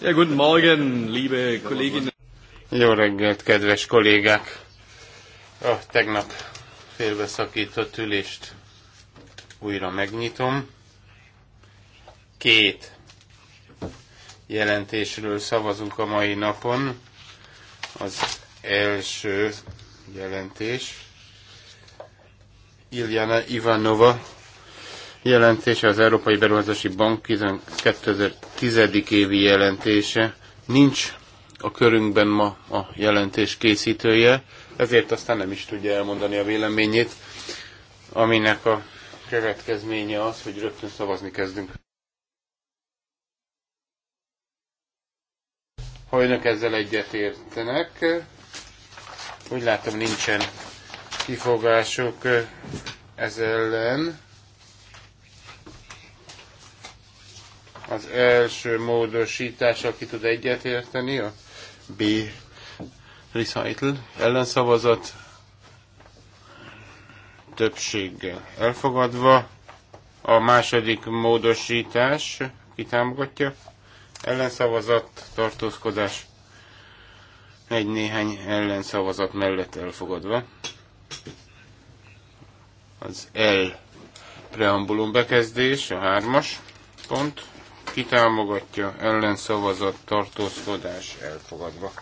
Ja, guten Morgen, liebe Kolleginnen. Jó reggelt, kedves kollégák! A tegnap félbeszakított ülést újra megnyitom. Két jelentésről szavazunk a mai napon. Az első jelentés Iljana Ivanova jelentése, az Európai Beruházási Bank 2010. évi jelentése. Nincs a körünkben ma a jelentés készítője, ezért aztán nem is tudja elmondani a véleményét, aminek a következménye az, hogy rögtön szavazni kezdünk. Ha önök ezzel egyetértenek, úgy látom nincsen kifogások ez eh, ellen Az első módosítás, aki tud egyetérteni, a B recital ellenszavazat többséggel elfogadva. A második módosítás kitámogatja ellenszavazat, tartózkodás egy néhány ellenszavazat mellett elfogadva. Az L preambulum bekezdés, a hármas pont kitámogatja, ellenszavazat, tartózkodás elfogadva.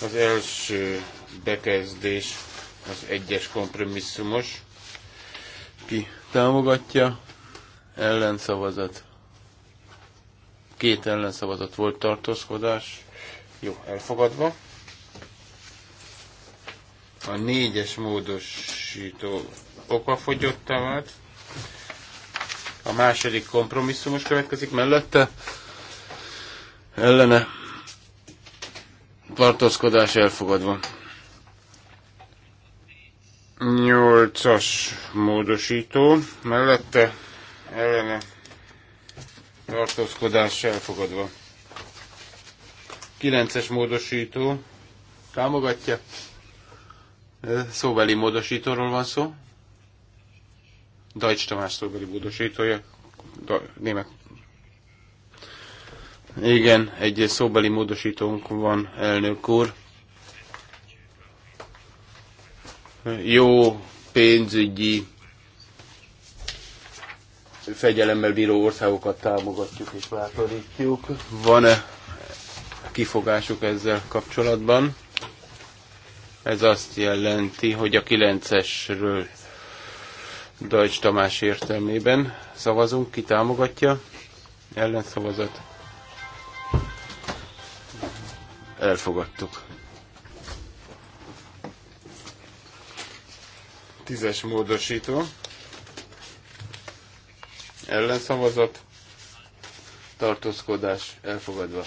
Az első bekezdés az egyes kompromisszumos. Ki támogatja, ellenszavazat. Két ellenszavazat volt tartózkodás. Jó, elfogadva. A négyes módosító okafogyottá vált. A második kompromisszumos következik mellette. Ellene tartózkodás elfogadva. Nyolcas módosító mellette ellene tartózkodás elfogadva. Kilences módosító támogatja. Szóbeli módosítóról van szó. Dajcs Tamás szóbeli módosítója, da, német. Igen, egy szóbeli módosítónk van, elnök úr. Jó pénzügyi fegyelemmel bíró országokat támogatjuk és bátorítjuk. Van-e kifogásuk ezzel kapcsolatban? Ez azt jelenti, hogy a 9-esről Dajcs Tamás értelmében. Szavazunk, ki támogatja, ellenszavazat. Elfogadtuk. Tízes módosító. Ellenszavazat. Tartózkodás elfogadva.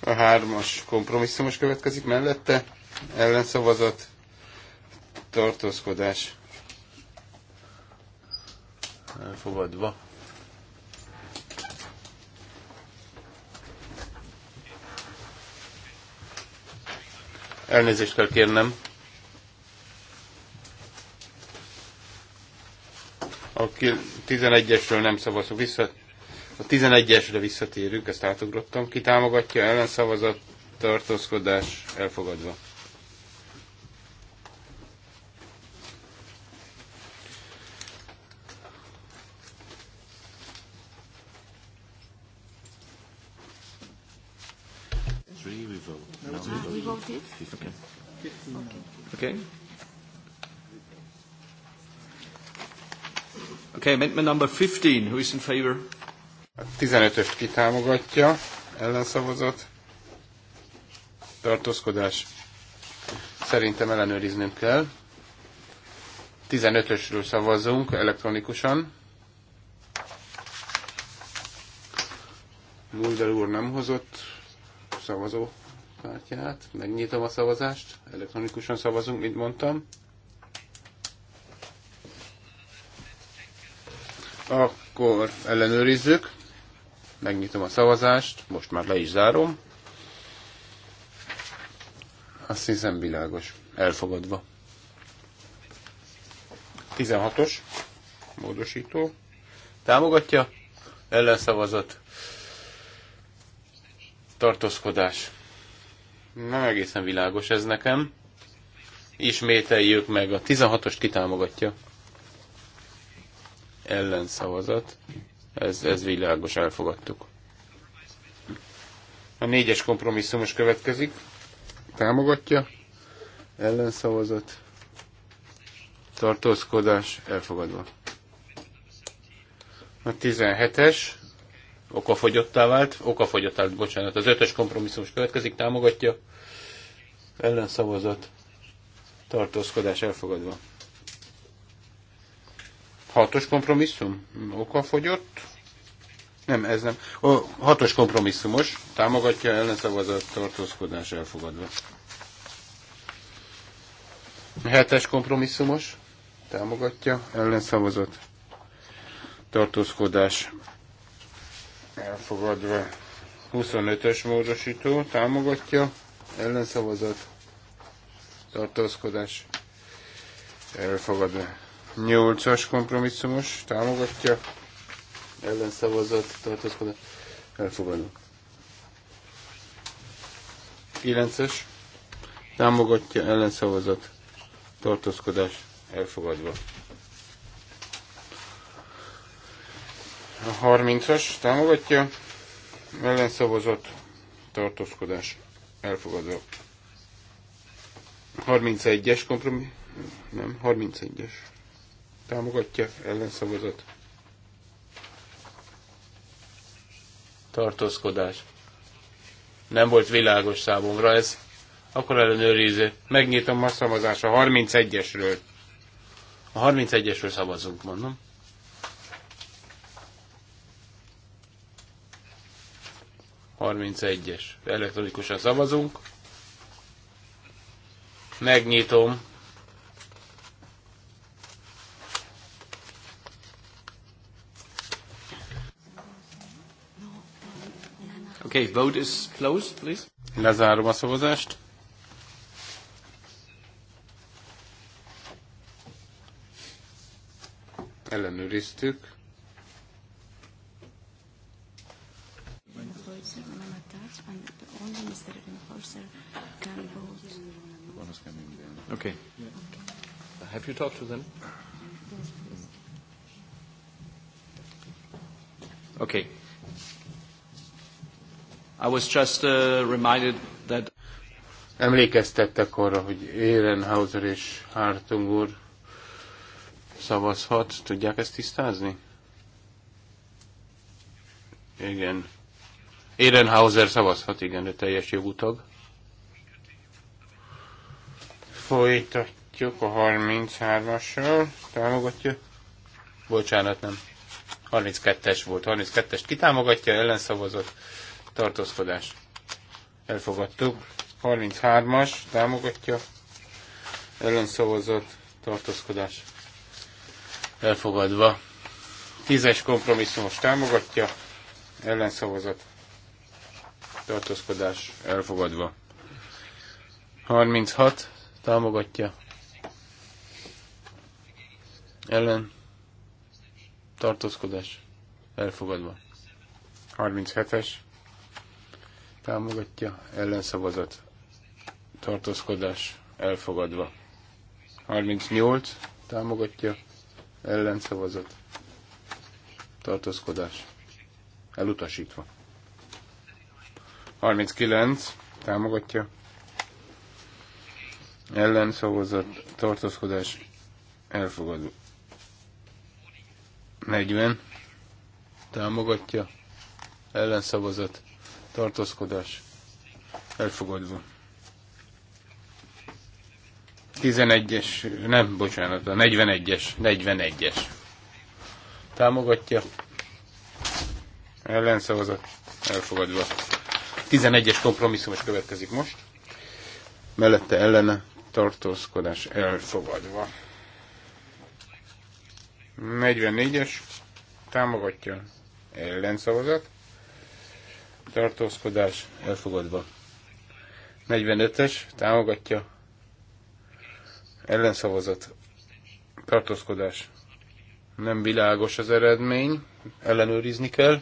A hármas kompromisszumos következik mellette. Ellenszavazat tartózkodás elfogadva. Elnézést kell kérnem. A 11-esről nem szavazok vissza. A 11-esre visszatérünk, ezt átugrottam. Ki támogatja ellenszavazat, tartózkodás elfogadva. Okay, amendment number 15. Who is in favor? 15-öst kitámogatja. Ellenszavazat. Tartózkodás. Szerintem ellenőriznünk kell. 15-ösről szavazzunk elektronikusan. Mulder úr nem hozott szavazókártyát. Megnyitom a szavazást. Elektronikusan szavazunk, mint mondtam. Akkor ellenőrizzük. Megnyitom a szavazást, most már le is zárom. Azt hiszem világos, elfogadva. 16-os módosító. Támogatja, ellenszavazat, tartózkodás. Nem egészen világos ez nekem. Ismételjük meg, a 16-ost kitámogatja ellenszavazat, ez, ez világos, elfogadtuk. A négyes is következik, támogatja, ellenszavazat, tartózkodás, elfogadva. A 17-es, okafogyottá vált, okafogyottá vált, bocsánat, az ötös is következik, támogatja, ellenszavazat, tartózkodás elfogadva. Hatos kompromisszum? Oka fogyott? Nem, ez nem. A hatos kompromisszumos. Támogatja ellenszavazat tartózkodás elfogadva. Hetes kompromisszumos. Támogatja ellenszavazat tartózkodás elfogadva. 25-ös módosító támogatja ellenszavazat tartózkodás elfogadva. Nyolcas kompromisszumos támogatja. Ellenszavazat elfogadó Elfogadom. Kilences támogatja ellenszavazat tartózkodás elfogadva. A 30-as támogatja ellenszavazat tartózkodás elfogadva. 31-es kompromisszum, nem, 31-es támogatja, ellenszavazat, tartózkodás. Nem volt világos számomra ez. Akkor ellenőriző. Megnyitom a szavazás a 31-esről. A 31-esről szavazunk, mondom. Harmincegyes. Elektronikusan szavazunk. Megnyitom Okay, vote is closed, please. Lezárom a szavazást. Ellenőriztük. Okay. Have you talked to them? Okay. I was just uh, reminded that Emlékeztettek arra, hogy Ehrenhauser és Hartung úr szavazhat. Tudják ezt tisztázni? Igen. Ehrenhauser szavazhat, igen, de teljes jogutag. Folytatjuk a 33 asról Támogatja? Bocsánat, nem. 32-es volt. 32-est kitámogatja, ellenszavazott tartózkodás. Elfogadtuk. 33-as támogatja, Ellenszavazott tartózkodás. Elfogadva. 10-es kompromisszumos támogatja, Ellenszavazott tartózkodás. Elfogadva. 36 támogatja, ellen tartózkodás elfogadva. 37-es támogatja, ellenszavazat, tartózkodás elfogadva. 38 támogatja, ellenszavazat, tartózkodás elutasítva. 39 támogatja, ellenszavazat, tartózkodás elfogadva. 40 támogatja, ellenszavazat, tartózkodás elfogadva. 11-es, nem, bocsánat, a 41-es, 41-es. Támogatja. Ellenszavazat elfogadva. 11-es is következik most. Mellette ellene tartózkodás elfogadva. 44-es támogatja ellenszavazat tartózkodás elfogadva. 45-ös támogatja ellenszavazat tartózkodás. Nem világos az eredmény, ellenőrizni kell.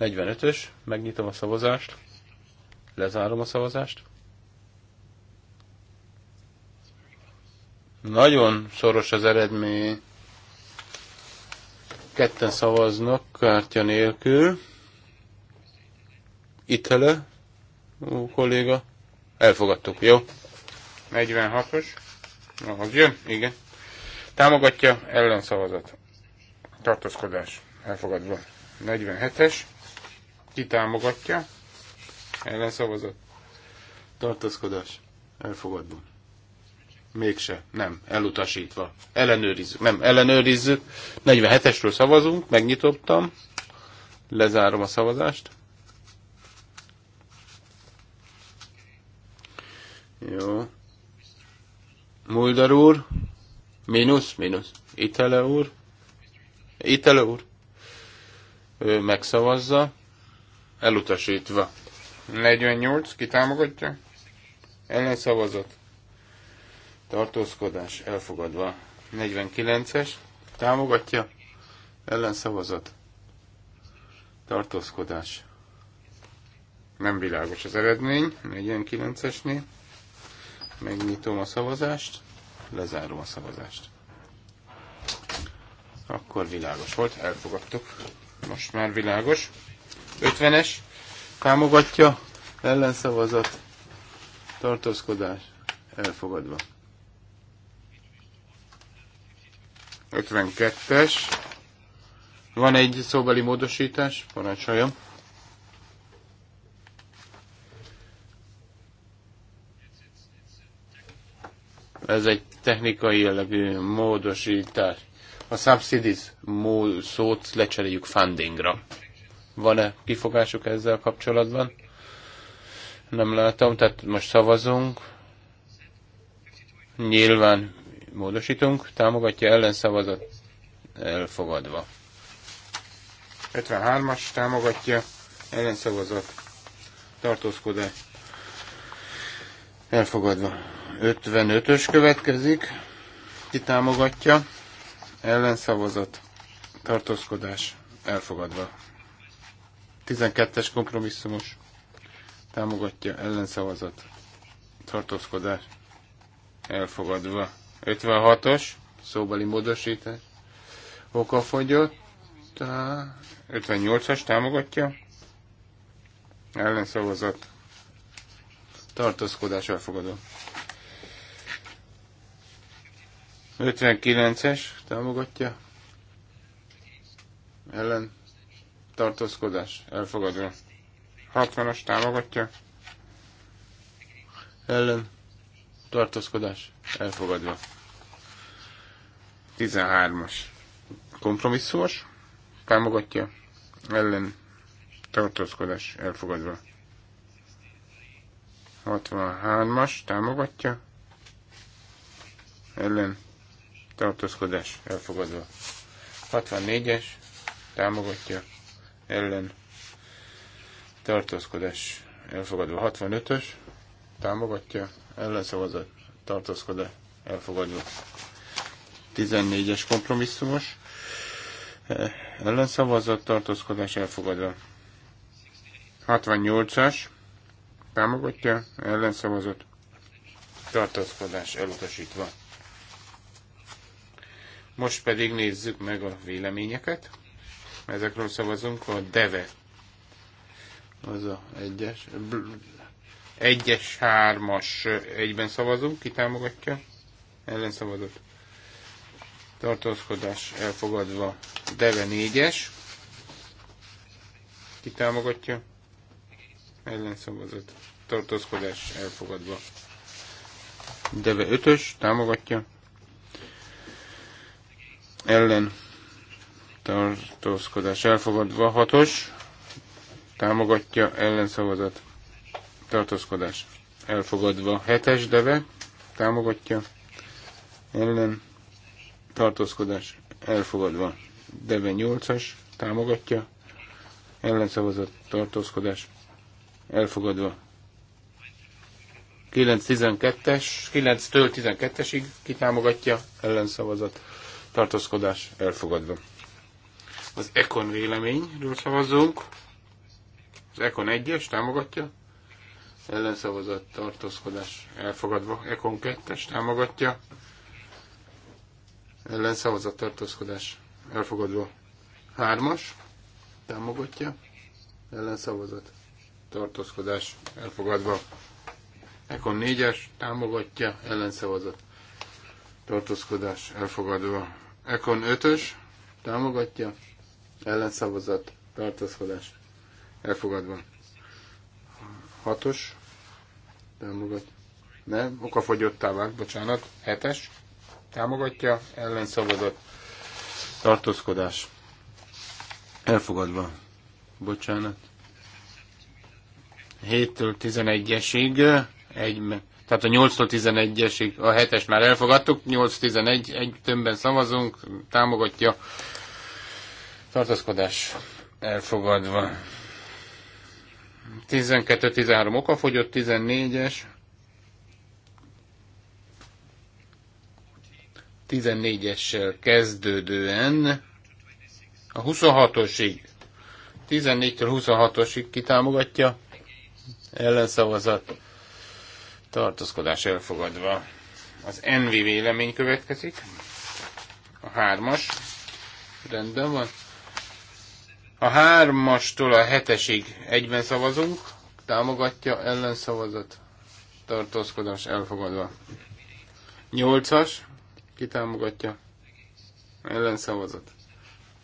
45-ös, megnyitom a szavazást, lezárom a szavazást. Nagyon szoros az eredmény. Ketten szavaznak kártya nélkül. Itt hele, kolléga. Elfogadtuk, jó? 46-os. Az jön, igen. Támogatja ellenszavazat. Tartózkodás. Elfogadva. 47-es. Ki támogatja? Ellenszavazat. Tartózkodás. Elfogadva. Mégse. Nem. Elutasítva. Ellenőrizzük. Nem. Ellenőrizzük. 47-esről szavazunk. Megnyitottam. Lezárom a szavazást. Jó. Mulder úr. Mínusz, mínusz. Itele úr. Itele úr. Ő megszavazza. Elutasítva. 48, ki támogatja? Ellenszavazat. Tartózkodás elfogadva. 49-es. Támogatja. Ellenszavazat. Tartózkodás. Nem világos az eredmény 49-esnél megnyitom a szavazást, lezárom a szavazást. Akkor világos volt, elfogadtuk. Most már világos. 50-es támogatja, ellenszavazat, tartózkodás, elfogadva. 52-es. Van egy szóbeli módosítás, parancsoljon. Ez egy technikai jellegű módosítás. A subsidies szót lecseréljük fundingra. Van-e kifogásuk ezzel kapcsolatban? Nem látom, tehát most szavazunk. Nyilván módosítunk, támogatja ellenszavazat elfogadva. 53-as támogatja, ellenszavazat, tartózkodás Elfogadva. 55-ös következik. Ki támogatja? Ellenszavazat. Tartózkodás. Elfogadva. 12-es kompromisszumos. Támogatja. Ellenszavazat. Tartózkodás. Elfogadva. 56-os. Szóbeli módosítás. Okafogyott. 58-as támogatja. Ellenszavazat tartózkodás elfogadó. 59-es támogatja, ellen tartózkodás elfogadó. 60-as támogatja, ellen tartózkodás elfogadva. 13-as kompromisszós támogatja, ellen tartózkodás elfogadva. 63-as támogatja. Ellen tartózkodás elfogadva. 64-es támogatja. Ellen tartózkodás elfogadva. 65-ös támogatja. Ellen szavazat tartózkodás elfogadva. 14-es kompromisszumos eh, ellen szavazat tartózkodás elfogadva. 68-as támogatja, ellenszavazott, tartózkodás elutasítva. Most pedig nézzük meg a véleményeket. Ezekről szavazunk a DEVE. Az a egyes, egyes, hármas egyben szavazunk, ki támogatja, ellenszavazott, tartózkodás elfogadva, DEVE négyes, ki támogatja, ellenszavazat, tartózkodás elfogadva. Deve 5-ös támogatja, ellen tartózkodás elfogadva, 6-os támogatja, ellenszavazat, tartózkodás elfogadva, 7-es deve támogatja, ellen tartózkodás elfogadva, deve 8-as támogatja, ellenszavazat, tartózkodás elfogadva. 9-12-es, 9-től 12-esig kitámogatja ellenszavazat, tartózkodás elfogadva. Az Econ véleményről szavazzunk. Az Econ 1-es támogatja, ellenszavazat, tartózkodás elfogadva. Econ 2-es támogatja, ellenszavazat, tartózkodás elfogadva. 3-as támogatja, ellenszavazat, tartózkodás elfogadva. Ekon 4-es támogatja, ellenszavazat, tartózkodás elfogadva. Ekon 5-ös támogatja, ellenszavazat, tartózkodás elfogadva. 6-os támogatja. Nem, okafogyottá vált, bocsánat. 7-es támogatja, ellenszavazat, tartózkodás elfogadva. Bocsánat. 7-től 11-esig, egy, tehát a 8-tól 11-esig, a 7-es már elfogadtuk, 8-11, egy tömbben szavazunk, támogatja tartózkodás elfogadva. 12-13 okafogyott, 14-es. 14-essel kezdődően a 26-osig, 14-től 26-osig kitámogatja, ellenszavazat, tartózkodás elfogadva. Az NV vélemény következik, a hármas, rendben van. A hármastól a hetesig egyben szavazunk, támogatja ellenszavazat, tartózkodás elfogadva. Nyolcas, ki támogatja, ellenszavazat,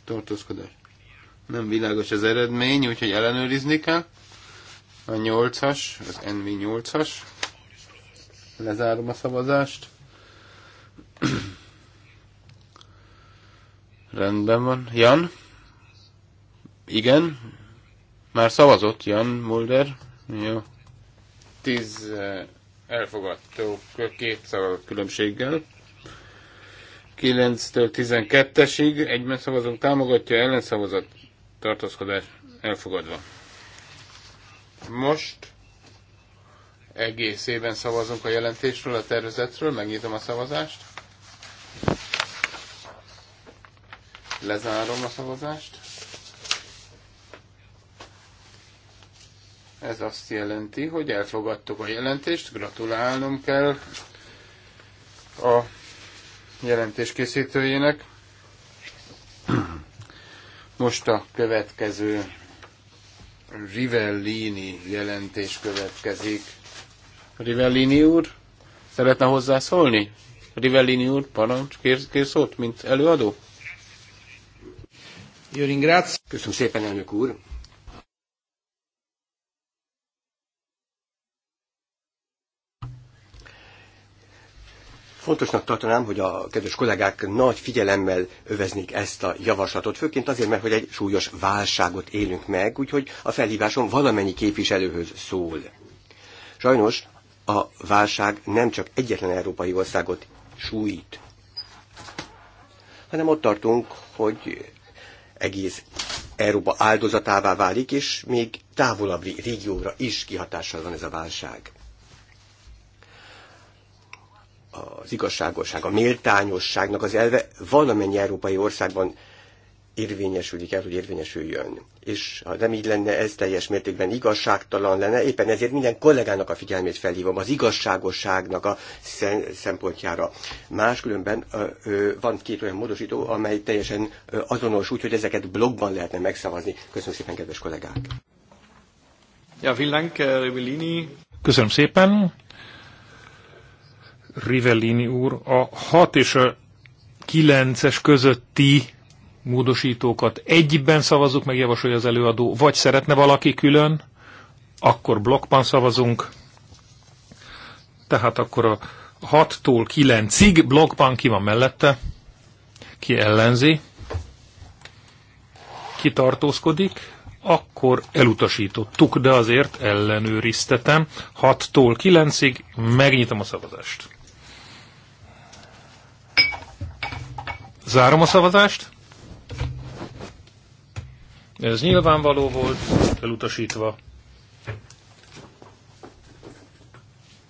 tartózkodás. Nem világos az eredmény, úgyhogy ellenőrizni kell. A 8-as, az NV 8-as. Lezárom a szavazást. Rendben van. Jan? Igen? Már szavazott Jan Mulder? Jó. Tíz eh, elfogadtó, két szavazat különbséggel. 9-től 12-esig egyben szavazunk, támogatja ellenszavazat, tartózkodás elfogadva. Most egészében szavazunk a jelentésről, a tervezetről. Megnyitom a szavazást. Lezárom a szavazást. Ez azt jelenti, hogy elfogadtuk a jelentést, gratulálnom kell a jelentés készítőjének. Most a következő Rivellini jelentés következik. Rivellini úr, szeretne hozzászólni? Rivellini úr, parancs, kér, kér szót, mint előadó? Köszönöm szépen, elnök úr. Fontosnak tartanám, hogy a kedves kollégák nagy figyelemmel öveznék ezt a javaslatot, főként azért, mert hogy egy súlyos válságot élünk meg, úgyhogy a felhívásom valamennyi képviselőhöz szól. Sajnos a válság nem csak egyetlen európai országot sújt, hanem ott tartunk, hogy egész Európa áldozatává válik, és még távolabbi régióra is kihatással van ez a válság az igazságosság, a méltányosságnak az elve valamennyi európai országban érvényesülik el, hogy érvényesüljön. És ha nem így lenne, ez teljes mértékben igazságtalan lenne. Éppen ezért minden kollégának a figyelmét felhívom az igazságosságnak a szempontjára. Máskülönben van két olyan módosító, amely teljesen azonos, úgyhogy ezeket blogban lehetne megszavazni. Köszönöm szépen, kedves kollégák! Ja, vielen Köszönöm szépen, Rivellini úr, a 6 és a 9-es közötti módosítókat egyben szavazunk, meg javasolja az előadó, vagy szeretne valaki külön, akkor blokkban szavazunk. Tehát akkor a 6-tól 9-ig blokkban ki van mellette, ki ellenzi, ki tartózkodik, akkor elutasítottuk, de azért ellenőriztetem. 6-tól 9-ig megnyitom a szavazást. Zárom a szavazást. Ez nyilvánvaló volt, elutasítva.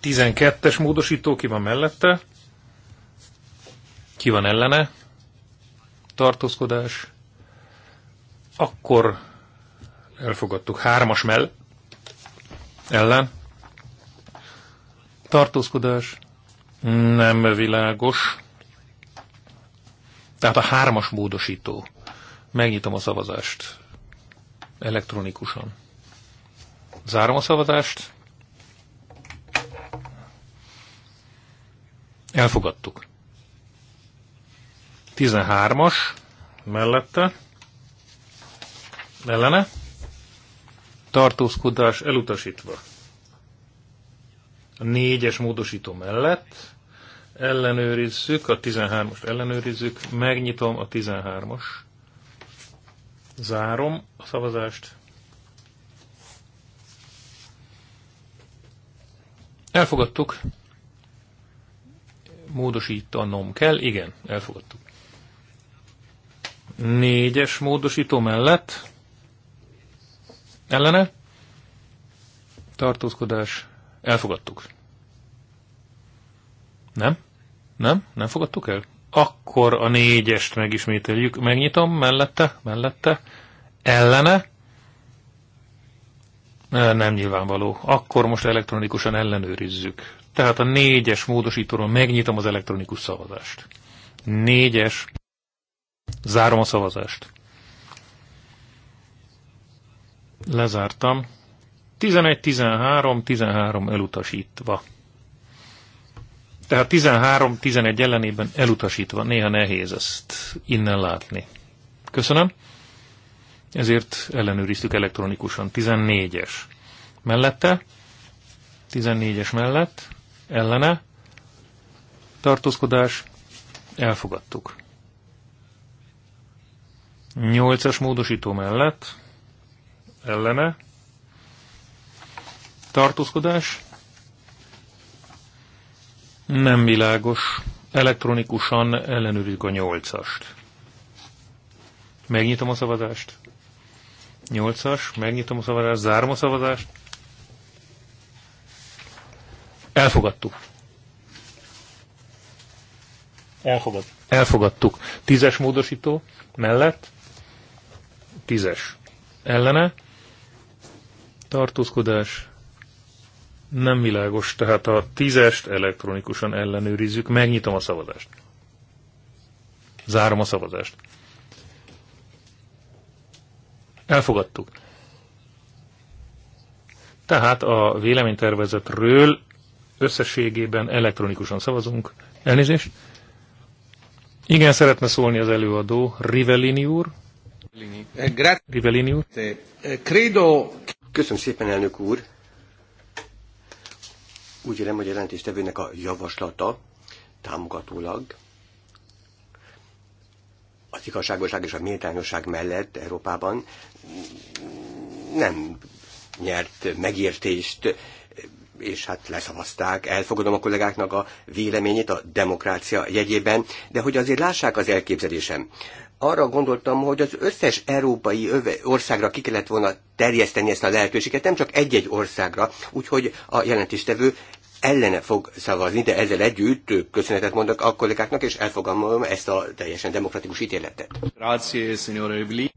12-es módosító ki van mellette, ki van ellene, tartózkodás, akkor elfogadtuk hármas mell, ellen, tartózkodás, nem világos, tehát a hármas módosító. Megnyitom a szavazást. Elektronikusan. Zárom a szavazást. Elfogadtuk. 13-as mellette ellene tartózkodás elutasítva. A négyes módosító mellett ellenőrizzük, a 13-ost ellenőrizzük, megnyitom a 13-os, zárom a szavazást, elfogadtuk, módosítanom kell, igen, elfogadtuk. Négyes módosító mellett, ellene, tartózkodás, elfogadtuk. Nem? Nem? Nem fogadtuk el? Akkor a négyest megismételjük. Megnyitom, mellette, mellette, ellene. Nem nyilvánvaló. Akkor most elektronikusan ellenőrizzük. Tehát a négyes módosítóról megnyitom az elektronikus szavazást. Négyes. Zárom a szavazást. Lezártam. 11-13, 13 elutasítva. Tehát 13-11 ellenében elutasítva. Néha nehéz ezt innen látni. Köszönöm. Ezért ellenőriztük elektronikusan. 14-es mellette, 14-es mellett, ellene, tartózkodás, elfogadtuk. 8-as módosító mellett, ellene, tartózkodás, nem világos. Elektronikusan ellenőrizzük a nyolcast. Megnyitom a szavazást. Nyolcas, megnyitom a szavazást, zárom a szavazást. Elfogadtuk. Elfogad. Elfogadtuk. Tízes módosító mellett. Tízes. Ellene. Tartózkodás. Nem világos, tehát a tízest elektronikusan ellenőrizzük, megnyitom a szavazást. Zárom a szavazást. Elfogadtuk. Tehát a véleménytervezetről összességében elektronikusan szavazunk. Elnézést. Igen, szeretne szólni az előadó Rivellini úr. Rivellini úr. Eh, Köszönöm szépen, elnök úr. Úgy érem, hogy a jelentéstevőnek a javaslata támogatólag az igazságoság és a méltányosság mellett Európában nem nyert megértést, és hát leszavazták, elfogadom a kollégáknak a véleményét a demokrácia jegyében, de hogy azért lássák az elképzelésem, arra gondoltam, hogy az összes európai országra ki kellett volna terjeszteni ezt a lehetőséget, nem csak egy-egy országra, úgyhogy a jelentéstevő ellene fog szavazni, de ezzel együtt köszönetet mondok a kollégáknak, és elfogadom ezt a teljesen demokratikus ítéletet.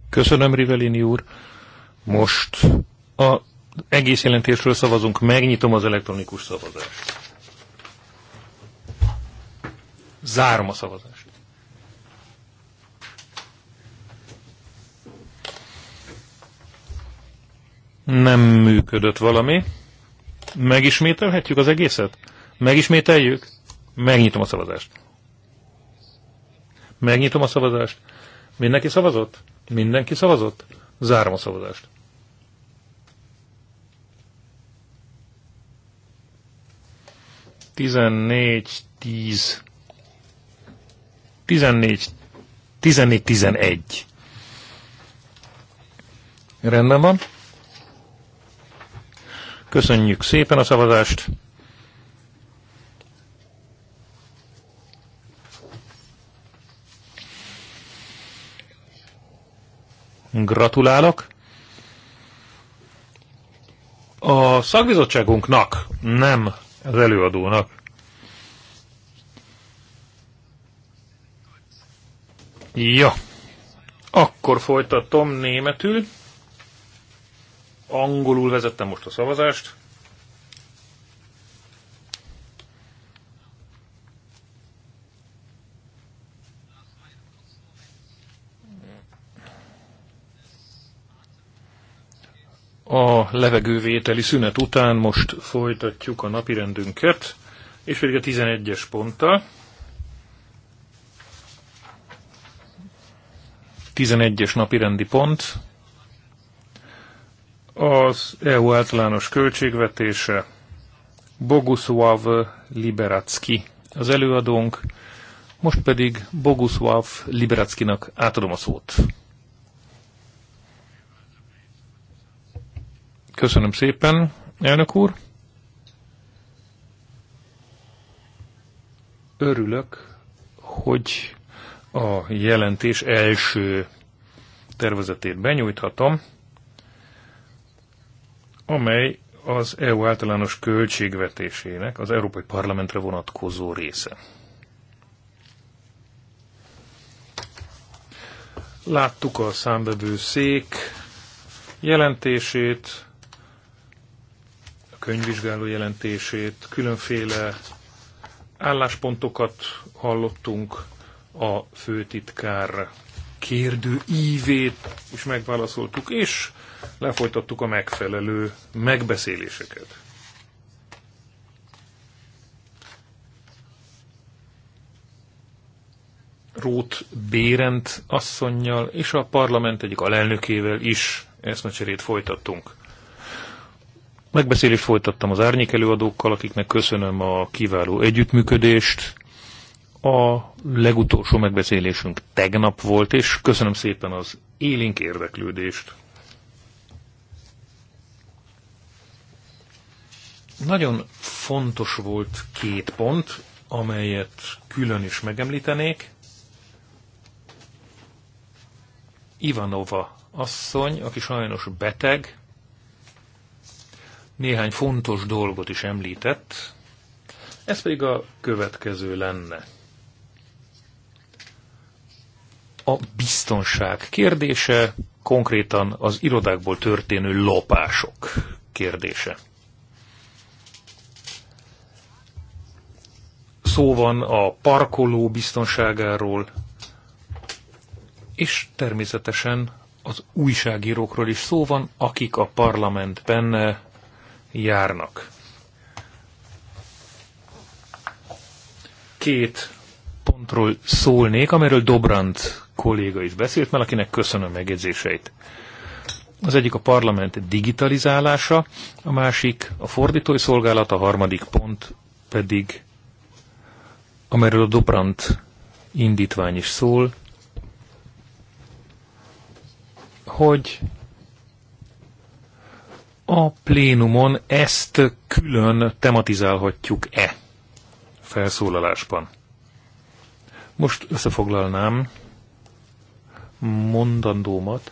Köszönöm, Rivelini úr. Most a egész jelentésről szavazunk, megnyitom az elektronikus szavazást. Zárom a szavazást. nem működött valami. Megismételhetjük az egészet? Megismételjük? Megnyitom a szavazást. Megnyitom a szavazást. Mindenki szavazott? Mindenki szavazott? Zárom a szavazást. Tizennégy, tíz. Tizennégy, tizennégy, tizenegy. Rendben van. Köszönjük szépen a szavazást! Gratulálok! A szakbizottságunknak, nem az előadónak. Ja, akkor folytatom németül angolul vezettem most a szavazást. A levegővételi szünet után most folytatjuk a napirendünket, és pedig a 11-es ponttal. 11-es napirendi pont az EU általános költségvetése, Boguslav Liberacki az előadónk, most pedig Boguslav Liberackinak átadom a szót. Köszönöm szépen, elnök úr. Örülök, hogy a jelentés első tervezetét benyújthatom amely az EU általános költségvetésének az Európai Parlamentre vonatkozó része. Láttuk a számbevő szék jelentését, a könyvvizsgáló jelentését, különféle álláspontokat hallottunk, a főtitkár kérdő ívét is megválaszoltuk, és lefolytattuk a megfelelő megbeszéléseket. Rót Bérent asszonynal és a parlament egyik alelnökével is eszmecserét folytattunk. Megbeszélést folytattam az árnyék előadókkal, akiknek köszönöm a kiváló együttműködést. A legutolsó megbeszélésünk tegnap volt, és köszönöm szépen az élénk érdeklődést. Nagyon fontos volt két pont, amelyet külön is megemlítenék. Ivanova asszony, aki sajnos beteg, néhány fontos dolgot is említett, ez pedig a következő lenne. A biztonság kérdése, konkrétan az irodákból történő lopások kérdése. szó van a parkoló biztonságáról, és természetesen az újságírókról is szó van, akik a parlamentben eh, járnak. Két pontról szólnék, amiről Dobrant kolléga is beszélt, mert akinek köszönöm megjegyzéseit. Az egyik a parlament digitalizálása, a másik a fordítói szolgálat, a harmadik pont pedig amelyről a Dobrant indítvány is szól, hogy a plénumon ezt külön tematizálhatjuk-e felszólalásban. Most összefoglalnám mondandómat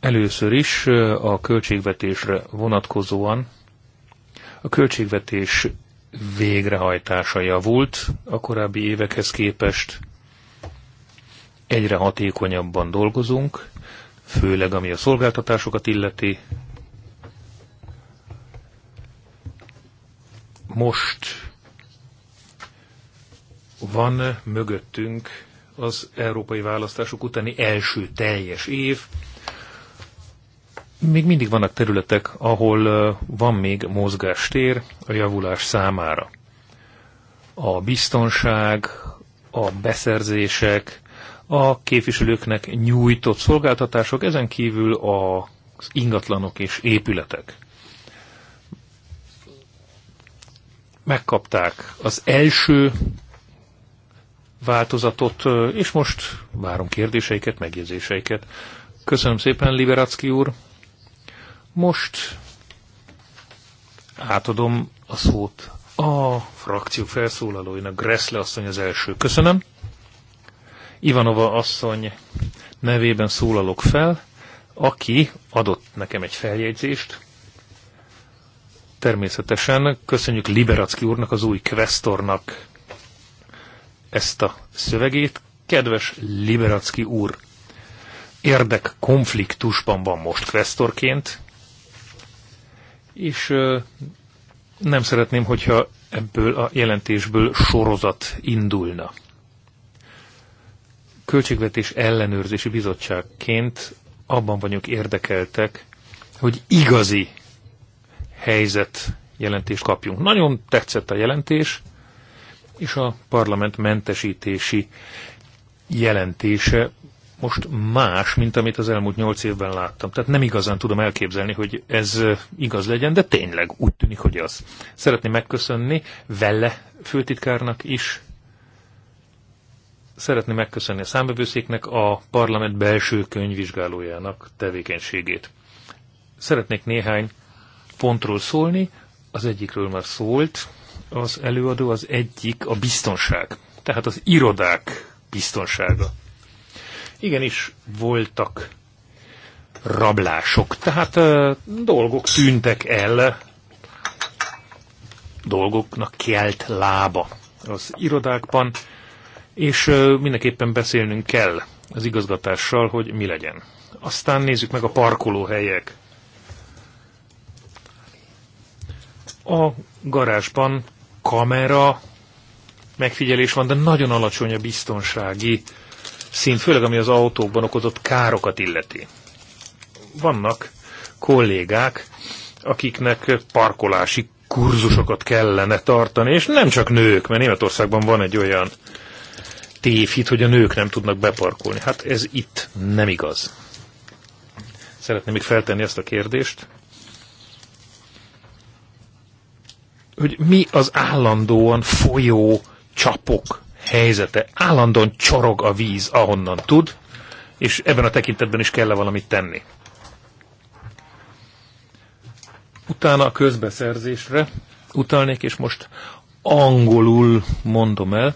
először is a költségvetésre vonatkozóan. A költségvetés végrehajtása javult a korábbi évekhez képest. Egyre hatékonyabban dolgozunk, főleg ami a szolgáltatásokat illeti. Most van mögöttünk az európai választások utáni első teljes év, még mindig vannak területek, ahol van még mozgástér a javulás számára. A biztonság, a beszerzések, a képviselőknek nyújtott szolgáltatások, ezen kívül az ingatlanok és épületek. Megkapták az első változatot, és most várom kérdéseiket, megjegyzéseiket. Köszönöm szépen, Liberacki úr! Most átadom a szót a frakció felszólalóinak. Gressle asszony az első. Köszönöm. Ivanova asszony nevében szólalok fel, aki adott nekem egy feljegyzést. Természetesen köszönjük Liberacki úrnak, az új kvestornak ezt a szövegét. Kedves Liberacki úr, érdek konfliktusban van most kvestorként, és nem szeretném, hogyha ebből a jelentésből sorozat indulna. Költségvetés ellenőrzési bizottságként abban vagyunk érdekeltek, hogy igazi helyzet jelentést kapjunk. Nagyon tetszett a jelentés, és a parlament mentesítési jelentése most más, mint amit az elmúlt nyolc évben láttam. Tehát nem igazán tudom elképzelni, hogy ez igaz legyen, de tényleg úgy tűnik, hogy az. Szeretném megköszönni vele főtitkárnak is. Szeretném megköszönni a számbevőszéknek, a parlament belső könyvvizsgálójának tevékenységét. Szeretnék néhány pontról szólni, az egyikről már szólt, az előadó az egyik a biztonság, tehát az irodák biztonsága igenis voltak rablások, tehát dolgok tűntek el, dolgoknak kelt lába az irodákban, és mindenképpen beszélnünk kell az igazgatással, hogy mi legyen. Aztán nézzük meg a parkolóhelyek. A garázsban kamera megfigyelés van, de nagyon alacsony a biztonsági szín, főleg ami az autókban okozott károkat illeti. Vannak kollégák, akiknek parkolási kurzusokat kellene tartani, és nem csak nők, mert Németországban van egy olyan tévhit, hogy a nők nem tudnak beparkolni. Hát ez itt nem igaz. Szeretném még feltenni ezt a kérdést, hogy mi az állandóan folyó csapok helyzete. Állandóan csorog a víz, ahonnan tud, és ebben a tekintetben is kell -e valamit tenni. Utána a közbeszerzésre utalnék, és most angolul mondom el.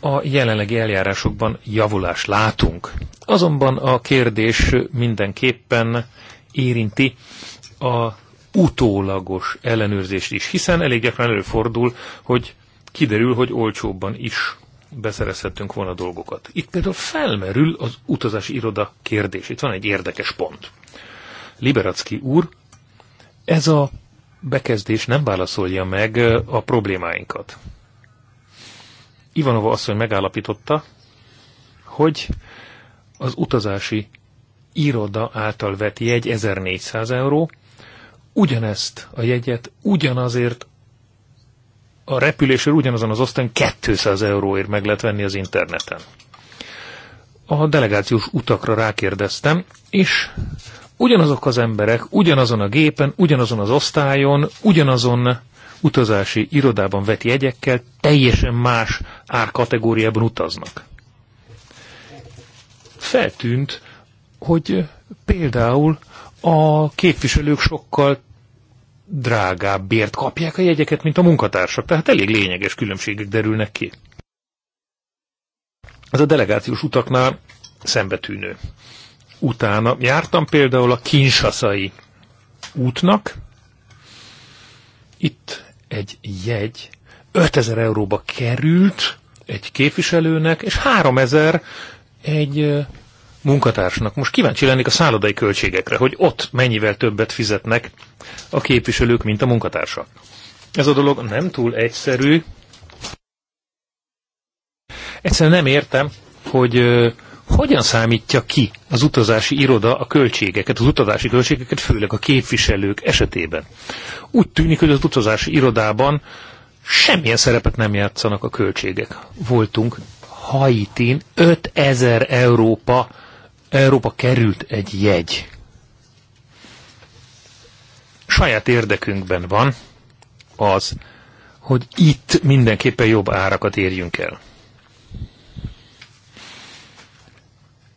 A jelenlegi eljárásokban javulás látunk. Azonban a kérdés mindenképpen érinti a utólagos ellenőrzést is, hiszen elég gyakran előfordul, hogy kiderül, hogy olcsóbban is beszerezhettünk volna dolgokat. Itt például felmerül az utazási iroda kérdés. Itt van egy érdekes pont. Liberacki úr, ez a bekezdés nem válaszolja meg a problémáinkat. Ivanova asszony megállapította, hogy az utazási iroda által vett jegy 1400 euró, ugyanezt a jegyet ugyanazért a repülésről ugyanazon az osztályon 200 euróért meg lehet venni az interneten. A delegációs utakra rákérdeztem, és ugyanazok az emberek, ugyanazon a gépen, ugyanazon az osztályon, ugyanazon utazási irodában vett jegyekkel teljesen más árkategóriában utaznak. Feltűnt, hogy például a képviselők sokkal drágább bért kapják a jegyeket, mint a munkatársak, tehát elég lényeges különbségek derülnek ki. Ez a delegációs utaknál szembetűnő. Utána jártam például a kinsaszai útnak, itt egy jegy 5000 euróba került egy képviselőnek, és 3000 egy munkatársnak. Most kíváncsi lennék a szállodai költségekre, hogy ott mennyivel többet fizetnek a képviselők, mint a munkatársak. Ez a dolog nem túl egyszerű. Egyszerűen nem értem, hogy uh, hogyan számítja ki az utazási iroda a költségeket, az utazási költségeket, főleg a képviselők esetében. Úgy tűnik, hogy az utazási irodában semmilyen szerepet nem játszanak a költségek. Voltunk Haitin 5000 Európa Európa került egy jegy. Saját érdekünkben van az, hogy itt mindenképpen jobb árakat érjünk el.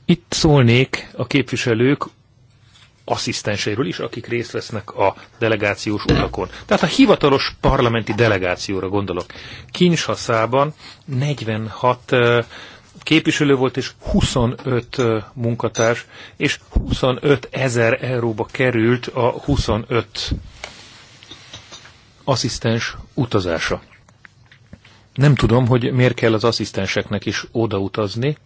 Itt szólnék a képviselők asszisztenseiről is, akik részt vesznek a delegációs utakon. Tehát a hivatalos parlamenti delegációra gondolok. Kinshaszában 46 képviselő volt, és 25 munkatárs, és 25 ezer euróba került a 25 asszisztens utazása. Nem tudom, hogy miért kell az asszisztenseknek is odautazni.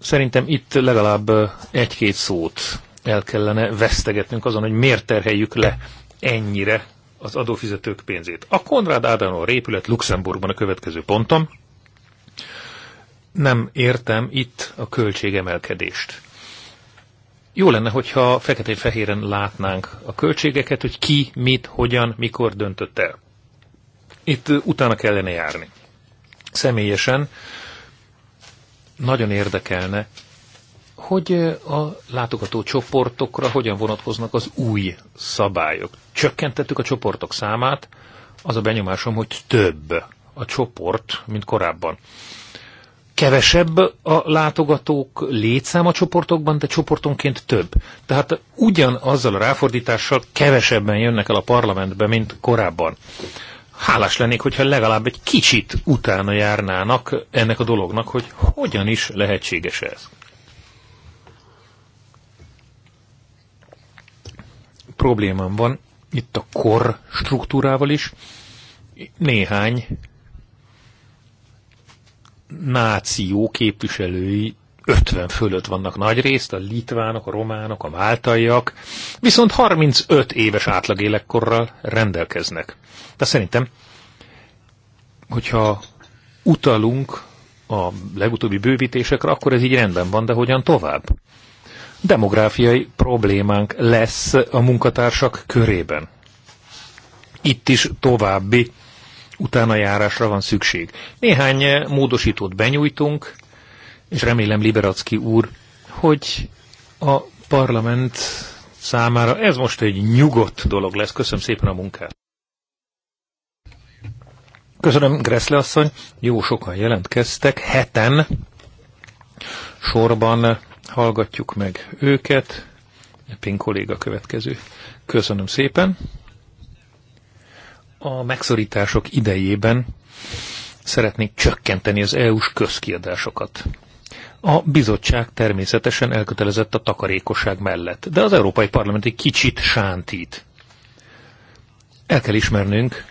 Szerintem itt legalább egy-két szót el kellene vesztegetnünk azon, hogy miért terheljük le ennyire az adófizetők pénzét. A Konrad Adenauer épület Luxemburgban a következő pontom nem értem itt a költségemelkedést. Jó lenne, hogyha feketén-fehéren látnánk a költségeket, hogy ki, mit, hogyan, mikor döntött el. Itt utána kellene járni. Személyesen nagyon érdekelne, hogy a látogató csoportokra hogyan vonatkoznak az új szabályok. Csökkentettük a csoportok számát, az a benyomásom, hogy több a csoport, mint korábban kevesebb a látogatók létszáma csoportokban, de csoportonként több. Tehát ugyanazzal a ráfordítással kevesebben jönnek el a parlamentbe, mint korábban. Hálás lennék, hogyha legalább egy kicsit utána járnának ennek a dolognak, hogy hogyan is lehetséges ez. Problémám van itt a kor struktúrával is. Néhány náció képviselői 50 fölött vannak nagy részt, a litvánok, a románok, a máltaiak, viszont 35 éves átlagélekkorral rendelkeznek. De szerintem, hogyha utalunk a legutóbbi bővítésekre, akkor ez így rendben van, de hogyan tovább? Demográfiai problémánk lesz a munkatársak körében. Itt is további utána járásra van szükség. Néhány eh, módosítót benyújtunk, és remélem Liberacki úr, hogy a parlament számára ez most egy nyugodt dolog lesz. Köszönöm szépen a munkát. Köszönöm, Greszle asszony. Jó sokan jelentkeztek. Heten sorban hallgatjuk meg őket. Pin kolléga következő. Köszönöm szépen a megszorítások idejében szeretnék csökkenteni az EU-s közkiadásokat. A bizottság természetesen elkötelezett a takarékosság mellett, de az Európai Parlament egy kicsit sántít. El kell ismernünk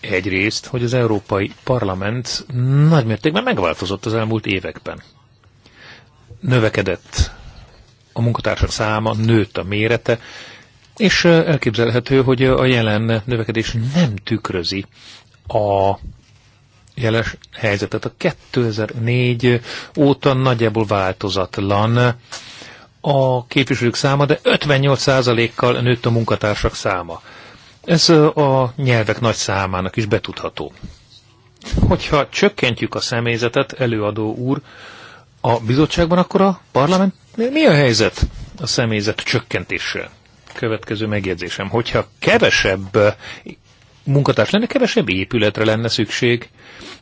egyrészt, hogy az Európai Parlament nagymértékben megváltozott az elmúlt években. Növekedett a munkatársak száma, nőtt a mérete, és elképzelhető, hogy a jelen növekedés nem tükrözi a jeles helyzetet. A 2004 óta nagyjából változatlan a képviselők száma, de 58%-kal nőtt a munkatársak száma. Ez a nyelvek nagy számának is betudható. Hogyha csökkentjük a személyzetet, előadó úr, a bizottságban, akkor a parlament mi a helyzet a személyzet csökkentéssel? következő megjegyzésem. Hogyha kevesebb eh, munkatárs lenne, kevesebb épületre lenne szükség,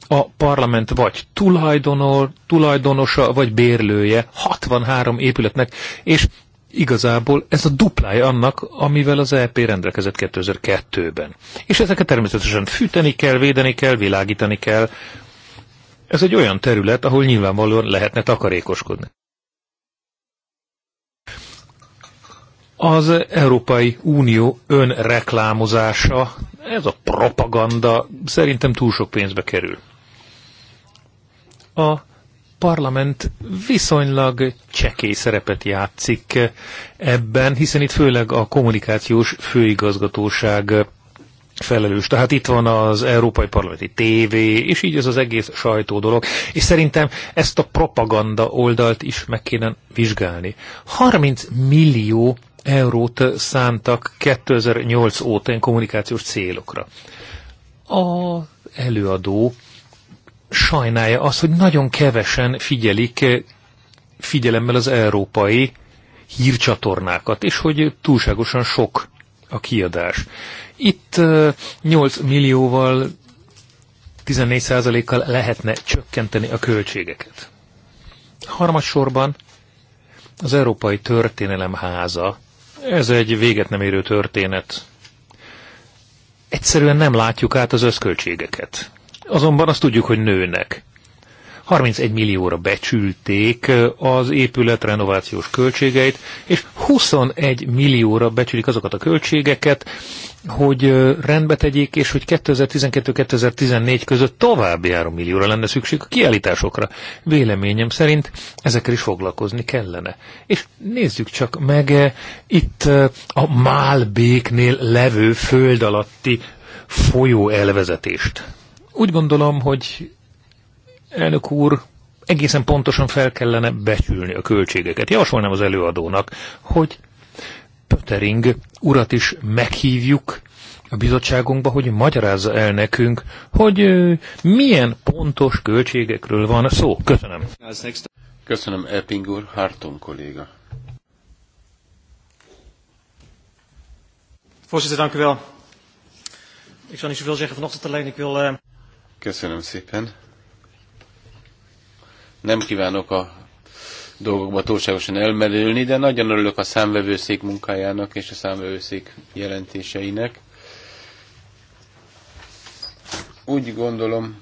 a parlament vagy tulajdonor, tulajdonosa, vagy bérlője 63 épületnek, és igazából ez a duplája annak, amivel az EP rendelkezett 2002-ben. És ezeket természetesen fűteni kell, védeni kell, világítani kell. Ez egy olyan terület, ahol nyilvánvalóan lehetne takarékoskodni. Az Európai Unió önreklámozása, ez a propaganda szerintem túl sok pénzbe kerül. A parlament viszonylag csekély szerepet játszik ebben, hiszen itt főleg a kommunikációs főigazgatóság felelős. Tehát itt van az Európai Parlamenti TV, és így ez az egész sajtó dolog. És szerintem ezt a propaganda oldalt is meg kéne vizsgálni. 30 millió eurót szántak 2008 óta kommunikációs célokra. A előadó sajnálja azt, hogy nagyon kevesen figyelik figyelemmel az európai hírcsatornákat, és hogy túlságosan sok a kiadás. Itt 8 millióval 14%-kal lehetne csökkenteni a költségeket. Harmadsorban az Európai Történelem Háza ez egy véget nem érő történet. Egyszerűen nem látjuk át az összköltségeket. Azonban azt tudjuk, hogy nőnek. 31 millióra becsülték az épület renovációs költségeit, és 21 millióra becsülik azokat a költségeket, hogy rendbe tegyék, és hogy 2012-2014 között további 3 millióra lenne szükség a kiállításokra. Véleményem szerint ezekkel is foglalkozni kellene. És nézzük csak meg itt a Málbéknél levő föld alatti folyó elvezetést. Úgy gondolom, hogy elnök úr, egészen pontosan fel kellene becsülni a költségeket. Javasolnám az előadónak, hogy Pötering urat is meghívjuk a bizottságunkba, hogy magyarázza el nekünk, hogy milyen pontos költségekről van szó. Köszönöm. Köszönöm, Epping úr, Harton kolléga. Voorzitter, dank u wel. Ik zou niet zoveel zeggen vanochtend alleen. Ik wil. Uh... Köszönöm szépen nem kívánok a dolgokba túlságosan elmerülni, de nagyon örülök a számvevőszék munkájának és a számvevőszék jelentéseinek. Úgy gondolom,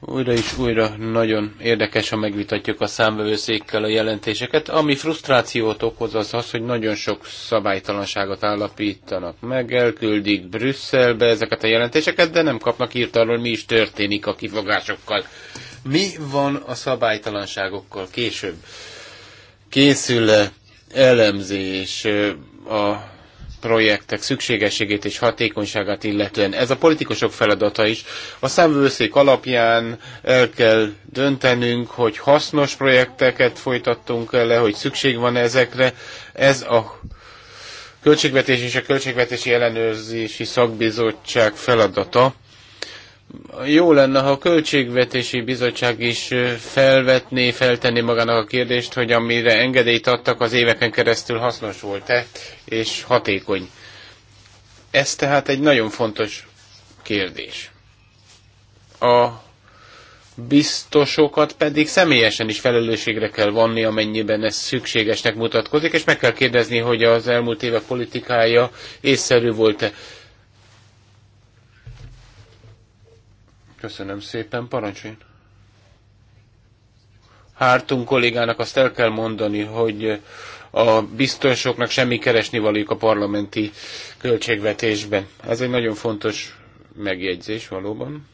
újra és újra nagyon érdekes, ha megvitatjuk a számvevőszékkel a jelentéseket. Ami frusztrációt okoz az az, hogy nagyon sok szabálytalanságot állapítanak meg, elküldik Brüsszelbe ezeket a jelentéseket, de nem kapnak írt arról, mi is történik a kifogásokkal. Mi van a szabálytalanságokkal később? Készül -e elemzés a projektek szükségességét és hatékonyságát illetően. Ez a politikusok feladata is. A számvőszék alapján el kell döntenünk, hogy hasznos projekteket folytattunk le, hogy szükség van -e ezekre. Ez a költségvetés és a költségvetési ellenőrzési szakbizottság feladata jó lenne, ha a Költségvetési Bizottság is felvetné, feltenné magának a kérdést, hogy amire engedélyt adtak az éveken keresztül hasznos volt-e, és hatékony. Ez tehát egy nagyon fontos kérdés. A biztosokat pedig személyesen is felelősségre kell vonni, amennyiben ez szükségesnek mutatkozik, és meg kell kérdezni, hogy az elmúlt évek politikája észszerű volt-e. Köszönöm szépen, parancsoljon. Hártunk kollégának azt el kell mondani, hogy a biztosoknak semmi keresni valójuk a parlamenti költségvetésben. Ez egy nagyon fontos megjegyzés valóban.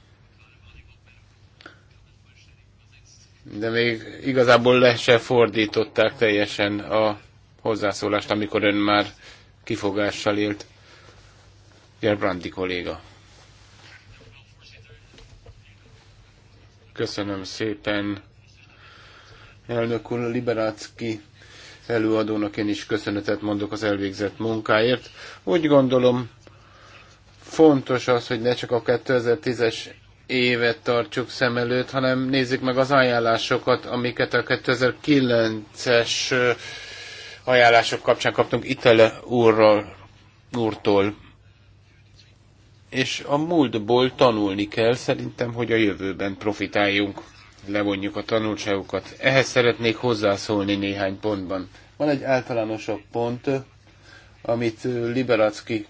De még igazából le se fordították teljesen a hozzászólást, amikor ön már kifogással élt. Gerbrandi kolléga. Köszönöm szépen, elnök úr Liberácki előadónak én is köszönetet mondok az elvégzett munkáért. Úgy gondolom, fontos az, hogy ne csak a 2010-es évet tartsuk szem előtt, hanem nézzük meg az ajánlásokat, amiket a 2009-es ajánlások kapcsán kaptunk Itele úrral, úrtól és a múltból tanulni kell, szerintem, hogy a jövőben profitáljunk, levonjuk a tanulságokat. Ehhez szeretnék hozzászólni néhány pontban. Van egy általánosabb pont, amit Liberacki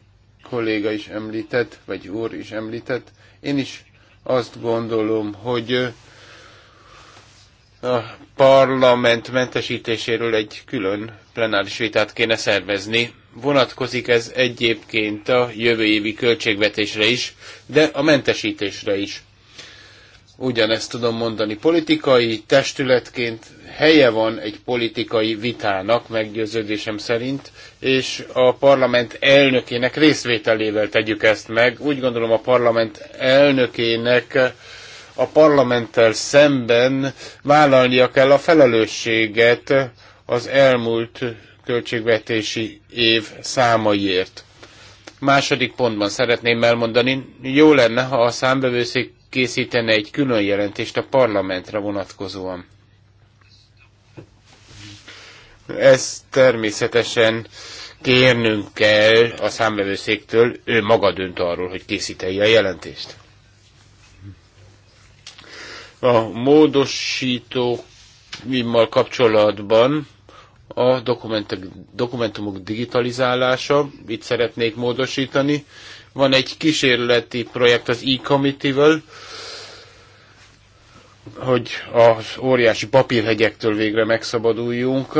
kolléga is említett, vagy úr is említett. Én is azt gondolom, hogy a parlament mentesítéséről egy külön plenáris vitát kéne szervezni vonatkozik ez egyébként a jövő évi költségvetésre is, de a mentesítésre is. Ugyanezt tudom mondani, politikai testületként helye van egy politikai vitának, meggyőződésem szerint, és a parlament elnökének részvételével tegyük ezt meg. Úgy gondolom a parlament elnökének a parlamenttel szemben vállalnia kell a felelősséget az elmúlt költségvetési év számaiért. Második pontban szeretném elmondani, jó lenne, ha a számbevőszék készítene egy külön jelentést a parlamentre vonatkozóan. Ez természetesen kérnünk kell a számbevőszéktől, ő maga dönt arról, hogy készíteni a jelentést. A módosítóimmal kapcsolatban a dokumentumok digitalizálása, itt szeretnék módosítani. Van egy kísérleti projekt az e-committee-vel, hogy az óriási papírhegyektől végre megszabaduljunk.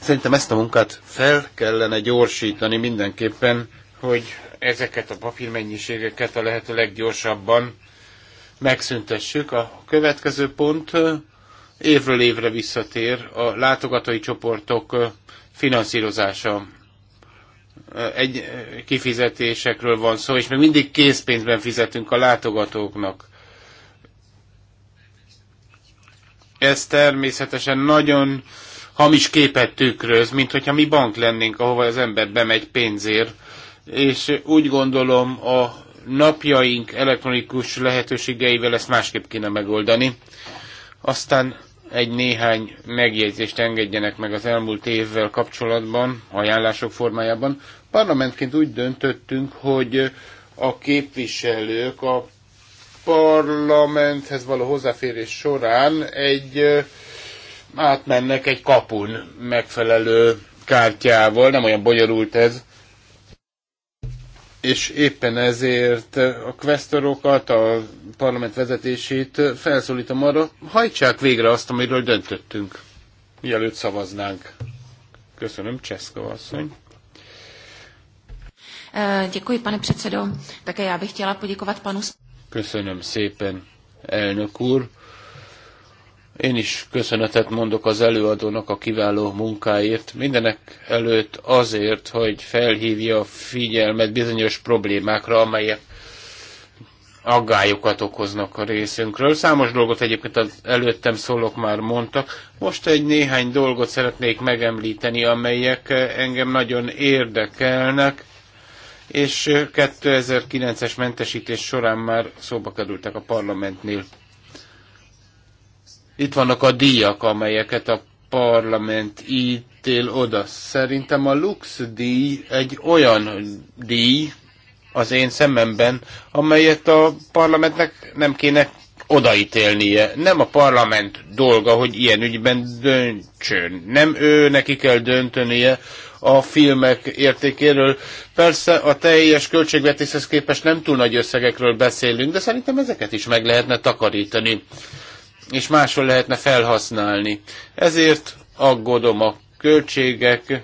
Szerintem ezt a munkát fel kellene gyorsítani mindenképpen, hogy ezeket a papírmennyiségeket a lehető leggyorsabban megszüntessük. A következő pont évről évre visszatér a látogatói csoportok finanszírozása. Egy kifizetésekről van szó, és még mindig készpénzben fizetünk a látogatóknak. Ez természetesen nagyon hamis képet tükröz, mint hogyha mi bank lennénk, ahova az ember bemegy pénzért. És úgy gondolom, a napjaink elektronikus lehetőségeivel ezt másképp kéne megoldani aztán egy néhány megjegyzést engedjenek meg az elmúlt évvel kapcsolatban, ajánlások formájában. Parlamentként úgy döntöttünk, hogy a képviselők a parlamenthez való hozzáférés során egy átmennek egy kapun megfelelő kártyával, nem olyan bonyolult ez, és éppen ezért a kvesztorokat, a parlament vezetését felszólítom arra, hajtsák végre azt, amiről döntöttünk, mielőtt szavaznánk. Köszönöm, Cseszka asszony. Eh, děkuji, pane předsedo. Také já bych chtěla poděkovat panu... Köszönöm szépen, elnök úr. Én is köszönetet mondok az előadónak a kiváló munkáért, mindenek előtt azért, hogy felhívja a figyelmet bizonyos problémákra, amelyek aggályokat okoznak a részünkről. Számos dolgot egyébként az előttem szólok már mondtak. Most egy néhány dolgot szeretnék megemlíteni, amelyek engem nagyon érdekelnek, és 2009-es mentesítés során már szóba kerültek a parlamentnél itt vannak a díjak, amelyeket a parlament ítél oda. Szerintem a Lux díj egy olyan díj az én szememben, amelyet a parlamentnek nem kéne odaítélnie. Nem a parlament dolga, hogy ilyen ügyben döntsön. Nem ő neki kell döntönie a filmek értékéről. Persze a teljes költségvetéshez képest nem túl nagy összegekről beszélünk, de szerintem ezeket is meg lehetne takarítani és máshol lehetne felhasználni. Ezért aggódom a költségek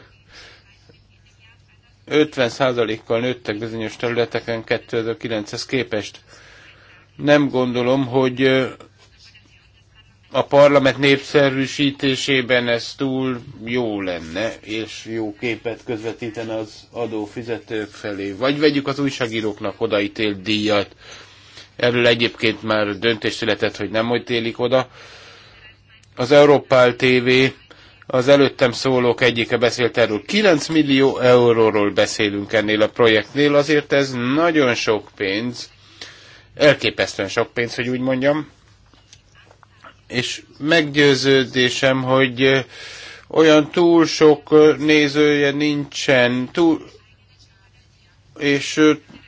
50%-kal nőttek bizonyos területeken 2009-hez képest. Nem gondolom, hogy a parlament népszerűsítésében ez túl jó lenne, és jó képet közvetítene az adófizetők felé. Vagy vegyük az újságíróknak odaítélt díjat. Erről egyébként már döntés született, hogy nem hogy télik oda. Az Európál TV az előttem szólók egyike beszélt erről. 9 millió euróról beszélünk ennél a projektnél, azért ez nagyon sok pénz, elképesztően sok pénz, hogy úgy mondjam. És meggyőződésem, hogy olyan túl sok nézője nincsen, túl, és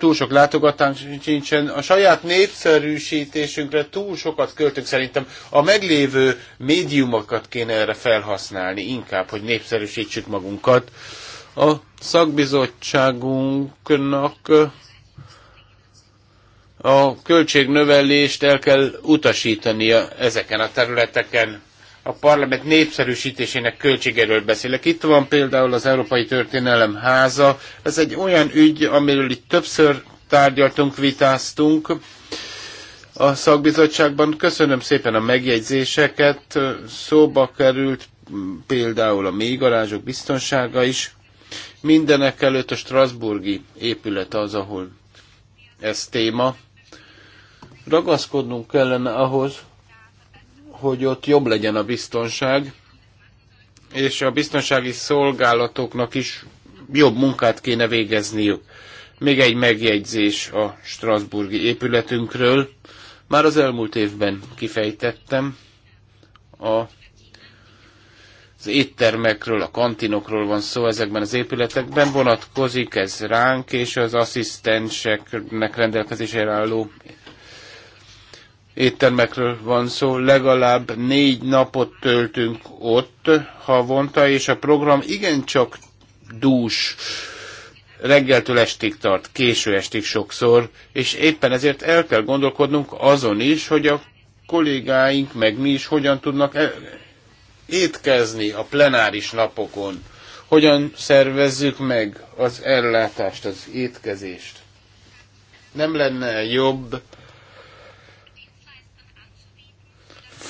túl sok látogatás sincsen. A saját népszerűsítésünkre túl sokat költünk szerintem. A meglévő médiumokat kéne erre felhasználni inkább, hogy népszerűsítsük magunkat. A szakbizottságunknak eh, a költségnövelést el kell utasítania ezeken a területeken a parlament népszerűsítésének költségeről beszélek. Itt van például az Európai Történelem Háza. Ez egy olyan ügy, amiről itt többször tárgyaltunk, vitáztunk a szakbizottságban. Köszönöm szépen a megjegyzéseket. Szóba került például a mélygarázsok biztonsága is. Mindenek előtt a Strasburgi épület az, ahol ez téma. Ragaszkodnunk kellene ahhoz, hogy ott jobb legyen a biztonság, és a biztonsági szolgálatoknak is jobb munkát kéne végezniük. Még egy megjegyzés a Strasburgi épületünkről. Már az elmúlt évben kifejtettem a az éttermekről, a kantinokról van szó ezekben az épületekben, vonatkozik ez ránk, és az asszisztenseknek rendelkezésére álló éttermekről van szó, legalább négy napot töltünk ott havonta, és a program igencsak dús, reggeltől estig tart, késő estig sokszor, és éppen ezért el kell gondolkodnunk azon is, hogy a kollégáink meg mi is hogyan tudnak étkezni a plenáris napokon, hogyan szervezzük meg az ellátást, az étkezést. Nem lenne jobb,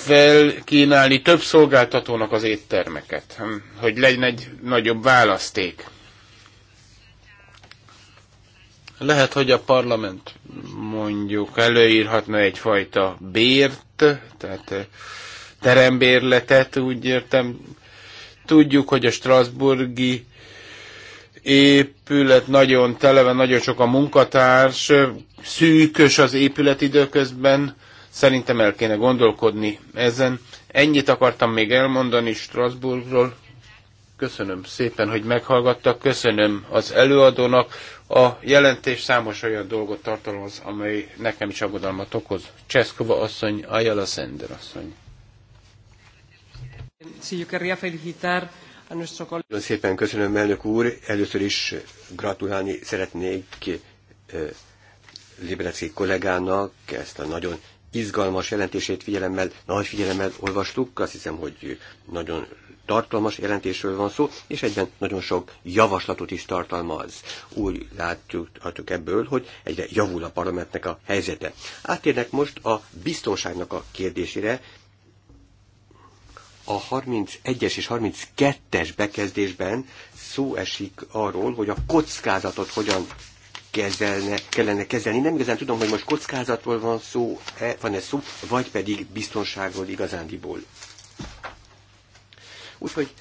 felkínálni több szolgáltatónak az éttermeket, hm, hogy legyen egy nagyobb választék. Lehet, hogy a parlament mondjuk előírhatna egyfajta bért, tehát eh, terembérletet, úgy értem. Tudjuk, hogy a Strasburgi épület nagyon tele van, nagyon sok a munkatárs, eh, szűkös az épület időközben, Szerintem el kéne gondolkodni ezen. Ennyit akartam még elmondani Strasbourgról. Köszönöm szépen, hogy meghallgattak. Köszönöm az előadónak. A jelentés számos olyan dolgot tartalmaz, amely nekem is aggodalmat okoz. Cseszkova asszony, Ayala Sender asszony. nagyon szépen köszönöm, elnök úr. Először is gratulálni szeretnék eh, Librecki kollégának ezt a nagyon izgalmas jelentését figyelemmel, nagy figyelemmel olvastuk, azt hiszem, hogy nagyon tartalmas jelentésről van szó, és egyben nagyon sok javaslatot is tartalmaz. Úgy látjuk ebből, hogy egyre javul a parlamentnek a helyzete. Átérnek most a biztonságnak a kérdésére, a 31-es és 32-es bekezdésben szó esik arról, hogy a kockázatot hogyan kezelne, kellene kezelni. Nem igazán tudom, hogy most kockázatról van szó, -e, van-e szó, vagy pedig biztonságról igazándiból. Úgyhogy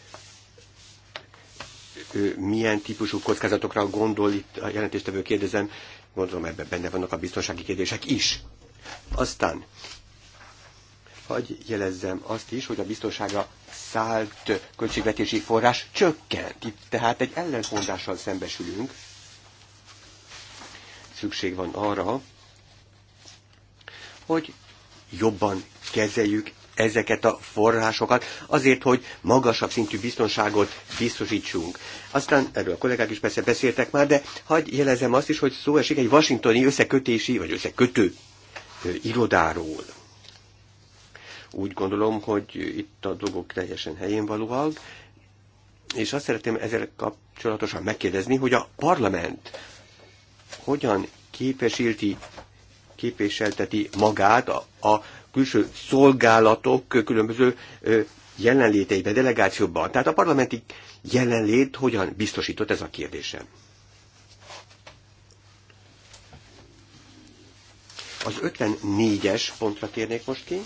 milyen típusú kockázatokra gondol itt a jelentéstevő kérdezem, gondolom ebben benne vannak a biztonsági kérdések is. Aztán hagy jelezzem azt is, hogy a biztonságra szállt költségvetési forrás csökkent. Itt tehát egy ellentmondással szembesülünk, szükség van arra, hogy jobban kezeljük ezeket a forrásokat, azért, hogy magasabb szintű biztonságot biztosítsunk. Aztán erről a kollégák is persze beszéltek már, de hagyj jelezem azt is, hogy szó esik egy washingtoni összekötési vagy összekötő irodáról. Úgy gondolom, hogy itt a dolgok teljesen helyén valóak, és azt szeretném ezzel kapcsolatosan megkérdezni, hogy a parlament hogyan képesíti, képeselteti magát a, a külső szolgálatok különböző jelenléteiben, delegációban. Tehát a parlamenti jelenlét hogyan biztosított ez a kérdésem. Az 54-es pontra térnék most ki.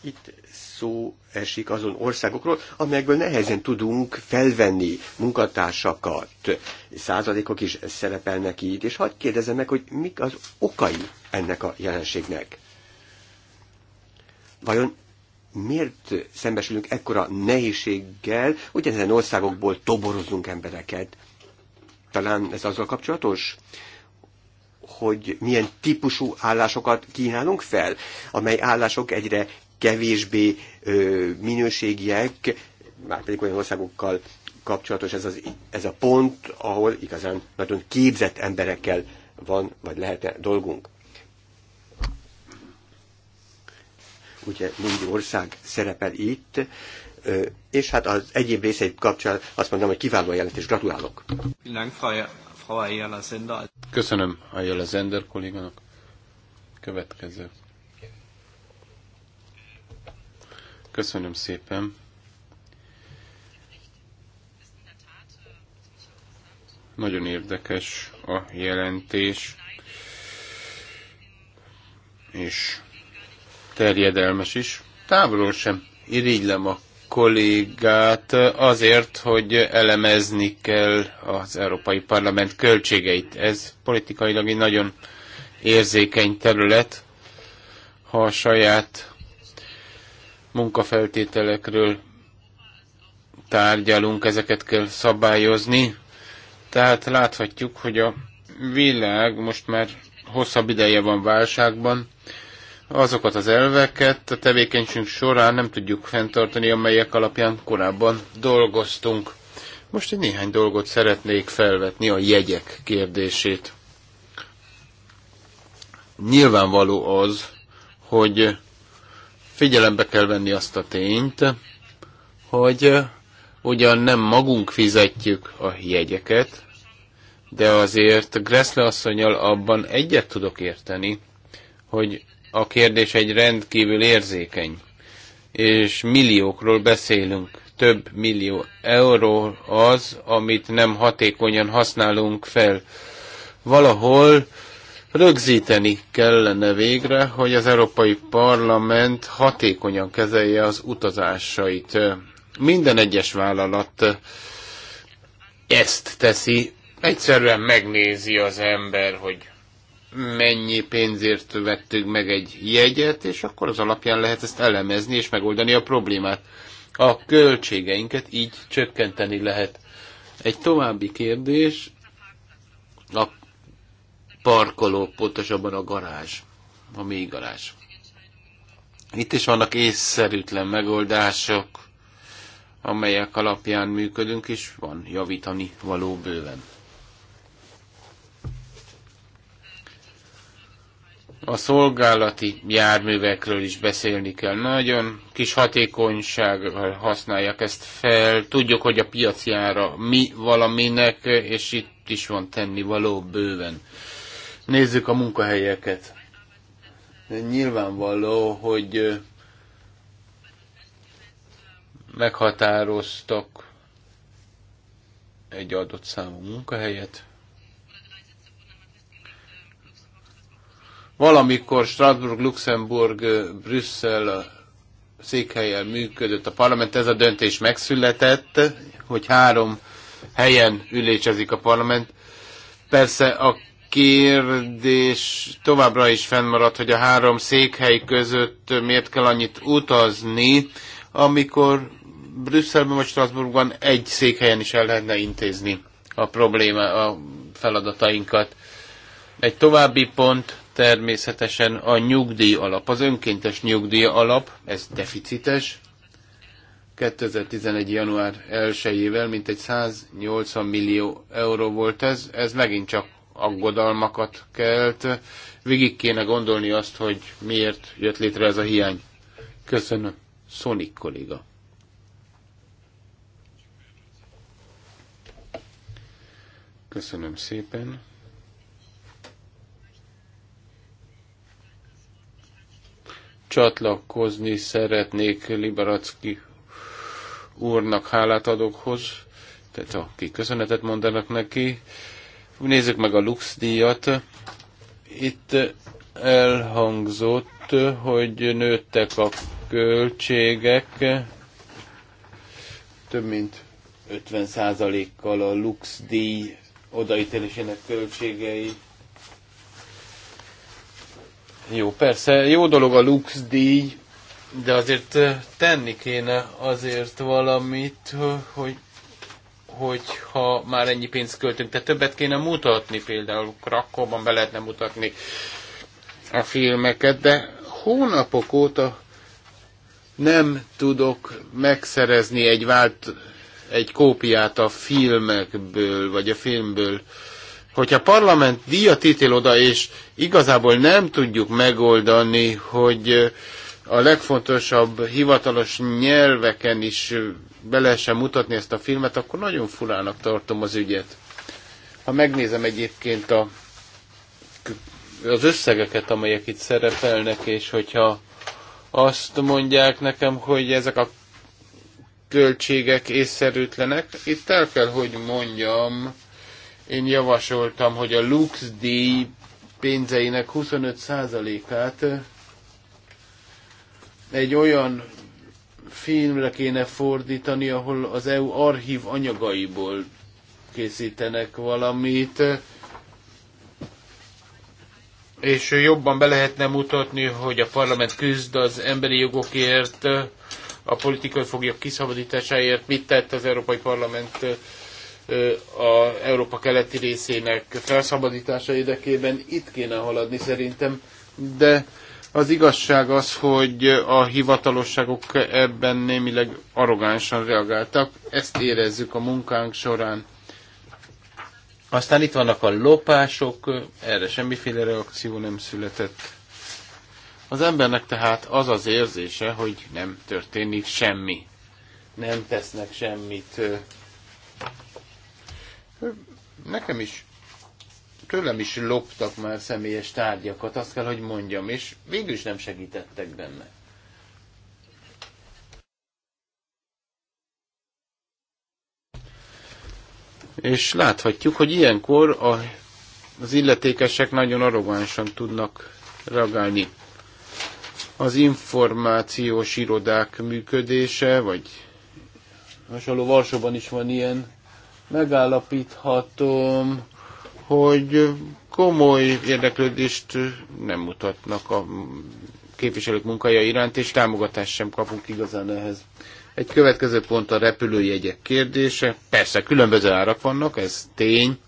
Itt szó esik azon országokról, amelyekből nehezen tudunk felvenni munkatársakat. Századékok is szerepelnek így, és hagyd kérdezem meg, hogy mik az okai ennek a jelenségnek. Vajon miért szembesülünk ekkora nehézséggel, hogy ezen országokból toborozunk embereket? Talán ez azzal kapcsolatos? hogy milyen típusú állásokat kínálunk fel, amely állások egyre kevésbé minőségiek, már pedig olyan országokkal kapcsolatos ez, az, ez a pont, ahol igazán nagyon képzett emberekkel van, vagy lehet-e dolgunk. Ugye mindig ország szerepel itt, és hát az egyéb részeit kapcsán azt mondom, hogy kiváló a jelentés, gratulálok. Köszönöm a Jela Zender kolléganak. Következő Köszönöm szépen. Nagyon érdekes a jelentés, és terjedelmes is. Távolról sem irigylem a kollégát azért, hogy elemezni kell az Európai Parlament költségeit. Ez politikailag egy nagyon érzékeny terület, ha a saját munkafeltételekről tárgyalunk, ezeket kell szabályozni. Tehát láthatjuk, hogy a világ most már hosszabb ideje van válságban. Azokat az elveket a tevékenységünk során nem tudjuk fenntartani, amelyek alapján korábban dolgoztunk. Most egy néhány dolgot szeretnék felvetni, a jegyek kérdését. Nyilvánvaló az, hogy Figyelembe kell venni azt a tényt, hogy ugyan nem magunk fizetjük a jegyeket, de azért Gressle asszonyal abban egyet tudok érteni, hogy a kérdés egy rendkívül érzékeny, és milliókról beszélünk. Több millió euró az, amit nem hatékonyan használunk fel. Valahol Rögzíteni kellene végre, hogy az Európai Parlament hatékonyan kezelje az utazásait. Minden egyes vállalat ezt teszi. Egyszerűen megnézi az ember, hogy mennyi pénzért vettük meg egy jegyet, és akkor az alapján lehet ezt elemezni és megoldani a problémát. A költségeinket így csökkenteni lehet. Egy további kérdés a parkoló, pontosabban a garázs, a mély garázs. Itt is vannak észszerűtlen megoldások, amelyek alapján működünk, és van javítani való bőven. a szolgálati járművekről is beszélni kell. Nagyon kis hatékonysággal használják ezt fel. Tudjuk, hogy a piacjára mi valaminek, és itt is van való bőven. Nézzük a munkahelyeket. Nyilvánvaló, hogy meghatároztak egy adott számú munkahelyet. Valamikor Strasbourg, Luxemburg, Brüsszel székhelyen működött a parlament, ez a döntés megszületett, hogy három helyen ülésezik a parlament. Persze a kérdés továbbra is fennmarad, hogy a három székhely között miért kell annyit utazni, amikor Brüsszelben vagy Strasbourgban egy székhelyen is el lehetne intézni a probléma, a feladatainkat. Egy további pont természetesen a nyugdíj alap, az önkéntes nyugdíj alap, ez deficites. 2011. január 1-ével mintegy 180 millió euró volt ez, ez megint csak aggodalmakat kelt. Végig kéne gondolni azt, hogy miért jött létre ez a hiány. Köszönöm. Sonic kolléga. Köszönöm szépen. Csatlakozni szeretnék Liberacki úrnak hálát adokhoz, tehát aki köszönetet mondanak neki. Nézzük meg a Lux díjat. Itt elhangzott, hogy nőttek a költségek több mint 50%-kal a Lux díj odaítélésének költségei. Jó, persze, jó dolog a Lux díj, de azért tenni kéne azért valamit, hogy hogyha már ennyi pénzt költünk. Tehát többet kéne mutatni például, Krakóban be lehetne mutatni a filmeket, de hónapok óta nem tudok megszerezni egy, vált, egy kópiát a filmekből, vagy a filmből. Hogyha a parlament díjat ítél oda, és igazából nem tudjuk megoldani, hogy a legfontosabb hivatalos nyelveken is be lehessen mutatni ezt a filmet, akkor nagyon fulának tartom az ügyet. Ha megnézem egyébként a, az összegeket, amelyek itt szerepelnek, és hogyha azt mondják nekem, hogy ezek a költségek észszerűtlenek, itt el kell, hogy mondjam, én javasoltam, hogy a Lux D pénzeinek 25%-át egy olyan filmre kéne fordítani, ahol az EU archív anyagaiból készítenek valamit, és jobban be lehetne mutatni, hogy a parlament küzd az emberi jogokért, a politikai foglyok kiszabadításáért, mit tett az Európai Parlament a Európa keleti részének felszabadítása érdekében. Itt kéne haladni szerintem, de az igazság az, hogy a hivatalosságok ebben némileg arrogánsan reagáltak, ezt érezzük a munkánk során. Aztán itt vannak a lopások, erre semmiféle reakció nem született. Az embernek tehát az az érzése, hogy nem történik semmi. Nem tesznek semmit. Nekem is tőlem is loptak már személyes tárgyakat, azt kell, hogy mondjam, és végül is nem segítettek benne. És láthatjuk, hogy ilyenkor a, az illetékesek nagyon arrogánsan tudnak reagálni. Az információs irodák működése, vagy hasonló Varsóban is van ilyen, megállapíthatom, hogy komoly érdeklődést nem mutatnak a képviselők munkája iránt, és támogatást sem kapunk igazán ehhez. Egy következő pont a repülőjegyek kérdése. Persze, különböző árak vannak, ez tény.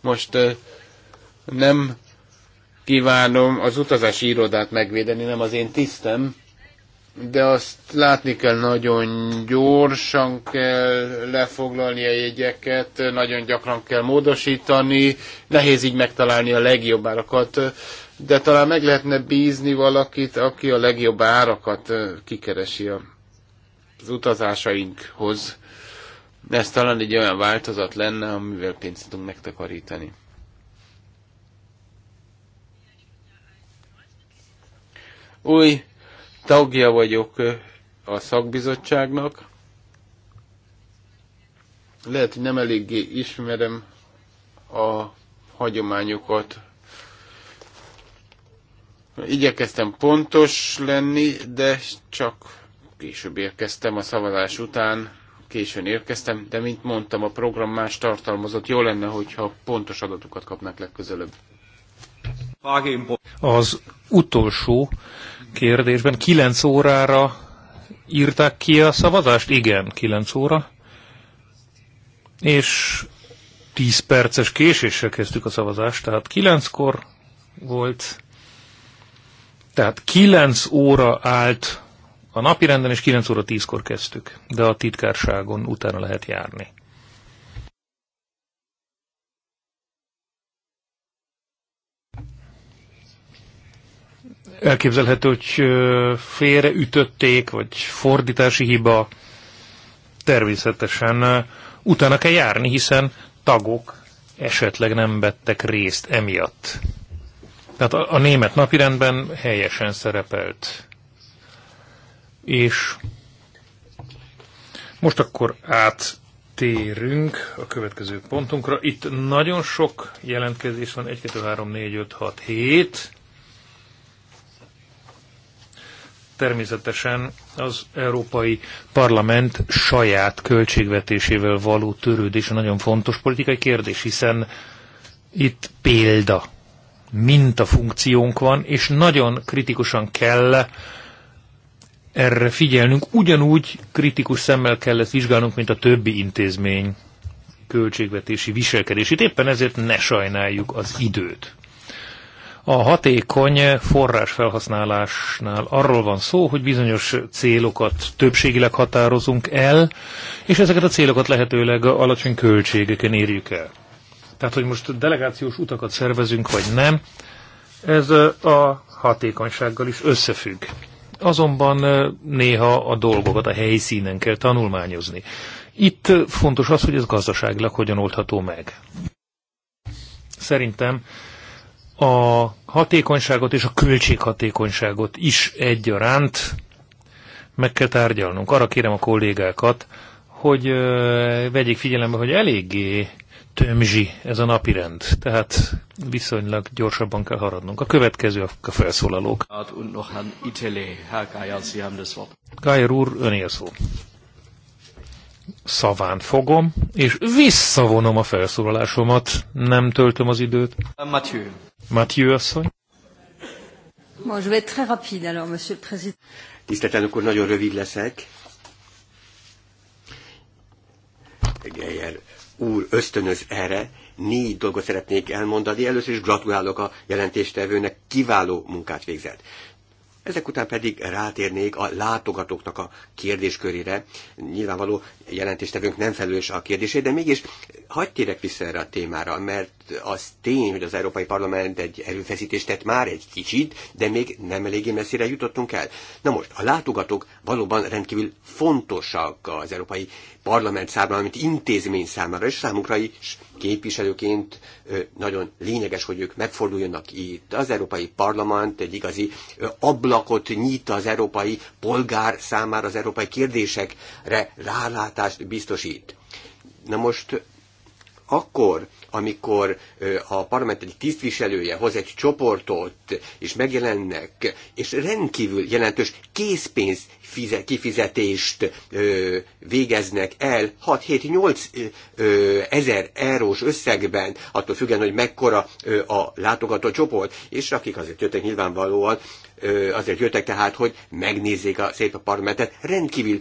Most nem kívánom az utazási irodát megvédeni, nem az én tisztem, de azt látni kell, nagyon gyorsan kell lefoglalni a jegyeket, nagyon gyakran kell módosítani, nehéz így megtalálni a legjobb árakat, de talán meg lehetne bízni valakit, aki a legjobb árakat kikeresi az utazásainkhoz. Ez talán egy olyan változat lenne, amivel pénzt tudunk megtakarítani. Új Tagja vagyok a szakbizottságnak. Lehet, hogy nem eléggé ismerem a hagyományokat. Igyekeztem pontos lenni, de csak később érkeztem a szavazás után, későn érkeztem, de mint mondtam, a program más tartalmazott. Jó lenne, hogyha pontos adatokat kapnak legközelebb. Az utolsó kérdésben. 9 órára írták ki a szavazást? Igen, 9 óra. És 10 perces késéssel kezdtük a szavazást, tehát 9-kor volt. Tehát 9 óra állt a napi renden, és 9 óra 10-kor kezdtük. De a titkárságon utána lehet járni. Elképzelhető, hogy félreütötték, vagy fordítási hiba. Természetesen utána kell járni, hiszen tagok esetleg nem vettek részt emiatt. Tehát a, a német napirendben helyesen szerepelt. És most akkor áttérünk a következő pontunkra. Itt nagyon sok jelentkezés van, 1, 2, 3, 4, 5, 6, 7. természetesen az Európai Parlament saját költségvetésével való törődés nagyon fontos politikai kérdés, hiszen itt példa, funkciónk van, és nagyon kritikusan kell erre figyelnünk, ugyanúgy kritikus szemmel kell ezt vizsgálnunk, mint a többi intézmény költségvetési viselkedését. Éppen ezért ne sajnáljuk az időt. A hatékony forrásfelhasználásnál arról van szó, hogy bizonyos célokat többségileg határozunk el, és ezeket a célokat lehetőleg alacsony költségeken érjük el. Tehát, hogy most delegációs utakat szervezünk, vagy nem, ez a hatékonysággal is összefügg. Azonban eh, néha a dolgokat a helyszínen kell tanulmányozni. Itt eh, fontos az, hogy ez gazdaságilag hogyan oldható meg. Szerintem a hatékonyságot és a költséghatékonyságot is egyaránt meg kell tárgyalnunk. Arra kérem a kollégákat, hogy ö, vegyék figyelembe, hogy eléggé tömzsi ez a napirend, tehát viszonylag gyorsabban kell haradnunk. A következő a felszólalók. Gájer úr, a szó szaván fogom, és visszavonom a felszólalásomat. Nem töltöm az időt. Mathieu. Mathieu asszony. Bon, je vais être très rapide alors, monsieur le président. Tisztelt elnök úr, nagyon rövid leszek. Geyer úr ösztönöz erre. Négy dolgot szeretnék elmondani. Először is gratulálok a jelentéstevőnek, kiváló munkát végzett. Ezek után pedig rátérnék a látogatóknak a kérdéskörére. Nyilvánvaló jelentéstevőnk nem felelős a kérdésé, de mégis hagyj térek vissza erre a témára, mert az tény, hogy az Európai Parlament egy erőfeszítést tett már egy kicsit, de még nem eléggé messzire jutottunk el. Na most, a látogatók valóban rendkívül fontosak az Európai Parlament számára, mint intézmény számára, és számukra is képviselőként nagyon lényeges, hogy ők megforduljanak itt. Az Európai Parlament egy igazi ablakot nyit az európai polgár számára, az európai kérdésekre rálátást biztosít. Na most akkor, amikor a parlament egy tisztviselője hoz egy csoportot, és megjelennek, és rendkívül jelentős készpénz kifizetést végeznek el 6-7-8 ezer eurós összegben, attól függően, hogy mekkora a látogató csoport, és akik azért jöttek nyilvánvalóan, azért jöttek tehát, hogy megnézzék a szép parlamentet, rendkívül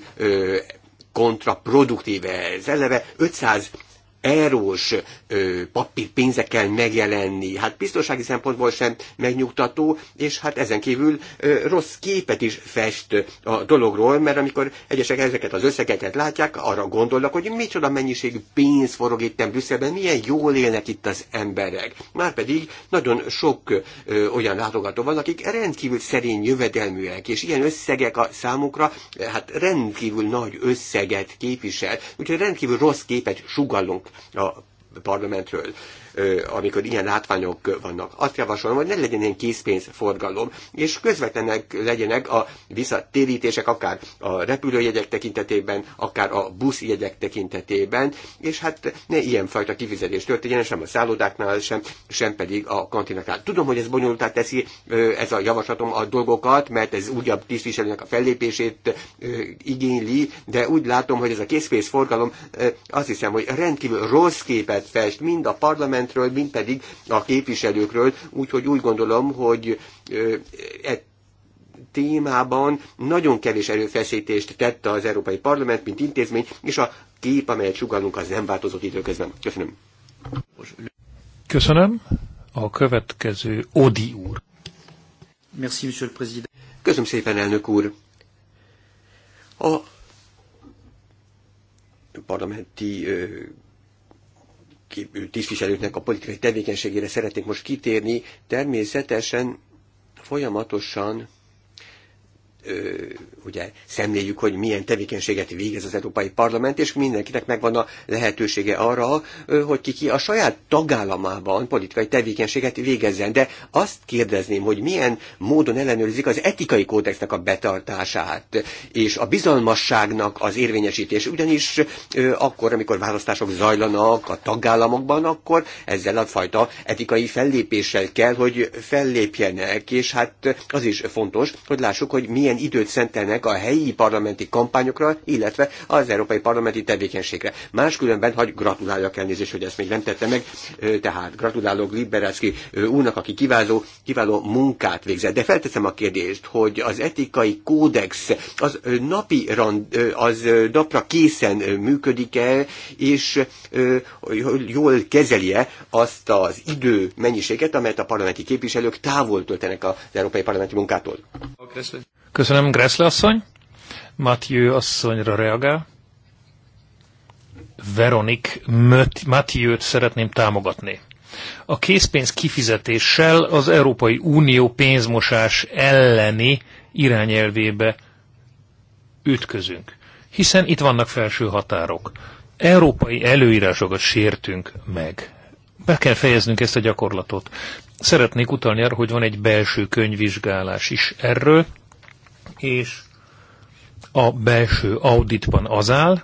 kontraproduktív ez. Eleve 500 eurós papírpénzekkel megjelenni. Hát biztonsági szempontból sem megnyugtató, és hát ezen kívül rossz képet is fest a dologról, mert amikor egyesek ezeket az összegeket látják, arra gondolnak, hogy micsoda mennyiség pénz forog itt Brüsszelben, milyen jól élnek itt az emberek. Márpedig nagyon sok ö, olyan látogató van, akik rendkívül szerény jövedelműek, és ilyen összegek a számukra hát rendkívül nagy összeget képvisel, úgyhogy rendkívül rossz képet sugallunk a parlamentről amikor ilyen látványok vannak. Azt javasolom, hogy ne legyen ilyen készpénzforgalom, és közvetlenek legyenek a visszatérítések, akár a repülőjegyek tekintetében, akár a buszjegyek tekintetében, és hát ne ilyenfajta kifizetés történjen, sem a szállodáknál, sem, sem pedig a kantinaknál. Tudom, hogy ez bonyolultá teszi ez a javaslatom a dolgokat, mert ez újabb tisztviselőnek a fellépését igényli, de úgy látom, hogy ez a készpénzforgalom azt hiszem, hogy rendkívül rossz képet fest mind a parlament, parlamentről, mint pedig a képviselőkről, úgyhogy úgy gondolom, hogy e témában nagyon kevés erőfeszítést tette az Európai Parlament, mint intézmény, és a kép, amelyet sugallunk, az nem változott időközben. Köszönöm. Köszönöm. A következő Odi úr. Merci, monsieur le président. Köszönöm szépen, elnök úr. A parlamenti tisztviselőknek a politikai tevékenységére szeretnék most kitérni. Természetesen folyamatosan ugye szemléljük, hogy milyen tevékenységet végez az Európai Parlament, és mindenkinek megvan a lehetősége arra, hogy ki, ki a saját tagállamában politikai tevékenységet végezzen. De azt kérdezném, hogy milyen módon ellenőrzik az etikai kódexnek a betartását, és a bizalmasságnak az érvényesítés. Ugyanis akkor, amikor választások zajlanak a tagállamokban, akkor ezzel a fajta etikai fellépéssel kell, hogy fellépjenek, és hát az is fontos, hogy lássuk, hogy milyen milyen időt szentelnek a helyi parlamenti kampányokra, illetve az európai parlamenti tevékenységre. Máskülönben, hogy gratuláljak elnézést, hogy ezt még nem tette meg, tehát gratulálok Liberácki úrnak, aki kiváló, kiváló munkát végzett. De felteszem a kérdést, hogy az etikai kódex az napi rand, az napra készen működik-e, és jól kezelje azt az idő mennyiséget, amelyet a parlamenti képviselők távol töltenek az európai parlamenti munkától. Köszönöm, Gressle asszony. Mathieu asszonyra reagál. Veronik Mathieu-t szeretném támogatni. A készpénz kifizetéssel az Európai Unió pénzmosás elleni irányelvébe ütközünk. Hiszen itt vannak felső határok. Európai előírásokat sértünk meg. Be kell fejeznünk ezt a gyakorlatot. Szeretnék utalni arra, hogy van egy belső könyvvizsgálás is erről, és a belső auditban az áll,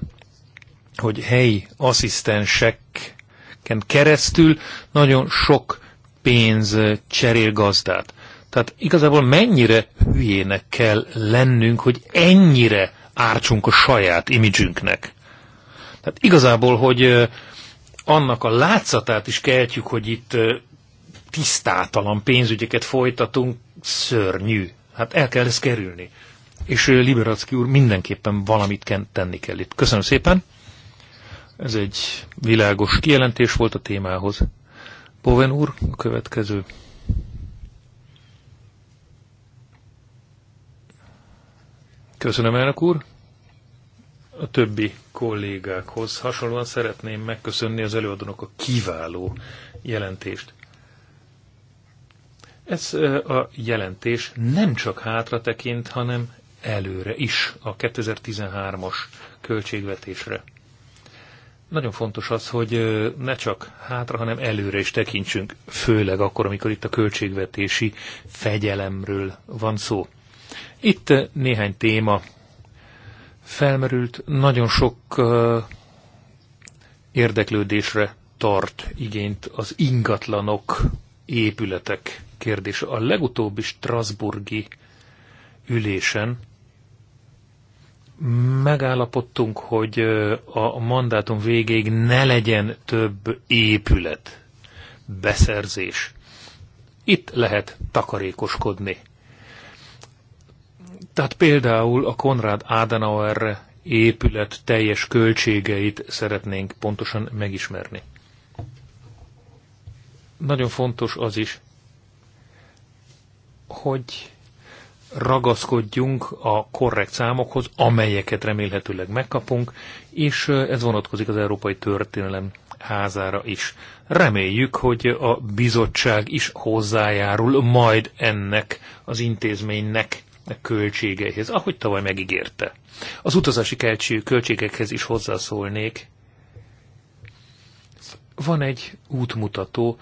hogy helyi asszisztenseken keresztül nagyon sok pénz cserél gazdát. Tehát igazából mennyire hülyének kell lennünk, hogy ennyire ártsunk a saját imidzsünknek. Tehát igazából, hogy annak a látszatát is keltjük, hogy itt tisztátalan pénzügyeket folytatunk, szörnyű Hát el kell ezt kerülni. És Liberacki úr mindenképpen valamit tenni kell itt. Köszönöm szépen. Ez egy világos kijelentés volt a témához. Boven úr, a következő. Köszönöm, elnök úr. A többi kollégákhoz hasonlóan szeretném megköszönni az előadónak a kiváló jelentést. Ez a jelentés nem csak hátra tekint, hanem előre is a 2013-as költségvetésre. Nagyon fontos az, hogy ne csak hátra, hanem előre is tekintsünk, főleg akkor, amikor itt a költségvetési fegyelemről van szó. Itt néhány téma felmerült, nagyon sok érdeklődésre tart igényt az ingatlanok, épületek kérdése. A legutóbbi Strasburgi ülésen megállapodtunk, hogy a mandátum végéig ne legyen több épület, beszerzés. Itt lehet takarékoskodni. Tehát például a Konrad Adenauer épület teljes költségeit szeretnénk pontosan megismerni. Nagyon fontos az is, hogy ragaszkodjunk a korrekt számokhoz, amelyeket remélhetőleg megkapunk, és ez vonatkozik az Európai Történelem házára is. Reméljük, hogy a bizottság is hozzájárul majd ennek az intézménynek a költségeihez, ahogy tavaly megígérte. Az utazási költségekhez is hozzászólnék. Van egy útmutató,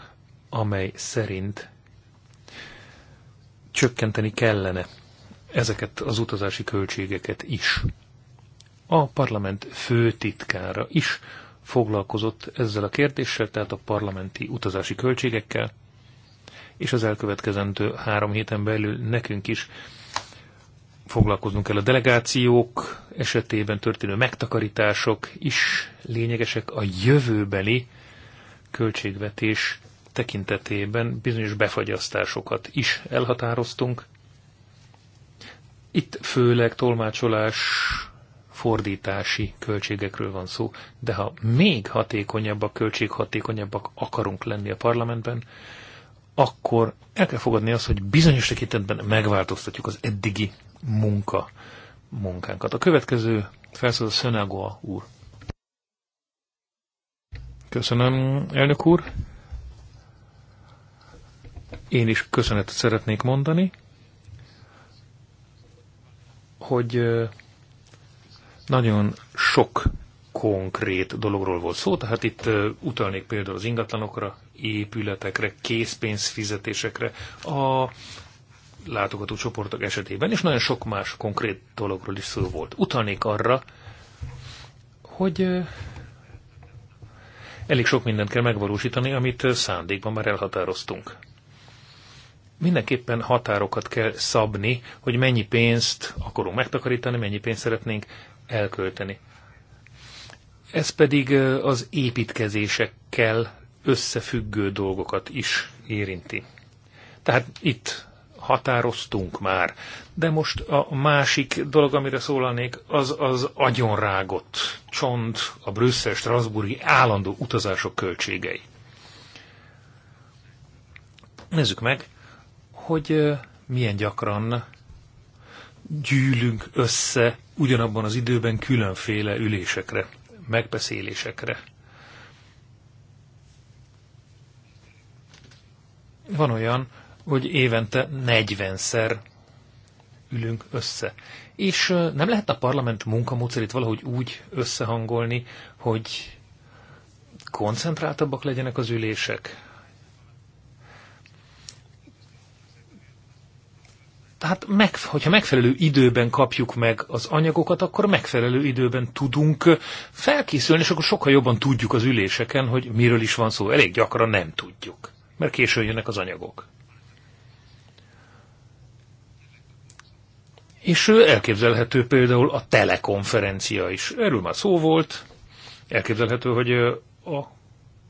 amely szerint csökkenteni kellene ezeket az utazási költségeket is. A parlament főtitkára is foglalkozott ezzel a kérdéssel, tehát a parlamenti utazási költségekkel, és az elkövetkezendő három héten belül nekünk is foglalkoznunk kell a delegációk esetében történő megtakarítások is lényegesek a jövőbeli költségvetés tekintetében bizonyos befagyasztásokat is elhatároztunk. Itt főleg tolmácsolás fordítási költségekről van szó, de ha még hatékonyabbak, költséghatékonyabbak akarunk lenni a parlamentben, akkor el kell fogadni azt, hogy bizonyos tekintetben megváltoztatjuk az eddigi munka munkánkat. A következő felszólal Szenágoa úr. Köszönöm, elnök úr. Én is köszönetet szeretnék mondani, hogy nagyon sok konkrét dologról volt szó, tehát itt utalnék például az ingatlanokra, épületekre, készpénzfizetésekre, a látogató csoportok esetében, és nagyon sok más konkrét dologról is szó volt. Utalnék arra, hogy elég sok mindent kell megvalósítani, amit szándékban már elhatároztunk mindenképpen határokat kell szabni, hogy mennyi pénzt akarunk megtakarítani, mennyi pénzt szeretnénk elkölteni. Ez pedig az építkezésekkel összefüggő dolgokat is érinti. Tehát itt határoztunk már. De most a másik dolog, amire szólalnék, az az agyonrágott csont a Brüsszel-Strasburgi állandó utazások költségei. Nézzük meg, hogy milyen gyakran gyűlünk össze ugyanabban az időben különféle ülésekre, megbeszélésekre. Van olyan, hogy évente 40-szer ülünk össze. És nem lehet a parlament munkamódszerét valahogy úgy összehangolni, hogy koncentráltabbak legyenek az ülések? Tehát, meg, hogyha megfelelő időben kapjuk meg az anyagokat, akkor megfelelő időben tudunk felkészülni, és akkor sokkal jobban tudjuk az üléseken, hogy miről is van szó. Elég gyakran nem tudjuk, mert későn jönnek az anyagok. És elképzelhető például a telekonferencia is. Erről már szó volt. Elképzelhető, hogy a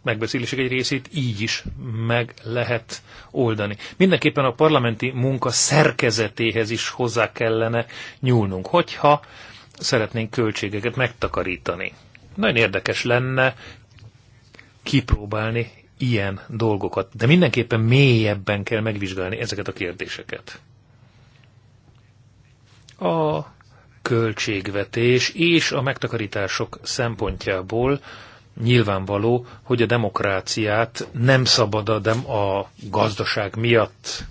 megbeszélések egy részét így is meg lehet oldani. Mindenképpen a parlamenti munka szerkezetéhez is hozzá kellene nyúlnunk, hogyha szeretnénk költségeket megtakarítani. Nagyon érdekes lenne kipróbálni ilyen dolgokat, de mindenképpen mélyebben kell megvizsgálni ezeket a kérdéseket. A költségvetés és a megtakarítások szempontjából nyilvánvaló, hogy a demokráciát nem szabad a, dem a gazdaság miatt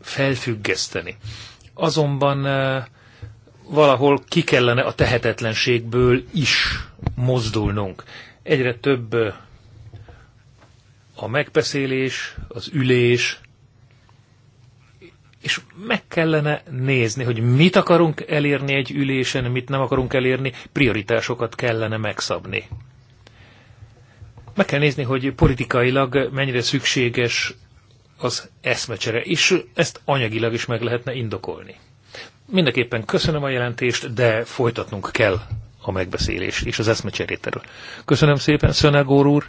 felfüggeszteni. Azonban eh, valahol ki kellene a tehetetlenségből is mozdulnunk. Egyre több eh, a megbeszélés, az ülés, és meg kellene nézni, hogy mit akarunk elérni egy ülésen, mit nem akarunk elérni, prioritásokat kellene megszabni. Meg kell nézni, hogy politikailag mennyire szükséges az eszmecsere, és ezt anyagilag is meg lehetne indokolni. Mindenképpen köszönöm a jelentést, de folytatnunk kell a megbeszélést és az eszmecserét erről. Köszönöm szépen, Szönegór úr,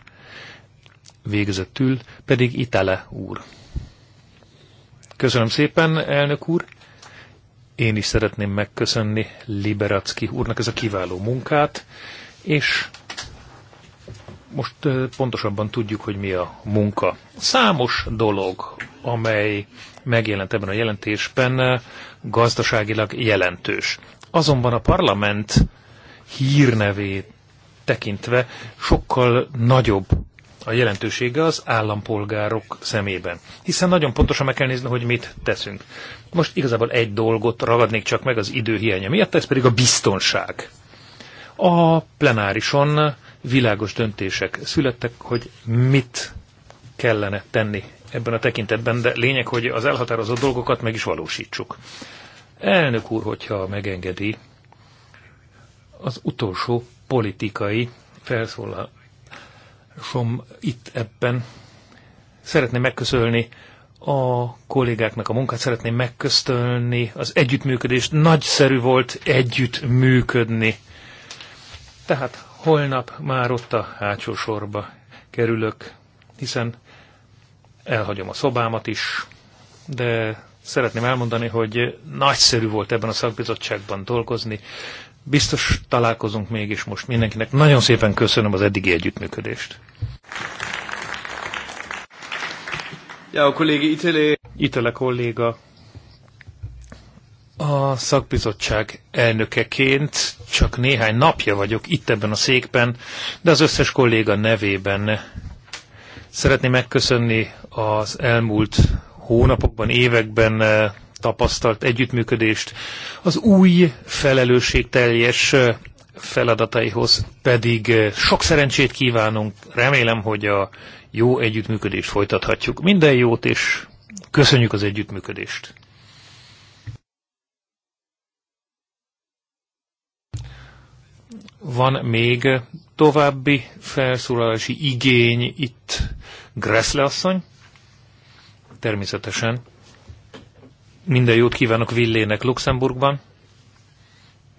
végezetül pedig Itele úr. Köszönöm szépen, elnök úr. Én is szeretném megköszönni Liberacki úrnak ez a kiváló munkát, és most pontosabban tudjuk, hogy mi a munka. Számos dolog, amely megjelent ebben a jelentésben, gazdaságilag jelentős. Azonban a parlament hírnevét tekintve sokkal nagyobb a jelentősége az állampolgárok szemében. Hiszen nagyon pontosan meg kell nézni, hogy mit teszünk. Most igazából egy dolgot ragadnék csak meg az idő hiánya miatt, ez pedig a biztonság. A plenárison világos döntések születtek, hogy mit kellene tenni ebben a tekintetben, de lényeg, hogy az elhatározott dolgokat meg is valósítsuk. Elnök úr, hogyha megengedi, az utolsó politikai felszólal, som itt ebben. Szeretném megköszönni a kollégáknak a munkát, szeretném megköszönni az együttműködést. Nagyszerű volt együttműködni. Tehát holnap már ott a hátsó sorba kerülök, hiszen elhagyom a szobámat is, de szeretném elmondani, hogy nagyszerű volt ebben a szakbizottságban dolgozni. Biztos találkozunk mégis most mindenkinek. Nagyon szépen köszönöm az eddigi együttműködést. Ja, a kollégi Itele. Itele kolléga. A szakbizottság elnökeként csak néhány napja vagyok itt ebben a székben, de az összes kolléga nevében szeretném megköszönni az elmúlt hónapokban, években tapasztalt együttműködést, az új felelősségteljes feladataihoz pedig sok szerencsét kívánunk, remélem, hogy a jó együttműködést folytathatjuk. Minden jót, és köszönjük az együttműködést! Van még további felszólalási igény itt Gressle asszony? Természetesen. Minden jót kívánok Villének Luxemburgban.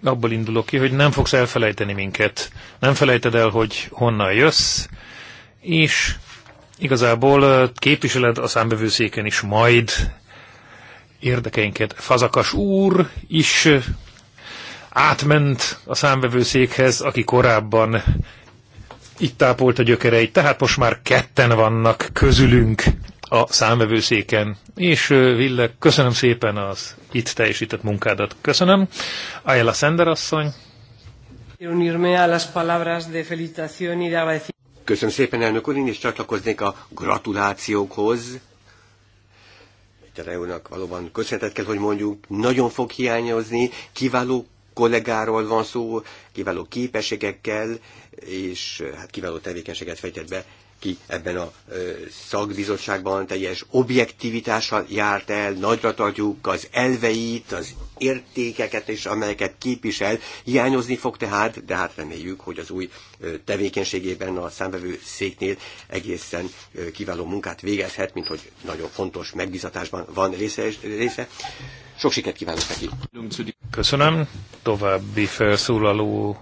Abból indulok ki, hogy nem fogsz elfelejteni minket. Nem felejted el, hogy honnan jössz, és igazából képviseled a számbevőszéken is majd érdekeinket. Fazakas úr is átment a számbevőszékhez, aki korábban itt a gyökereit, tehát most már ketten vannak közülünk a számvevőszéken. És Ville, köszönöm szépen az itt teljesített munkádat. Köszönöm. Ayala Sender asszony. Köszönöm szépen, elnök úr, én is csatlakoznék a gratulációkhoz. Tereónak valóban köszönetet kell, hogy mondjuk, nagyon fog hiányozni, kiváló kollégáról van szó, kiváló képességekkel, és hát kiváló tevékenységet fejtett be aki ebben a szakbizottságban teljes objektivitással járt el, nagyra tartjuk az elveit, az értékeket és amelyeket képvisel. Hiányozni fog tehát, de hát reméljük, hogy az új tevékenységében a számvevő széknél egészen kiváló munkát végezhet, mint hogy nagyon fontos megbizatásban van része. része. Sok sikert kívánok neki! Köszönöm! További felszólaló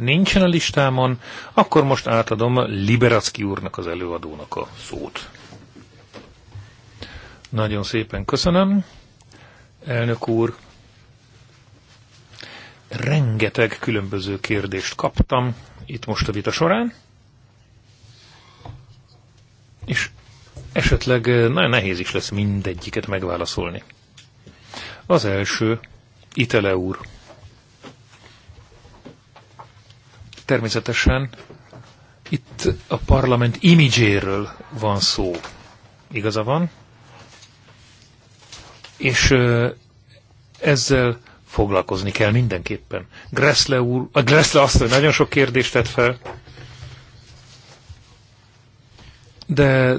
nincsen a listámon, akkor most átadom Liberacki úrnak az előadónak a szót. Nagyon szépen köszönöm, elnök úr. Rengeteg különböző kérdést kaptam itt most a vita során, és esetleg nagyon nehéz is lesz mindegyiket megválaszolni. Az első, Itele úr természetesen itt a parlament imidzséről van szó. Igaza van? És ezzel foglalkozni kell mindenképpen. Gressle úr, a Gressle azt, hogy nagyon sok kérdést tett fel, de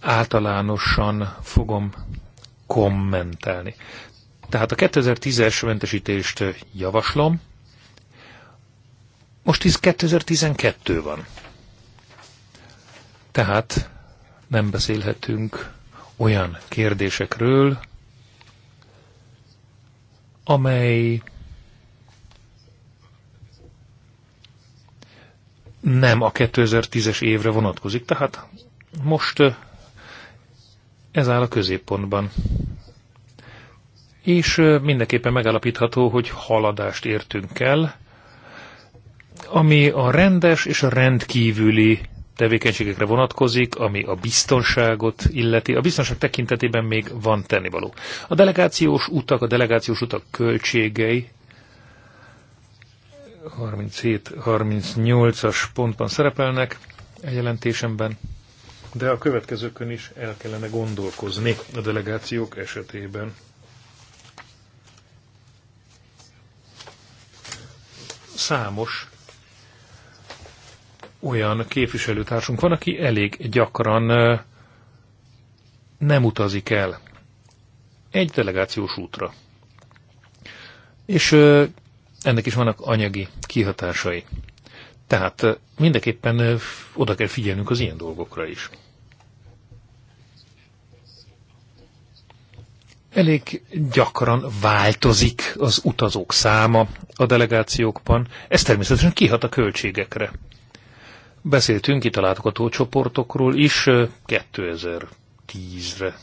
általánosan fogom kommentálni. Tehát a 2010-es mentesítést javaslom, most 2012 van. Tehát nem beszélhetünk olyan kérdésekről, amely nem a 2010-es évre vonatkozik. Tehát most ez áll a középpontban. És mindenképpen megállapítható, hogy haladást értünk el, ami a rendes és a rendkívüli tevékenységekre vonatkozik, ami a biztonságot illeti. A biztonság tekintetében még van tennivaló. A delegációs utak, a delegációs utak költségei 37-38-as pontban szerepelnek a jelentésemben, de a következőkön is el kellene gondolkozni a delegációk esetében. Számos olyan képviselőtársunk van, aki elég gyakran nem utazik el egy delegációs útra. És ennek is vannak anyagi kihatásai. Tehát mindenképpen oda kell figyelnünk az ilyen dolgokra is. Elég gyakran változik az utazók száma a delegációkban, ez természetesen kihat a költségekre. Beszéltünk itt a látogatócsoportokról is 2010-re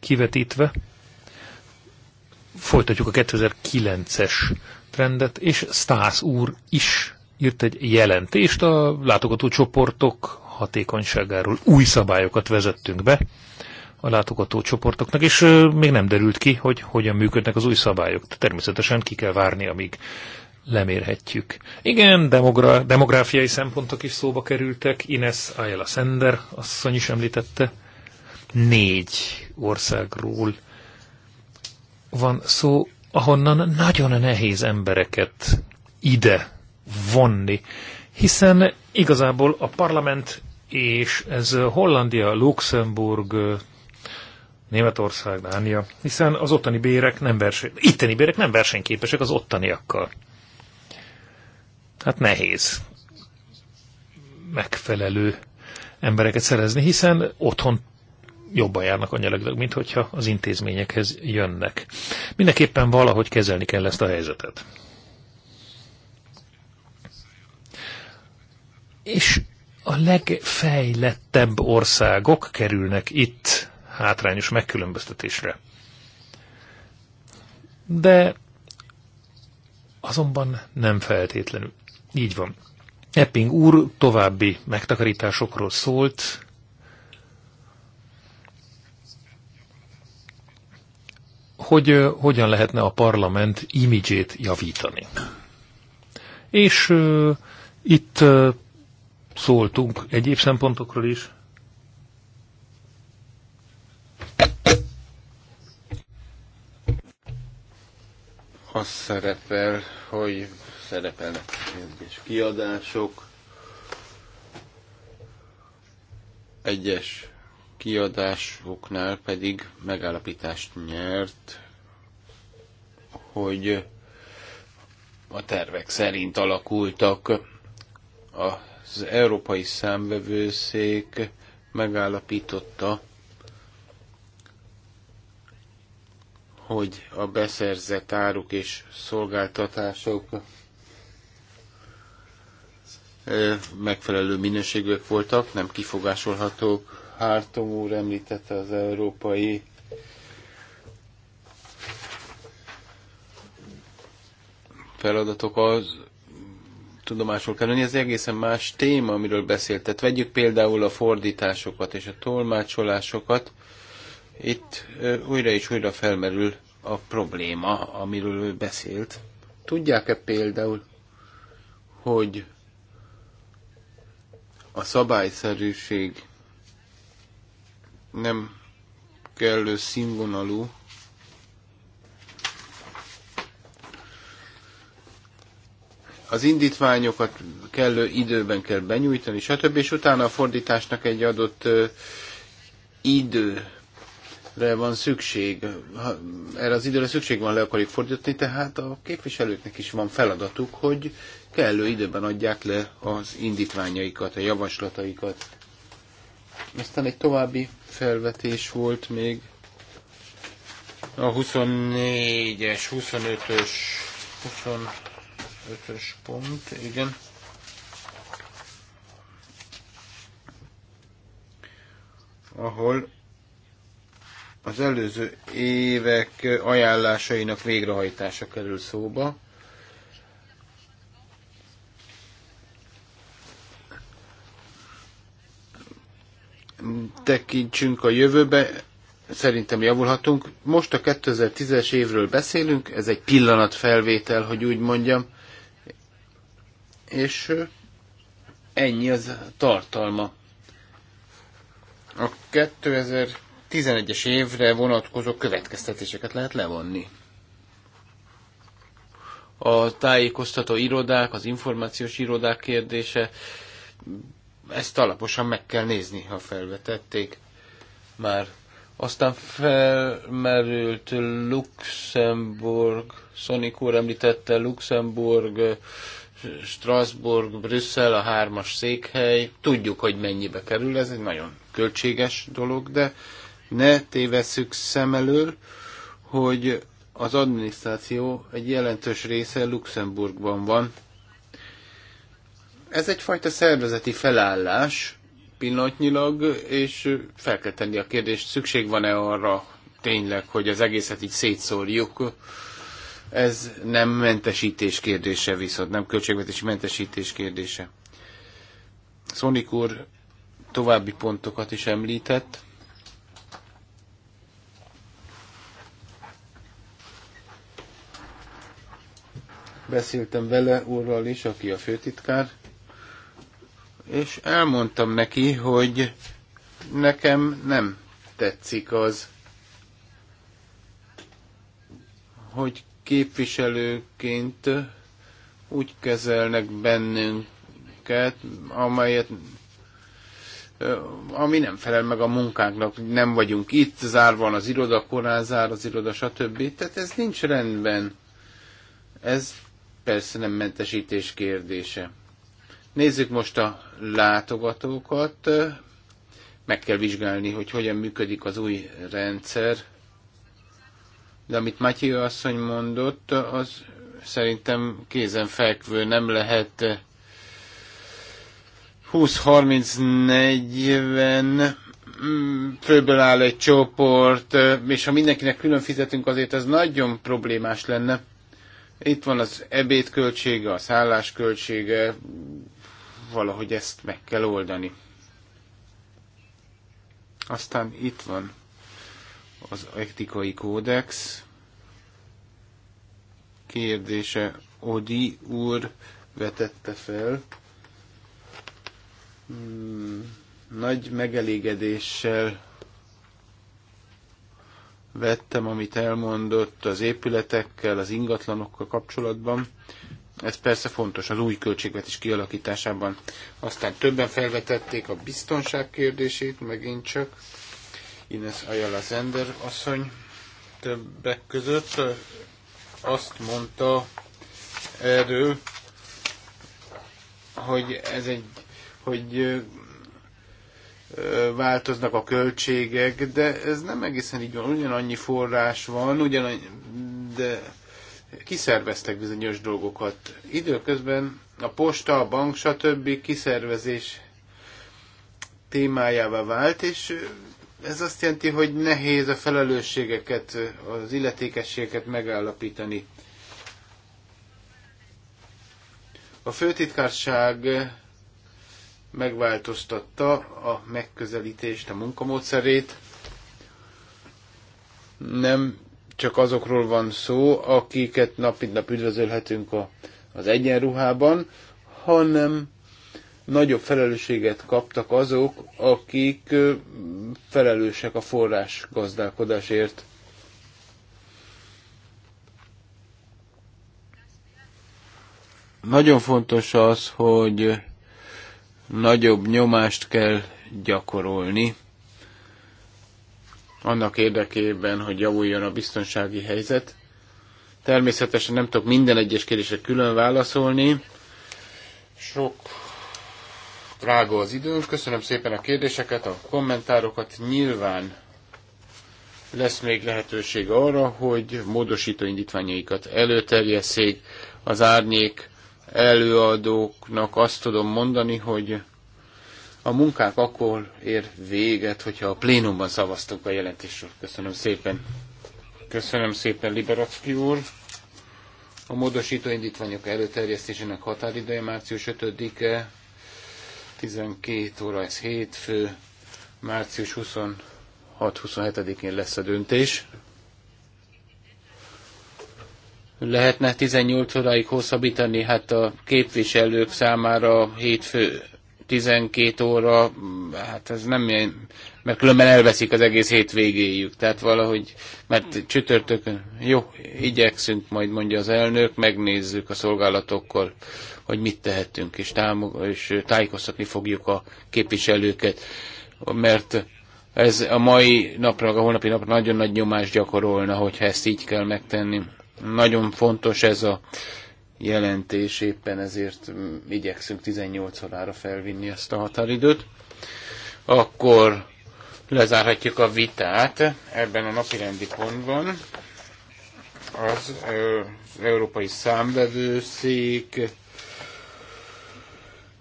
kivetítve. Folytatjuk a 2009-es trendet, és Stász úr is írt egy jelentést a látogatócsoportok hatékonyságáról. Új szabályokat vezettünk be a látogatócsoportoknak, és még nem derült ki, hogy hogyan működnek az új szabályok. Természetesen ki kell várni, amíg lemérhetjük. Igen, demogra- demográfiai szempontok is szóba kerültek, Ines Ayala Sender asszony is említette. Négy országról van szó, ahonnan nagyon nehéz embereket ide vonni, hiszen igazából a parlament és ez Hollandia, Luxemburg, Németország, Dánia, hiszen az ottani bérek nem verseny, itteni bérek nem versenyképesek az ottaniakkal hát nehéz megfelelő embereket szerezni, hiszen otthon jobban járnak anyagilag, mint hogyha az intézményekhez jönnek. Mindenképpen valahogy kezelni kell ezt a helyzetet. És a legfejlettebb országok kerülnek itt hátrányos megkülönböztetésre. De azonban nem feltétlenül. Így van. Epping úr további megtakarításokról szólt. Hogy hogyan lehetne a parlament imidzsét javítani. És uh, itt uh, szóltunk egyéb szempontokról is. Az szerepel, hogy szerepelnek egyes kiadások, egyes kiadásoknál pedig megállapítást nyert, hogy a tervek szerint alakultak. Az Európai Számvevőszék megállapította, hogy a beszerzett áruk és szolgáltatások megfelelő minőségűek voltak, nem kifogásolhatók. Hártom úr említette az európai feladatok az tudomásul kell lenni. Ez egészen más téma, amiről beszélt. Tehát vegyük például a fordításokat és a tolmácsolásokat. Itt újra és újra felmerül a probléma, amiről ő beszélt. Tudják-e például, hogy a szabályszerűség nem kellő színvonalú, az indítványokat kellő időben kell benyújtani, stb. És utána a fordításnak egy adott idő re van szükség, ha erre az időre szükség van, le akarjuk fordítani, tehát a képviselőknek is van feladatuk, hogy kellő időben adják le az indítványaikat, a javaslataikat. Aztán egy további felvetés volt még a 24-es, 25-ös, 25-ös pont, igen. ahol az előző évek ajánlásainak végrehajtása kerül szóba. Tekintsünk a jövőbe, szerintem javulhatunk. Most a 2010-es évről beszélünk, ez egy pillanatfelvétel, hogy úgy mondjam, és ennyi az tartalma. A 2000 11-es évre vonatkozó következtetéseket lehet levonni. A tájékoztató irodák, az információs irodák kérdése, ezt alaposan meg kell nézni, ha felvetették már. Aztán felmerült Luxemburg, Sonic úr említette Luxemburg, Strasbourg, Brüsszel, a hármas székhely. Tudjuk, hogy mennyibe kerül, ez egy nagyon költséges dolog, de ne tévesszük szem elől, hogy az adminisztráció egy jelentős része Luxemburgban van. Ez egyfajta szervezeti felállás pillanatnyilag, és fel kell tenni a kérdést, szükség van-e arra tényleg, hogy az egészet így szétszórjuk. Ez nem mentesítés kérdése viszont, nem költségvetési mentesítés kérdése. Szonik úr további pontokat is említett. Beszéltem vele úrral is, aki a főtitkár, és elmondtam neki, hogy nekem nem tetszik az, hogy képviselőként úgy kezelnek bennünket, amelyet ami nem felel meg a munkánknak, nem vagyunk itt, zárva az iroda, korán zár az iroda, stb. Tehát ez nincs rendben. Ez persze nem mentesítés kérdése. Nézzük most a látogatókat. Meg kell vizsgálni, hogy hogyan működik az új rendszer. De amit Matyi asszony mondott, az szerintem kézenfekvő nem lehet 20-30-40 főből áll egy csoport, és ha mindenkinek külön fizetünk, azért ez nagyon problémás lenne. Itt van az ebéd költsége, a szállás költsége, valahogy ezt meg kell oldani. Aztán itt van az etikai kódex kérdése. Odi úr vetette fel. Hmm, nagy megelégedéssel vettem, amit elmondott az épületekkel, az ingatlanokkal kapcsolatban. Ez persze fontos az új költségvetés kialakításában. Aztán többen felvetették a biztonság kérdését, megint csak. Ines Ayala Zender asszony többek között azt mondta erről, hogy ez egy, hogy változnak a költségek, de ez nem egészen így van, ugyanannyi forrás van, ugyanannyi, de kiszerveztek bizonyos dolgokat. Időközben a posta, a bank, stb. kiszervezés témájává vált, és ez azt jelenti, hogy nehéz a felelősségeket, az illetékességeket megállapítani. A főtitkárság megváltoztatta a megközelítést, a munkamódszerét. Nem csak azokról van szó, akiket nap mint nap üdvözölhetünk a, az egyenruhában, hanem nagyobb felelősséget kaptak azok, akik felelősek a forrás gazdálkodásért. Nagyon fontos az, hogy nagyobb nyomást kell gyakorolni annak érdekében, hogy javuljon a biztonsági helyzet. Természetesen nem tudok minden egyes kérdésre külön válaszolni. Sok drága az időnk. Köszönöm szépen a kérdéseket, a kommentárokat. Nyilván lesz még lehetőség arra, hogy módosító indítványaikat előterjesszék az árnyék előadóknak azt tudom mondani, hogy a munkák akkor ér véget, hogyha a plénumban szavaztunk a jelentésről. Köszönöm szépen. Köszönöm szépen, Liberacki úr. A módosító indítványok előterjesztésének határideje március 5-e, 12 óra, ez hétfő, március 26-27-én lesz a döntés lehetne 18 óráig hosszabbítani, hát a képviselők számára hétfő 12 óra, hát ez nem ilyen, mert különben elveszik az egész hétvégéjük, tehát valahogy, mert csütörtökön, jó, igyekszünk, majd mondja az elnök, megnézzük a szolgálatokkal, hogy mit tehetünk, és, támog- és tájékoztatni fogjuk a képviselőket, mert ez a mai napra, a holnapi napra nagyon nagy nyomás gyakorolna, hogyha ezt így kell megtenni nagyon fontos ez a jelentés, éppen ezért igyekszünk 18 órára felvinni ezt a határidőt. Akkor lezárhatjuk a vitát ebben a napirendi pontban. Az, az Európai Számvevőszék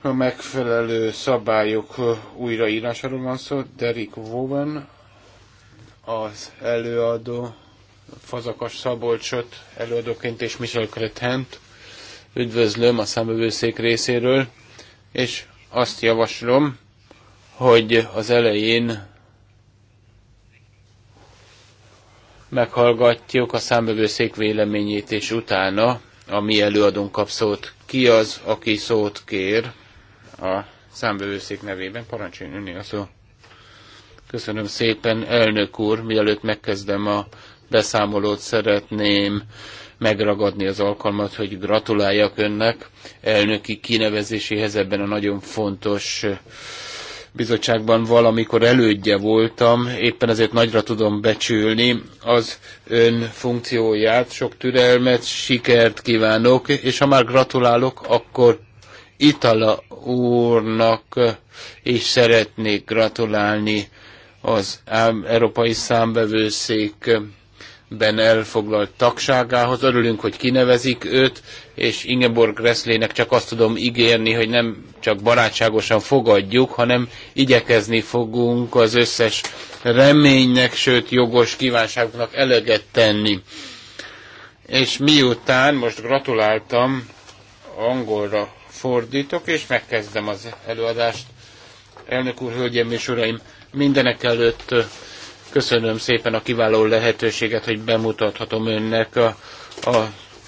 a megfelelő szabályok újraírásáról van szó. Derek Woven az előadó Fazakas Szabolcsot előadóként és Michel Kretent. üdvözlöm a számövőszék részéről, és azt javaslom, hogy az elején meghallgatjuk a számövőszék véleményét, és utána a mi előadónk kap szót. Ki az, aki szót kér a számbevőszék nevében? Parancsoljon a szó. Köszönöm szépen, elnök úr, mielőtt megkezdem a beszámolót szeretném megragadni az alkalmat, hogy gratuláljak önnek elnöki kinevezéséhez ebben a nagyon fontos bizottságban valamikor elődje voltam, éppen ezért nagyra tudom becsülni az ön funkcióját, sok türelmet, sikert kívánok, és ha már gratulálok, akkor Itala úrnak is szeretnék gratulálni az Európai Számbevőszék ben elfoglalt tagságához. Örülünk, hogy kinevezik őt, és Ingeborg Reszlének csak azt tudom ígérni, hogy nem csak barátságosan fogadjuk, hanem igyekezni fogunk az összes reménynek, sőt jogos kívánságnak eleget tenni. És miután most gratuláltam, angolra fordítok, és megkezdem az előadást. Elnök úr, hölgyeim és uraim, mindenek előtt Köszönöm szépen a kiváló lehetőséget, hogy bemutathatom önnek a, a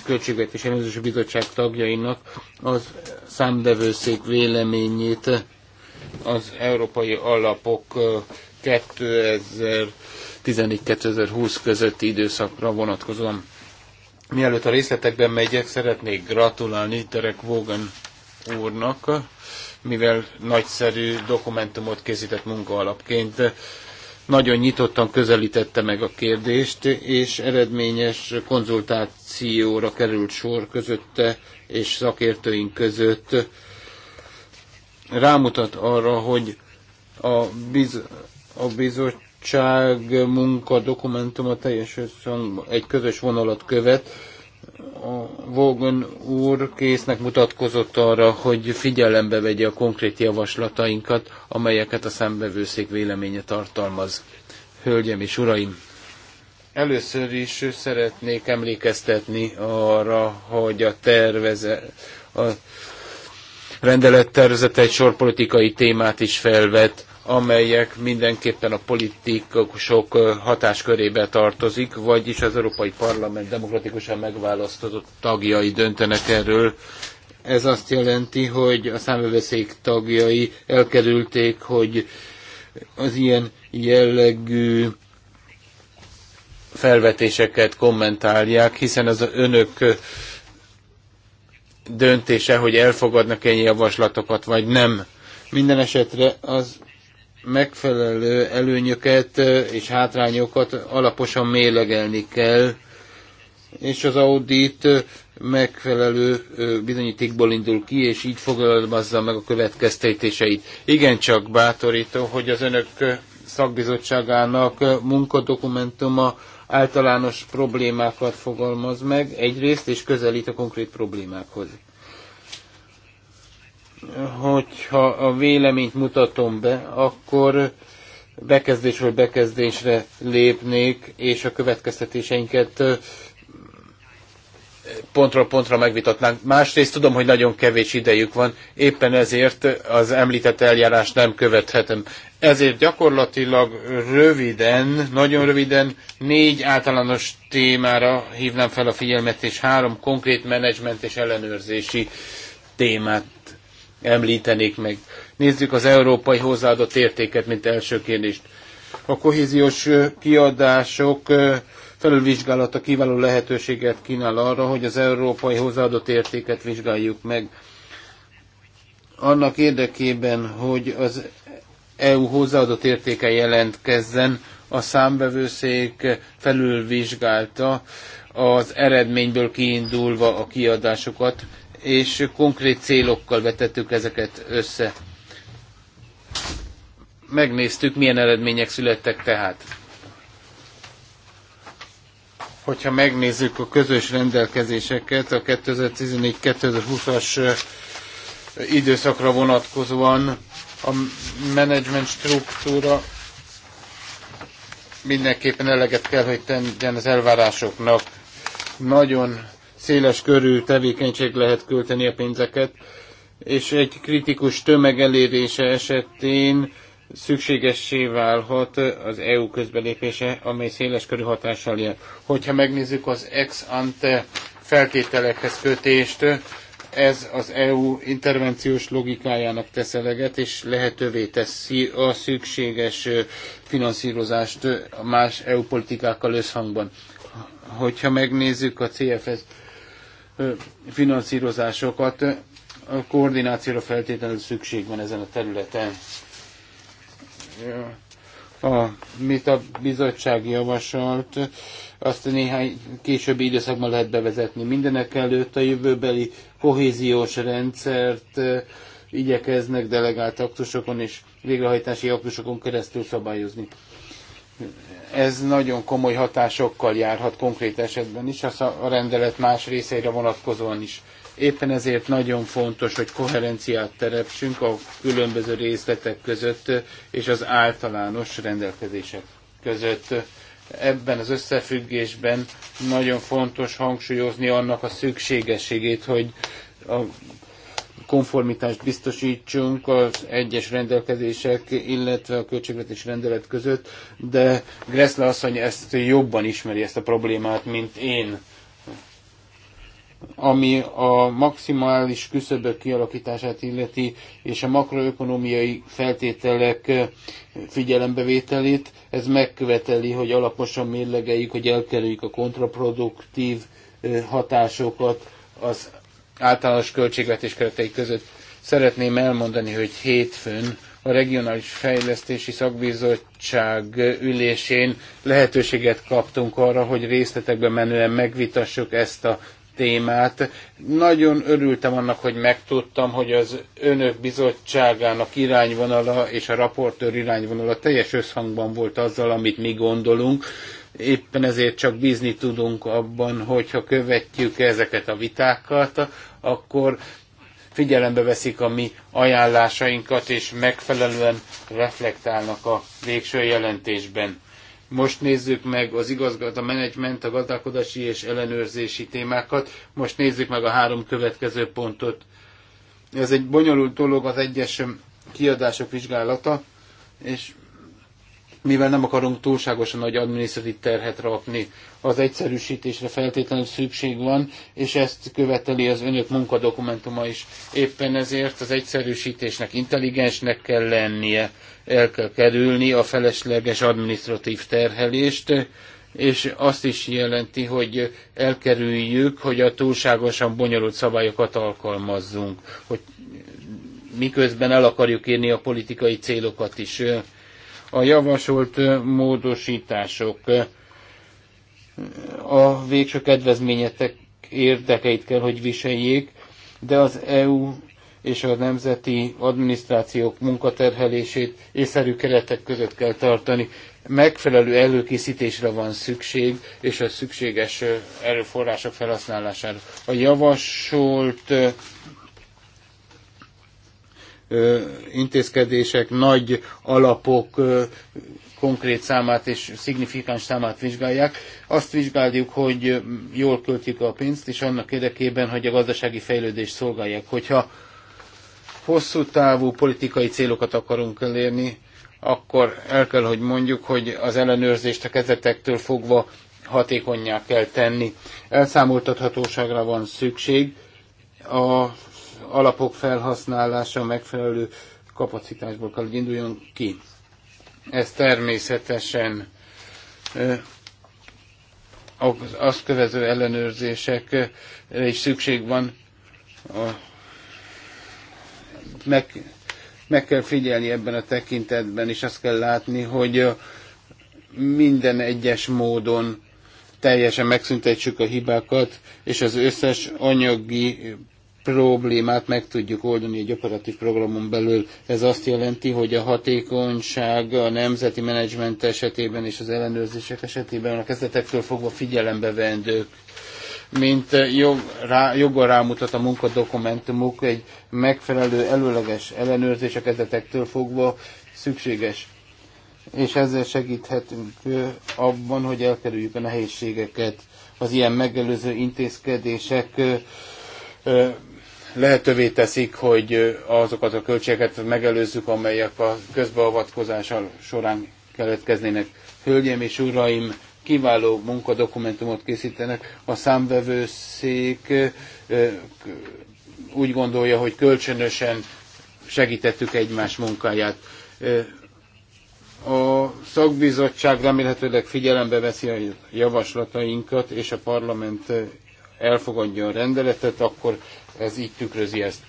Költségvetési Nemzetközi Bizottság tagjainak az számdevőszék véleményét az európai alapok 2014-2020 közötti időszakra vonatkozóan. Mielőtt a részletekben megyek, szeretnék gratulálni Terek Vogan úrnak, mivel nagyszerű dokumentumot készített munka alapként nagyon nyitottan közelítette meg a kérdést, és eredményes konzultációra került sor közötte és szakértőink között. Rámutat arra, hogy a, biz, a bizottság munka dokumentuma teljes összhang egy közös vonalat követ, Vogan úr késznek mutatkozott arra, hogy figyelembe vegye a konkrét javaslatainkat, amelyeket a számbevőszék véleménye tartalmaz. Hölgyem és uraim! Először is szeretnék emlékeztetni arra, hogy a terveze, a rendelettervezet egy sor politikai témát is felvet, amelyek mindenképpen a politikusok hatáskörébe tartozik, vagyis az Európai Parlament demokratikusan megválasztott tagjai döntenek erről. Ez azt jelenti, hogy a számöveszék tagjai elkerülték, hogy az ilyen jellegű felvetéseket kommentálják, hiszen az önök döntése, hogy elfogadnak e ilyen javaslatokat, vagy nem. Minden esetre az megfelelő előnyöket és hátrányokat alaposan mélegelni kell, és az audit megfelelő bizonyítékból indul ki, és így fogalmazza meg a következtetéseit. Igen, csak bátorító, hogy az önök szakbizottságának munkadokumentuma általános problémákat fogalmaz meg egyrészt, és közelít a konkrét problémákhoz hogyha a véleményt mutatom be, akkor bekezdésről bekezdésre lépnék, és a következtetéseinket pontról pontra megvitatnánk. Másrészt tudom, hogy nagyon kevés idejük van, éppen ezért az említett eljárást nem követhetem. Ezért gyakorlatilag röviden, nagyon röviden négy általános témára hívnám fel a figyelmet, és három konkrét menedzsment és ellenőrzési témát említenék meg. Nézzük az európai hozzáadott értéket, mint első kérdést. A kohéziós kiadások felülvizsgálata kiváló lehetőséget kínál arra, hogy az európai hozzáadott értéket vizsgáljuk meg. Annak érdekében, hogy az EU hozzáadott értéke jelentkezzen, a számbevőszék felülvizsgálta az eredményből kiindulva a kiadásokat, és konkrét célokkal vetettük ezeket össze. Megnéztük, milyen eredmények születtek tehát. Hogyha megnézzük a közös rendelkezéseket, a 2014-2020-as időszakra vonatkozóan a menedzsment struktúra mindenképpen eleget kell, hogy tenni az elvárásoknak. Nagyon széles körű tevékenység lehet költeni a pénzeket, és egy kritikus tömeg elérése esetén szükségessé válhat az EU közbelépése, amely széles körű hatással jár. Hogyha megnézzük az ex ante feltételekhez kötést, ez az EU intervenciós logikájának tesz eleget, és lehetővé teszi a szükséges finanszírozást más EU politikákkal összhangban. Hogyha megnézzük a CFS finanszírozásokat. A koordinációra feltétlenül szükség van ezen a területen. A, mit a bizottság javasolt, azt néhány későbbi időszakban lehet bevezetni. Mindenek előtt a jövőbeli kohéziós rendszert igyekeznek delegált aktusokon és végrehajtási aktusokon keresztül szabályozni ez nagyon komoly hatásokkal járhat konkrét esetben is, az a rendelet más részeire vonatkozóan is. Éppen ezért nagyon fontos, hogy koherenciát teremtsünk a különböző részletek között és az általános rendelkezések között. Ebben az összefüggésben nagyon fontos hangsúlyozni annak a szükségességét, hogy a konformitást biztosítsunk az egyes rendelkezések, illetve a költségvetés rendelet között, de Gressle asszony ezt jobban ismeri, ezt a problémát, mint én ami a maximális küszöbök kialakítását illeti, és a makroökonomiai feltételek figyelembevételét, ez megköveteli, hogy alaposan mérlegeljük, hogy elkerüljük a kontraproduktív eh, hatásokat az általános költségvetés keretei között. Szeretném elmondani, hogy hétfőn a Regionális Fejlesztési Szakbizottság ülésén lehetőséget kaptunk arra, hogy részletekben menően megvitassuk ezt a témát. Nagyon örültem annak, hogy megtudtam, hogy az önök bizottságának irányvonala és a raportőr irányvonala teljes összhangban volt azzal, amit mi gondolunk, Éppen ezért csak bízni tudunk abban, hogyha követjük ezeket a vitákat, akkor figyelembe veszik a mi ajánlásainkat, és megfelelően reflektálnak a végső jelentésben. Most nézzük meg az igazgat, a menedzsment, a gazdálkodási és ellenőrzési témákat. Most nézzük meg a három következő pontot. Ez egy bonyolult dolog az egyes kiadások vizsgálata, és mivel nem akarunk túlságosan nagy adminisztratív terhet rakni, az egyszerűsítésre feltétlenül szükség van, és ezt követeli az önök munkadokumentuma is. Éppen ezért az egyszerűsítésnek intelligensnek kell lennie, el kell kerülni a felesleges adminisztratív terhelést, és azt is jelenti, hogy elkerüljük, hogy a túlságosan bonyolult szabályokat alkalmazzunk, hogy miközben el akarjuk érni a politikai célokat is a javasolt módosítások a végső kedvezményetek érdekeit kell, hogy viseljék, de az EU és a nemzeti adminisztrációk munkaterhelését észszerű keretek között kell tartani. Megfelelő előkészítésre van szükség, és a szükséges erőforrások felhasználására. A javasolt intézkedések nagy alapok konkrét számát és szignifikáns számát vizsgálják. Azt vizsgáljuk, hogy jól költik a pénzt, és annak érdekében, hogy a gazdasági fejlődést szolgálják. Hogyha hosszú távú politikai célokat akarunk elérni, akkor el kell, hogy mondjuk, hogy az ellenőrzést a kezetektől fogva hatékonyá kell tenni. Elszámoltathatóságra van szükség, a alapok felhasználása megfelelő kapacitásból kell, hogy induljon ki. Ez természetesen azt követő ellenőrzésekre is szükség van. Meg, meg kell figyelni ebben a tekintetben, és azt kell látni, hogy minden egyes módon teljesen megszüntetsük a hibákat, és az összes anyagi problémát meg tudjuk oldani egy operatív programon belül. Ez azt jelenti, hogy a hatékonyság a nemzeti menedzsment esetében és az ellenőrzések esetében a kezdetektől fogva figyelembe vendők mint eh, jog, rá, joggal rámutat a munkadokumentumok, egy megfelelő előleges ellenőrzés a kezdetektől fogva szükséges. És ezzel segíthetünk eh, abban, hogy elkerüljük a nehézségeket. Az ilyen megelőző intézkedések eh, lehetővé teszik, hogy azokat a költségeket megelőzzük, amelyek a közbeavatkozás során keletkeznének. Hölgyeim és uraim, kiváló munkadokumentumot készítenek. A számvevőszék úgy gondolja, hogy kölcsönösen segítettük egymás munkáját. A szakbizottság remélhetőleg figyelembe veszi a javaslatainkat, és a parlament elfogadjon rendeletet, akkor ez így tükrözi ezt.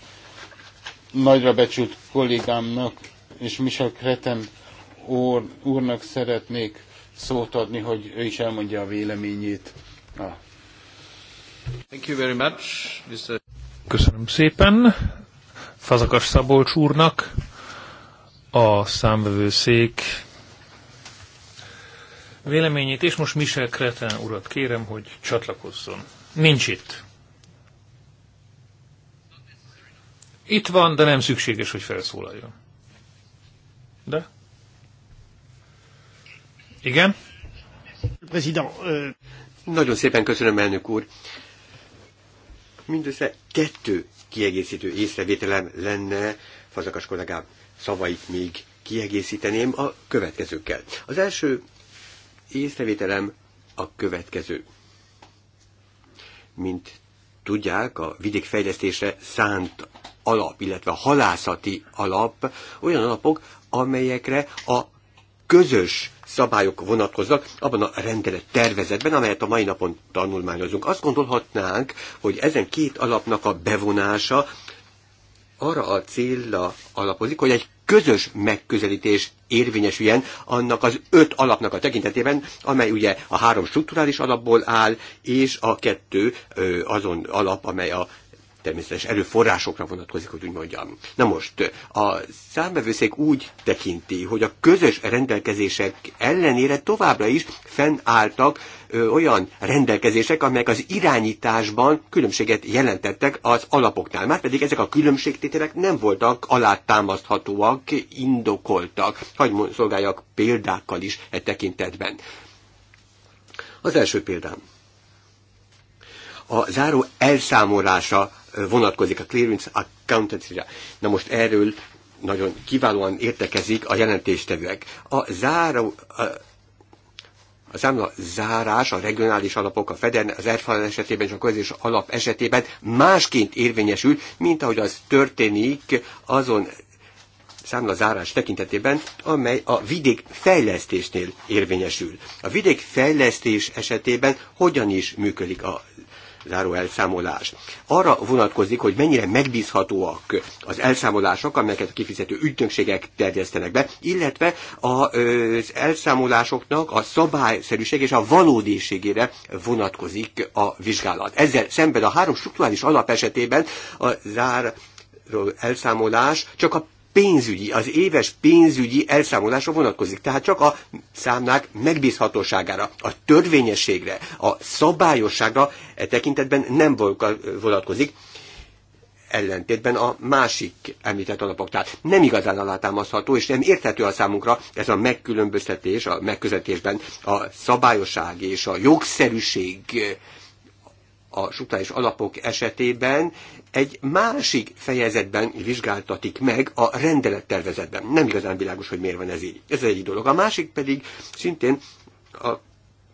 Nagyra becsült kollégámnak és Michel Kreten úr, úrnak szeretnék szót adni, hogy ő is elmondja a véleményét. Ah. Thank you very much, Mr. Köszönöm szépen Fazakas Szabolcs úrnak, a számvevőszék véleményét, és most Michel Kreten urat kérem, hogy csatlakozzon. Nincs itt. Itt van, de nem szükséges, hogy felszólaljon. De? Igen? Euh, Nagyon szépen köszönöm, elnök úr. Mindössze kettő kiegészítő észrevételem lenne Fazakas kollégám szavait még kiegészíteném a következőkkel. Az első észrevételem a következő. Mint tudják, a vidékfejlesztésre szánt alap, illetve a halászati alap olyan alapok, amelyekre a közös szabályok vonatkoznak abban a rendelet tervezetben, amelyet a mai napon tanulmányozunk. Azt gondolhatnánk, hogy ezen két alapnak a bevonása arra a célra alapozik, hogy egy közös megközelítés érvényesüljen annak az öt alapnak a tekintetében, amely ugye a három strukturális alapból áll, és a kettő azon alap, amely a természetes erőforrásokra vonatkozik, hogy úgy mondjam. Na most, a számbevőszék úgy tekinti, hogy a közös rendelkezések ellenére továbbra is fennálltak ö, olyan rendelkezések, amelyek az irányításban különbséget jelentettek az alapoknál. Már pedig ezek a különbségtételek nem voltak alátámaszthatóak, indokoltak. Hogy szolgáljak példákkal is e tekintetben. Az első példám a záró elszámolása vonatkozik a clearance accountancy-ra. Na most erről nagyon kiválóan értekezik a jelentéstevőek. A záró, a, a számla zárás a regionális alapok, a FEDEN, az ERFAN esetében és a közös alap esetében másként érvényesül, mint ahogy az történik azon számla zárás tekintetében, amely a vidékfejlesztésnél érvényesül. A vidékfejlesztés esetében hogyan is működik a záró elszámolás. Arra vonatkozik, hogy mennyire megbízhatóak az elszámolások, amelyeket a kifizető ügynökségek terjesztenek be, illetve az elszámolásoknak a szabályszerűség és a valódiségére vonatkozik a vizsgálat. Ezzel szemben a három strukturális alap esetében a zár elszámolás csak a pénzügyi, az éves pénzügyi elszámolásra vonatkozik, tehát csak a számlák megbízhatóságára, a törvényességre, a szabályosságra e tekintetben nem vonatkozik ellentétben a másik említett alapok. Tehát nem igazán alátámasztható, és nem érthető a számunkra ez a megkülönböztetés, a megközelítésben a szabályosság és a jogszerűség a struktúrális alapok esetében egy másik fejezetben vizsgáltatik meg a rendelettervezetben. Nem igazán világos, hogy miért van ez így. Ez egy dolog. A másik pedig szintén a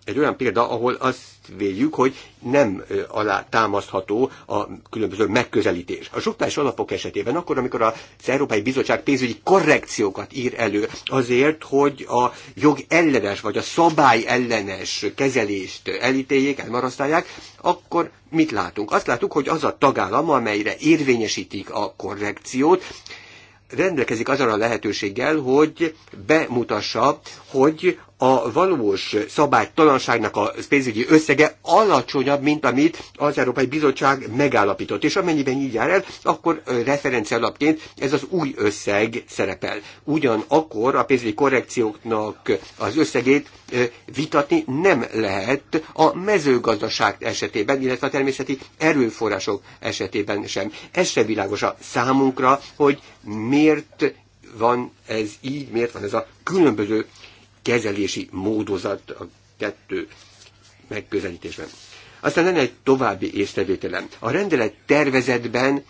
egy olyan példa, ahol azt véljük, hogy nem alá támasztható a különböző megközelítés. A struktúrális alapok esetében akkor, amikor az Európai Bizottság pénzügyi korrekciókat ír elő azért, hogy a jog ellenes vagy a szabály ellenes kezelést elítéljék, elmarasztálják, akkor mit látunk? Azt látunk, hogy az a tagállam, amelyre érvényesítik a korrekciót, rendelkezik azzal a lehetőséggel, hogy bemutassa, hogy a valós szabálytalanságnak a pénzügyi összege alacsonyabb, mint amit az Európai Bizottság megállapított. És amennyiben így jár el, akkor referencia alapként ez az új összeg szerepel. Ugyanakkor a pénzügyi korrekcióknak az összegét vitatni nem lehet a mezőgazdaság esetében, illetve a természeti erőforrások esetében sem. Ez sem világos a számunkra, hogy miért van ez így, miért van ez a különböző kezelési módozat a kettő megközelítésben. Aztán lenne egy további észrevételem. A rendelet tervezetben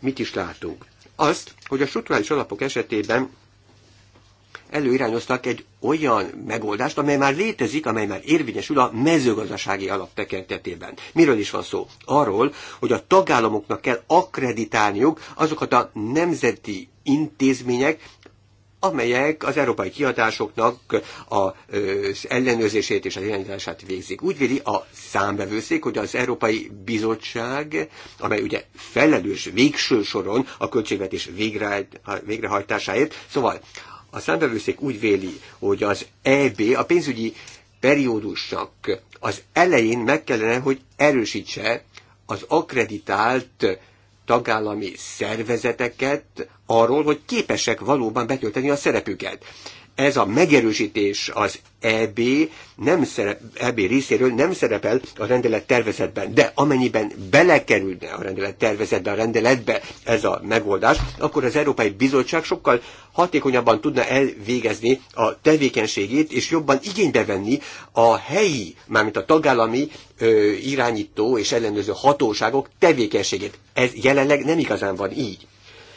mit is látunk? Azt, hogy a strukturális alapok esetében előirányoztak egy olyan megoldást, amely már létezik, amely már érvényesül a mezőgazdasági alap tekintetében. Miről is van szó? Arról, hogy a tagállamoknak kell akkreditálniuk azokat a nemzeti intézmények, amelyek az európai kiadásoknak az ellenőrzését és az irányítását végzik. Úgy véli a számbevőszék, hogy az Európai Bizottság, amely ugye felelős végső soron a költségvetés végre, végrehajtásáért, szóval a számbevőszék úgy véli, hogy az EB a pénzügyi periódusnak az elején meg kellene, hogy erősítse az akreditált tagállami szervezeteket arról, hogy képesek valóban betölteni a szerepüket ez a megerősítés az EB, nem szerep, EB részéről nem szerepel a rendelet tervezetben, de amennyiben belekerülne a rendelet tervezetbe, a rendeletbe ez a megoldás, akkor az Európai Bizottság sokkal hatékonyabban tudna elvégezni a tevékenységét, és jobban igénybe venni a helyi, mármint a tagállami ö, irányító és ellenőrző hatóságok tevékenységét. Ez jelenleg nem igazán van így.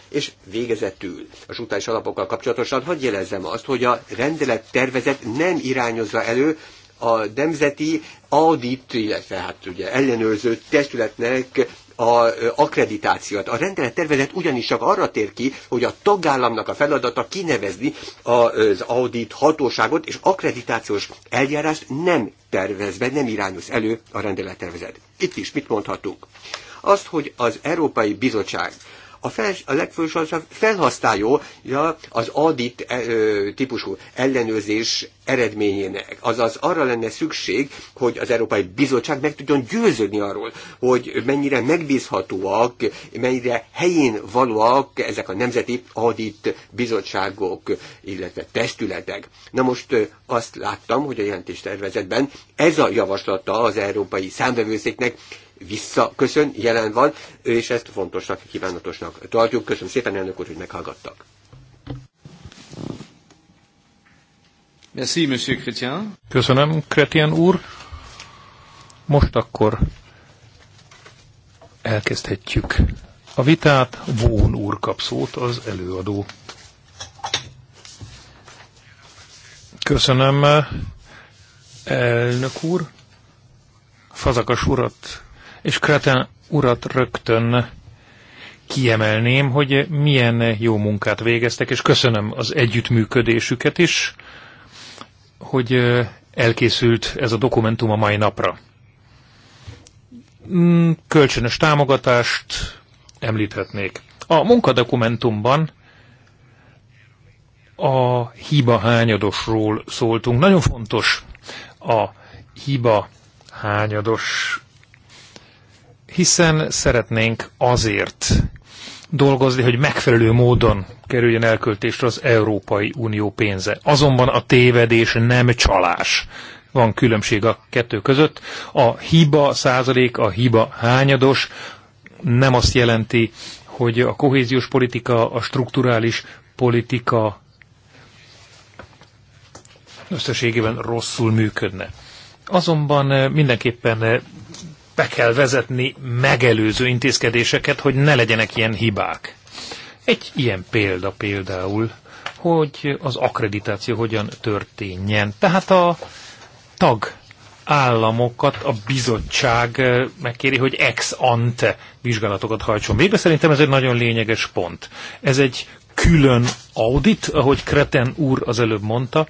És végezetül a zsutális alapokkal kapcsolatosan hadd jelezzem azt, hogy a rendelet tervezet nem irányozza elő a nemzeti audit, illetve hát ugye ellenőrző testületnek a akkreditációt. A rendelet tervezet ugyanis csak arra tér ki, hogy a tagállamnak a feladata kinevezni az audit hatóságot, és akkreditációs eljárást nem tervezve, nem irányoz elő a rendelet tervezet. Itt is mit mondhatunk? Azt, hogy az Európai Bizottság a, fels, a legfontosabb felhasználója az audit e, típusú ellenőrzés eredményének. Azaz arra lenne szükség, hogy az Európai Bizottság meg tudjon győződni arról, hogy mennyire megbízhatóak, mennyire helyén valóak ezek a nemzeti audit bizottságok, illetve testületek. Na most azt láttam, hogy a jelentéstervezetben ez a javaslata az Európai Számvevőszéknek visszaköszön, jelen van, és ezt fontosnak, kívánatosnak tartjuk. Köszönöm szépen, elnök úr, hogy meghallgattak. Köszönöm, Kretien úr. Most akkor elkezdhetjük a vitát. Vón úr kap szót, az előadó. Köszönöm, elnök úr. Fazakas urat és Kraten urat rögtön kiemelném, hogy milyen jó munkát végeztek, és köszönöm az együttműködésüket is, hogy elkészült ez a dokumentum a mai napra. Mm, kölcsönös támogatást említhetnék. A munkadokumentumban a hiba hányadosról szóltunk. Nagyon fontos a hiba hányados hiszen szeretnénk azért dolgozni, hogy megfelelő módon kerüljön elköltésre az Európai Unió pénze. Azonban a tévedés nem csalás. Van különbség a kettő között. A hiba százalék, a hiba hányados nem azt jelenti, hogy a kohéziós politika, a strukturális politika összességében rosszul működne. Azonban eh, mindenképpen eh, be kell vezetni megelőző intézkedéseket, hogy ne legyenek ilyen hibák. Egy ilyen példa például, hogy az akkreditáció hogyan történjen. Tehát a tag államokat a bizottság eh, megkéri, hogy ex ante vizsgálatokat hajtson végre. Szerintem ez egy nagyon lényeges pont. Ez egy külön audit, ahogy Kreten úr az előbb mondta.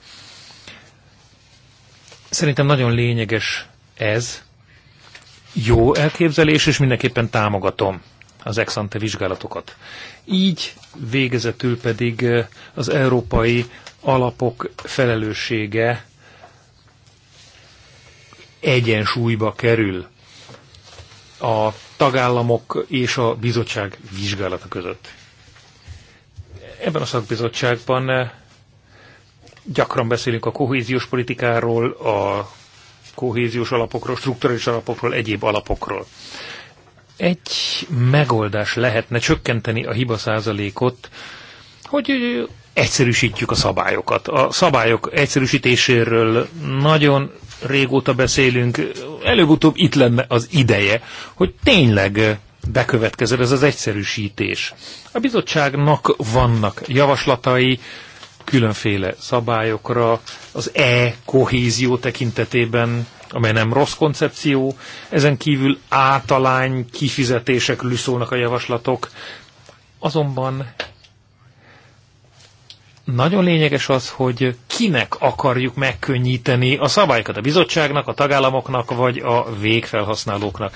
Szerintem nagyon lényeges ez, jó elképzelés, és mindenképpen támogatom az exante vizsgálatokat. Így végezetül pedig az európai alapok felelőssége egyensúlyba kerül a tagállamok és a bizottság vizsgálata között. Ebben a szakbizottságban gyakran beszélünk a kohéziós politikáról, a kohéziós alapokról, strukturális alapokról, egyéb alapokról. Egy megoldás lehetne csökkenteni a hiba százalékot, hogy egyszerűsítjük a szabályokat. A szabályok egyszerűsítéséről nagyon régóta beszélünk, előbb-utóbb itt lenne az ideje, hogy tényleg bekövetkezel ez az egyszerűsítés. A bizottságnak vannak javaslatai, különféle szabályokra, az e-kohézió tekintetében, amely nem rossz koncepció, ezen kívül általány kifizetések szólnak a javaslatok, azonban nagyon lényeges az, hogy kinek akarjuk megkönnyíteni a szabályokat, a bizottságnak, a tagállamoknak, vagy a végfelhasználóknak.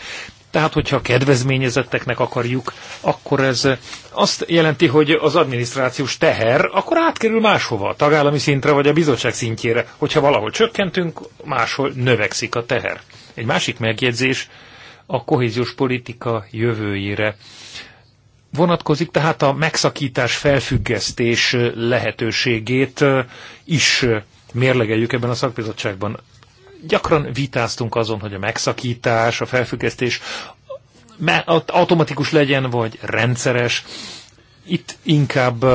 Tehát, hogyha kedvezményezetteknek akarjuk, akkor ez azt jelenti, hogy az adminisztrációs teher akkor átkerül máshova, a tagállami szintre vagy a bizottság szintjére. Hogyha valahol csökkentünk, máshol növekszik a teher. Egy másik megjegyzés a kohéziós politika jövőjére vonatkozik, tehát a megszakítás felfüggesztés lehetőségét is mérlegeljük ebben a szakbizottságban gyakran vitáztunk azon, hogy a megszakítás, a felfüggesztés automatikus legyen, vagy rendszeres. Itt inkább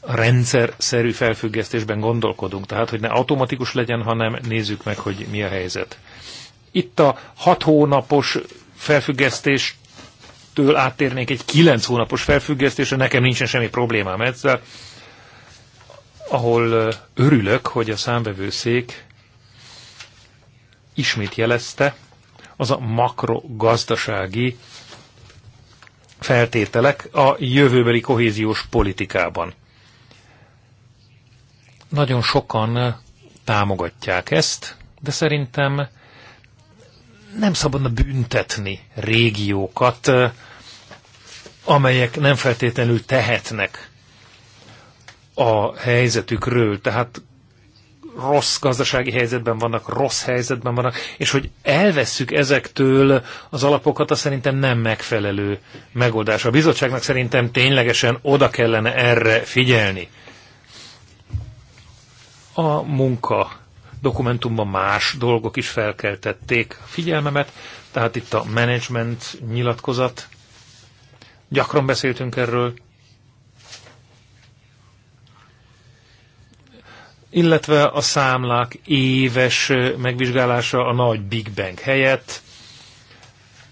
rendszerszerű felfüggesztésben gondolkodunk, tehát hogy ne automatikus legyen, hanem nézzük meg, hogy mi a helyzet. Itt a hat hónapos felfüggesztéstől áttérnék egy kilenc hónapos felfüggesztésre, nekem nincsen semmi problémám ezzel, ahol örülök, hogy a számbevőszék ismét jelezte, az a makrogazdasági feltételek a jövőbeli kohéziós politikában. Nagyon sokan eh, támogatják ezt, de szerintem nem szabadna büntetni régiókat, eh, amelyek nem feltétlenül tehetnek a helyzetükről. Tehát rossz gazdasági helyzetben vannak, rossz helyzetben vannak, és hogy elvesszük ezektől az alapokat, az szerintem nem megfelelő megoldás. A bizottságnak szerintem ténylegesen oda kellene erre figyelni. A munka dokumentumban más dolgok is felkeltették a figyelmemet, tehát itt a management nyilatkozat, gyakran beszéltünk erről, illetve a számlák éves megvizsgálása a nagy Big Bang helyett.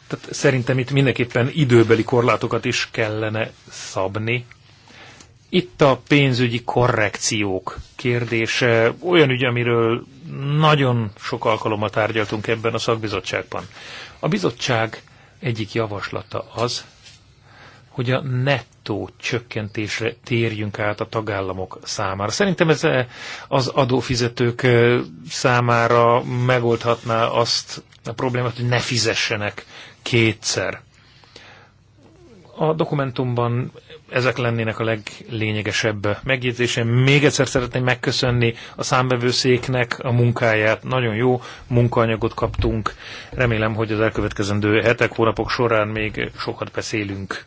Tehát szerintem itt mindenképpen időbeli korlátokat is kellene szabni. Itt a pénzügyi korrekciók kérdése olyan ügy, amiről nagyon sok alkalommal tárgyaltunk ebben a szakbizottságban. A bizottság egyik javaslata az, hogy a net nettó csökkentésre térjünk át a tagállamok számára. Szerintem ez eh, az adófizetők eh, számára megoldhatná azt a problémát, hogy ne fizessenek kétszer. A dokumentumban ezek lennének a leglényegesebb megjegyzésem. Még egyszer szeretném megköszönni a számbevőszéknek a munkáját. Nagyon jó munkaanyagot kaptunk. Remélem, hogy az elkövetkezendő hetek, hónapok során még sokat beszélünk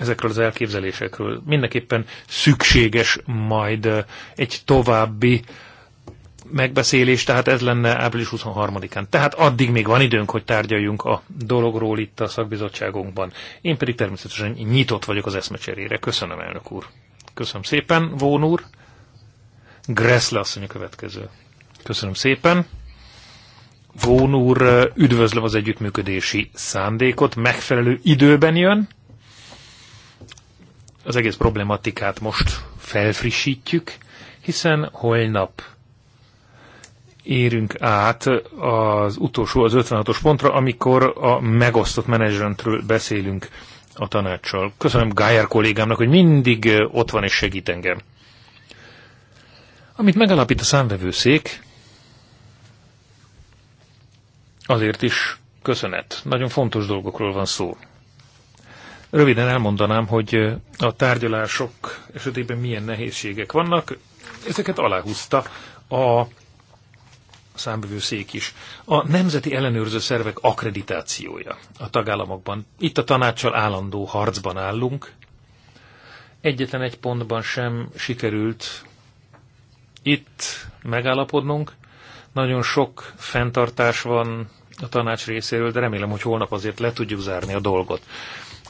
ezekről az elképzelésekről. Mindenképpen szükséges majd egy további megbeszélés, tehát ez lenne április 23-án. Tehát addig még van időnk, hogy tárgyaljunk a dologról itt a szakbizottságunkban. Én pedig természetesen nyitott vagyok az eszmecserére. Köszönöm, elnök úr. Köszönöm szépen, Vón úr. Gressle asszony a következő. Köszönöm szépen. Vón úr, üdvözlöm az együttműködési szándékot, megfelelő időben jön, az egész problematikát most felfrissítjük, hiszen holnap érünk át az utolsó, az 56-os pontra, amikor a megosztott menedzsmentről beszélünk a tanácssal. Köszönöm Gájár kollégámnak, hogy mindig ott van és segít engem. Amit megalapít a számvevőszék, azért is köszönet. Nagyon fontos dolgokról van szó. Röviden elmondanám, hogy a tárgyalások esetében milyen nehézségek vannak. Ezeket aláhúzta a számbevőszék is. A nemzeti ellenőrző szervek akkreditációja a tagállamokban. Itt a tanácssal állandó harcban állunk. Egyetlen egy pontban sem sikerült itt megállapodnunk. Nagyon sok fenntartás van a tanács részéről, de remélem, hogy holnap azért le tudjuk zárni a dolgot.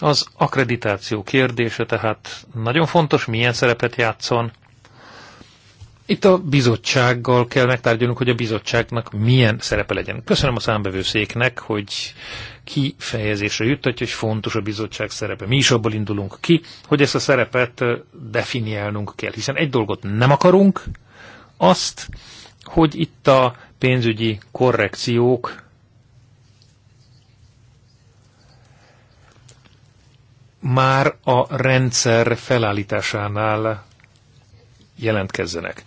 Az akkreditáció kérdése tehát nagyon fontos, milyen szerepet játszon. Itt a bizottsággal kell megtárgyalnunk, hogy a bizottságnak milyen szerepe legyen. Köszönöm a számbevőszéknek, hogy kifejezésre juttatja, hogy fontos a bizottság szerepe. Mi is abból indulunk ki, hogy ezt a szerepet definiálnunk kell, hiszen egy dolgot nem akarunk, azt, hogy itt a pénzügyi korrekciók már a rendszer felállításánál jelentkezzenek.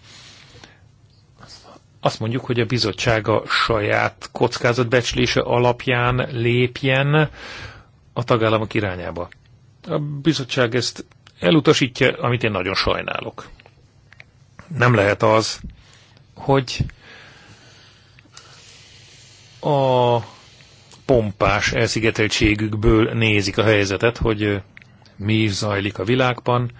Azt mondjuk, hogy a bizottság a saját kockázatbecslése alapján lépjen a tagállamok irányába. A bizottság ezt elutasítja, amit én nagyon sajnálok. Nem lehet az, hogy a pompás elszigeteltségükből nézik a helyzetet, hogy mi is zajlik a világban.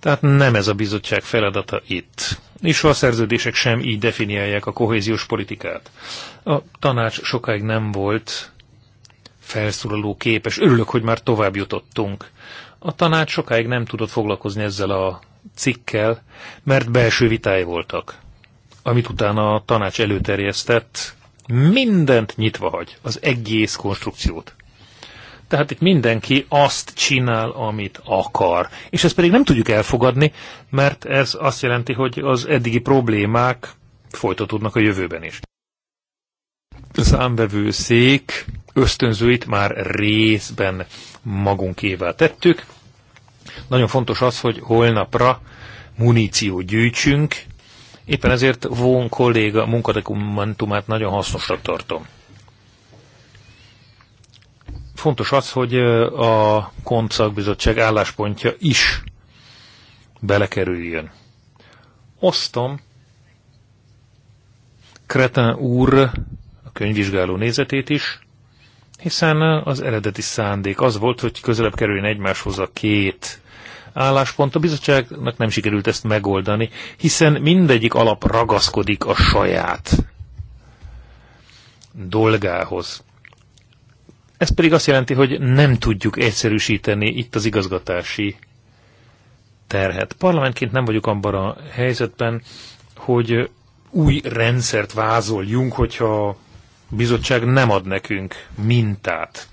Tehát nem ez a bizottság feladata itt. És a szerződések sem így definiálják a kohéziós politikát. A tanács sokáig nem volt felszólaló képes. Örülök, hogy már tovább jutottunk. A tanács sokáig nem tudott foglalkozni ezzel a cikkel, mert belső vitái voltak, amit utána a tanács előterjesztett mindent nyitva hagy, az egész konstrukciót. Tehát itt mindenki azt csinál, amit akar. És ezt pedig nem tudjuk elfogadni, mert ez azt jelenti, hogy az eddigi problémák folytatódnak a jövőben is. A számvevőszék ösztönzőit már részben magunkévá tettük. Nagyon fontos az, hogy holnapra muníció gyűjtsünk, Éppen ezért von kolléga munkadokumentumát nagyon hasznosnak tartom. Fontos az, hogy a koncakbizottság álláspontja is belekerüljön. Osztom Kreten úr a könyvvizsgáló nézetét is, hiszen az eredeti szándék az volt, hogy közelebb kerüljön egymáshoz a két álláspont. A bizottságnak nem sikerült ezt megoldani, hiszen mindegyik alap ragaszkodik a saját dolgához. Ez pedig azt jelenti, hogy nem tudjuk egyszerűsíteni itt az igazgatási terhet. Parlamentként nem vagyok abban a helyzetben, hogy új rendszert vázoljunk, hogyha a bizottság nem ad nekünk mintát.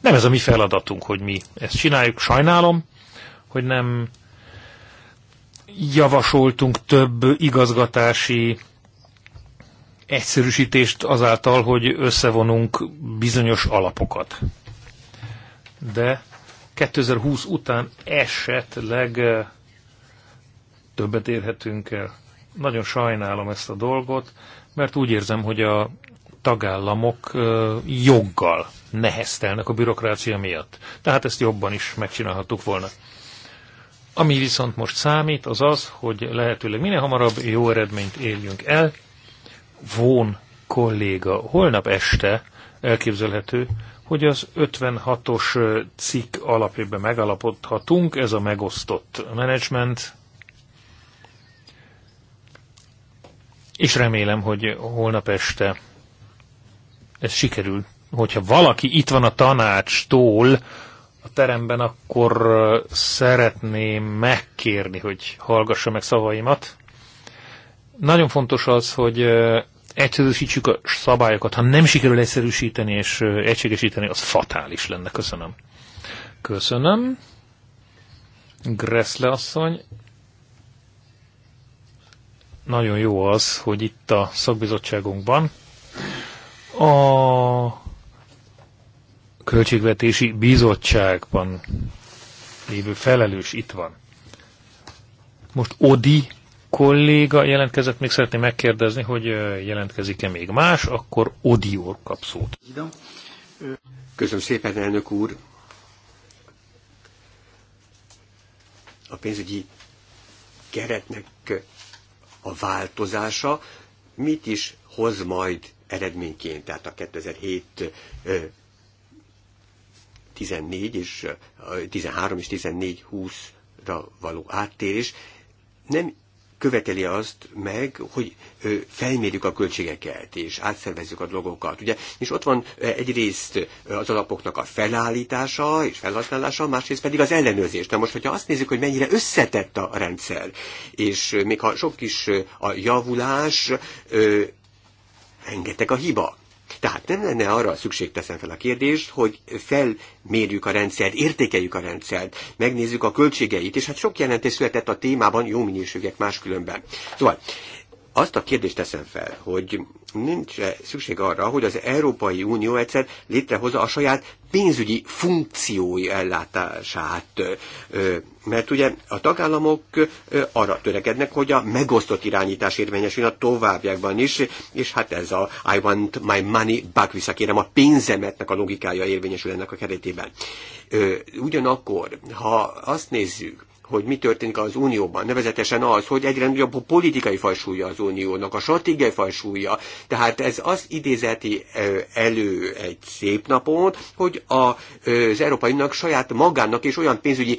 Nem ez a mi feladatunk, hogy mi ezt csináljuk, sajnálom, hogy nem javasoltunk több igazgatási egyszerűsítést azáltal, hogy összevonunk bizonyos alapokat. De 2020 után esetleg eh, többet érhetünk el. Nagyon sajnálom ezt a dolgot, mert úgy érzem, hogy a tagállamok eh, joggal neheztelnek a bürokrácia miatt. Tehát ezt jobban is megcsinálhattuk volna. Ami viszont most számít, az az, hogy lehetőleg minél hamarabb jó eredményt éljünk el. Vón kolléga holnap este elképzelhető, hogy az 56-os cikk alapjában megalapodhatunk, ez a megosztott menedzsment, és remélem, hogy holnap este ez sikerül. Hogyha valaki itt van a tanácstól, a teremben, akkor szeretném megkérni, hogy hallgassa meg szavaimat. Nagyon fontos az, hogy egyszerűsítsük a szabályokat. Ha nem sikerül egyszerűsíteni és egységesíteni, az fatális lenne. Köszönöm. Köszönöm. Gressle asszony. Nagyon jó az, hogy itt a szakbizottságunkban a költségvetési bizottságban lévő felelős itt van. Most Odi kolléga jelentkezett, még szeretném megkérdezni, hogy jelentkezik-e még más, akkor Odi úr kap szót. Köszönöm szépen, elnök úr. A pénzügyi keretnek a változása mit is hoz majd eredményként, tehát a 2007 14 és 13 és 14 20-ra való áttérés nem követeli azt meg, hogy felmérjük a költségeket, és átszervezzük a dolgokat, ugye? És ott van egyrészt az alapoknak a felállítása és felhasználása, másrészt pedig az ellenőrzés. de most, hogyha azt nézzük, hogy mennyire összetett a rendszer, és még ha sok is a javulás, rengeteg a hiba. Tehát nem lenne arra szükség, teszem fel a kérdést, hogy felmérjük a rendszert, értékeljük a rendszert, megnézzük a költségeit, és hát sok jelentés született a témában, jó minőségek máskülönben. Szóval azt a kérdést teszem fel, hogy nincs -e szükség arra, hogy az Európai Unió egyszer létrehozza a saját pénzügyi funkciói ellátását. Mert ugye a tagállamok arra törekednek, hogy a megosztott irányítás érvényesül a továbbiakban is, és hát ez a I want my money back, visszakérem, a pénzemetnek a logikája érvényesül ennek a keretében. Ugyanakkor, ha azt nézzük, hogy mi történik az Unióban. Nevezetesen az, hogy egyre nagyobb a politikai fajsúlya az Uniónak, a stratégiai fajsúlya. Tehát ez azt idézeti elő egy szép napon, hogy az Európai Uniónak saját magának és olyan pénzügyi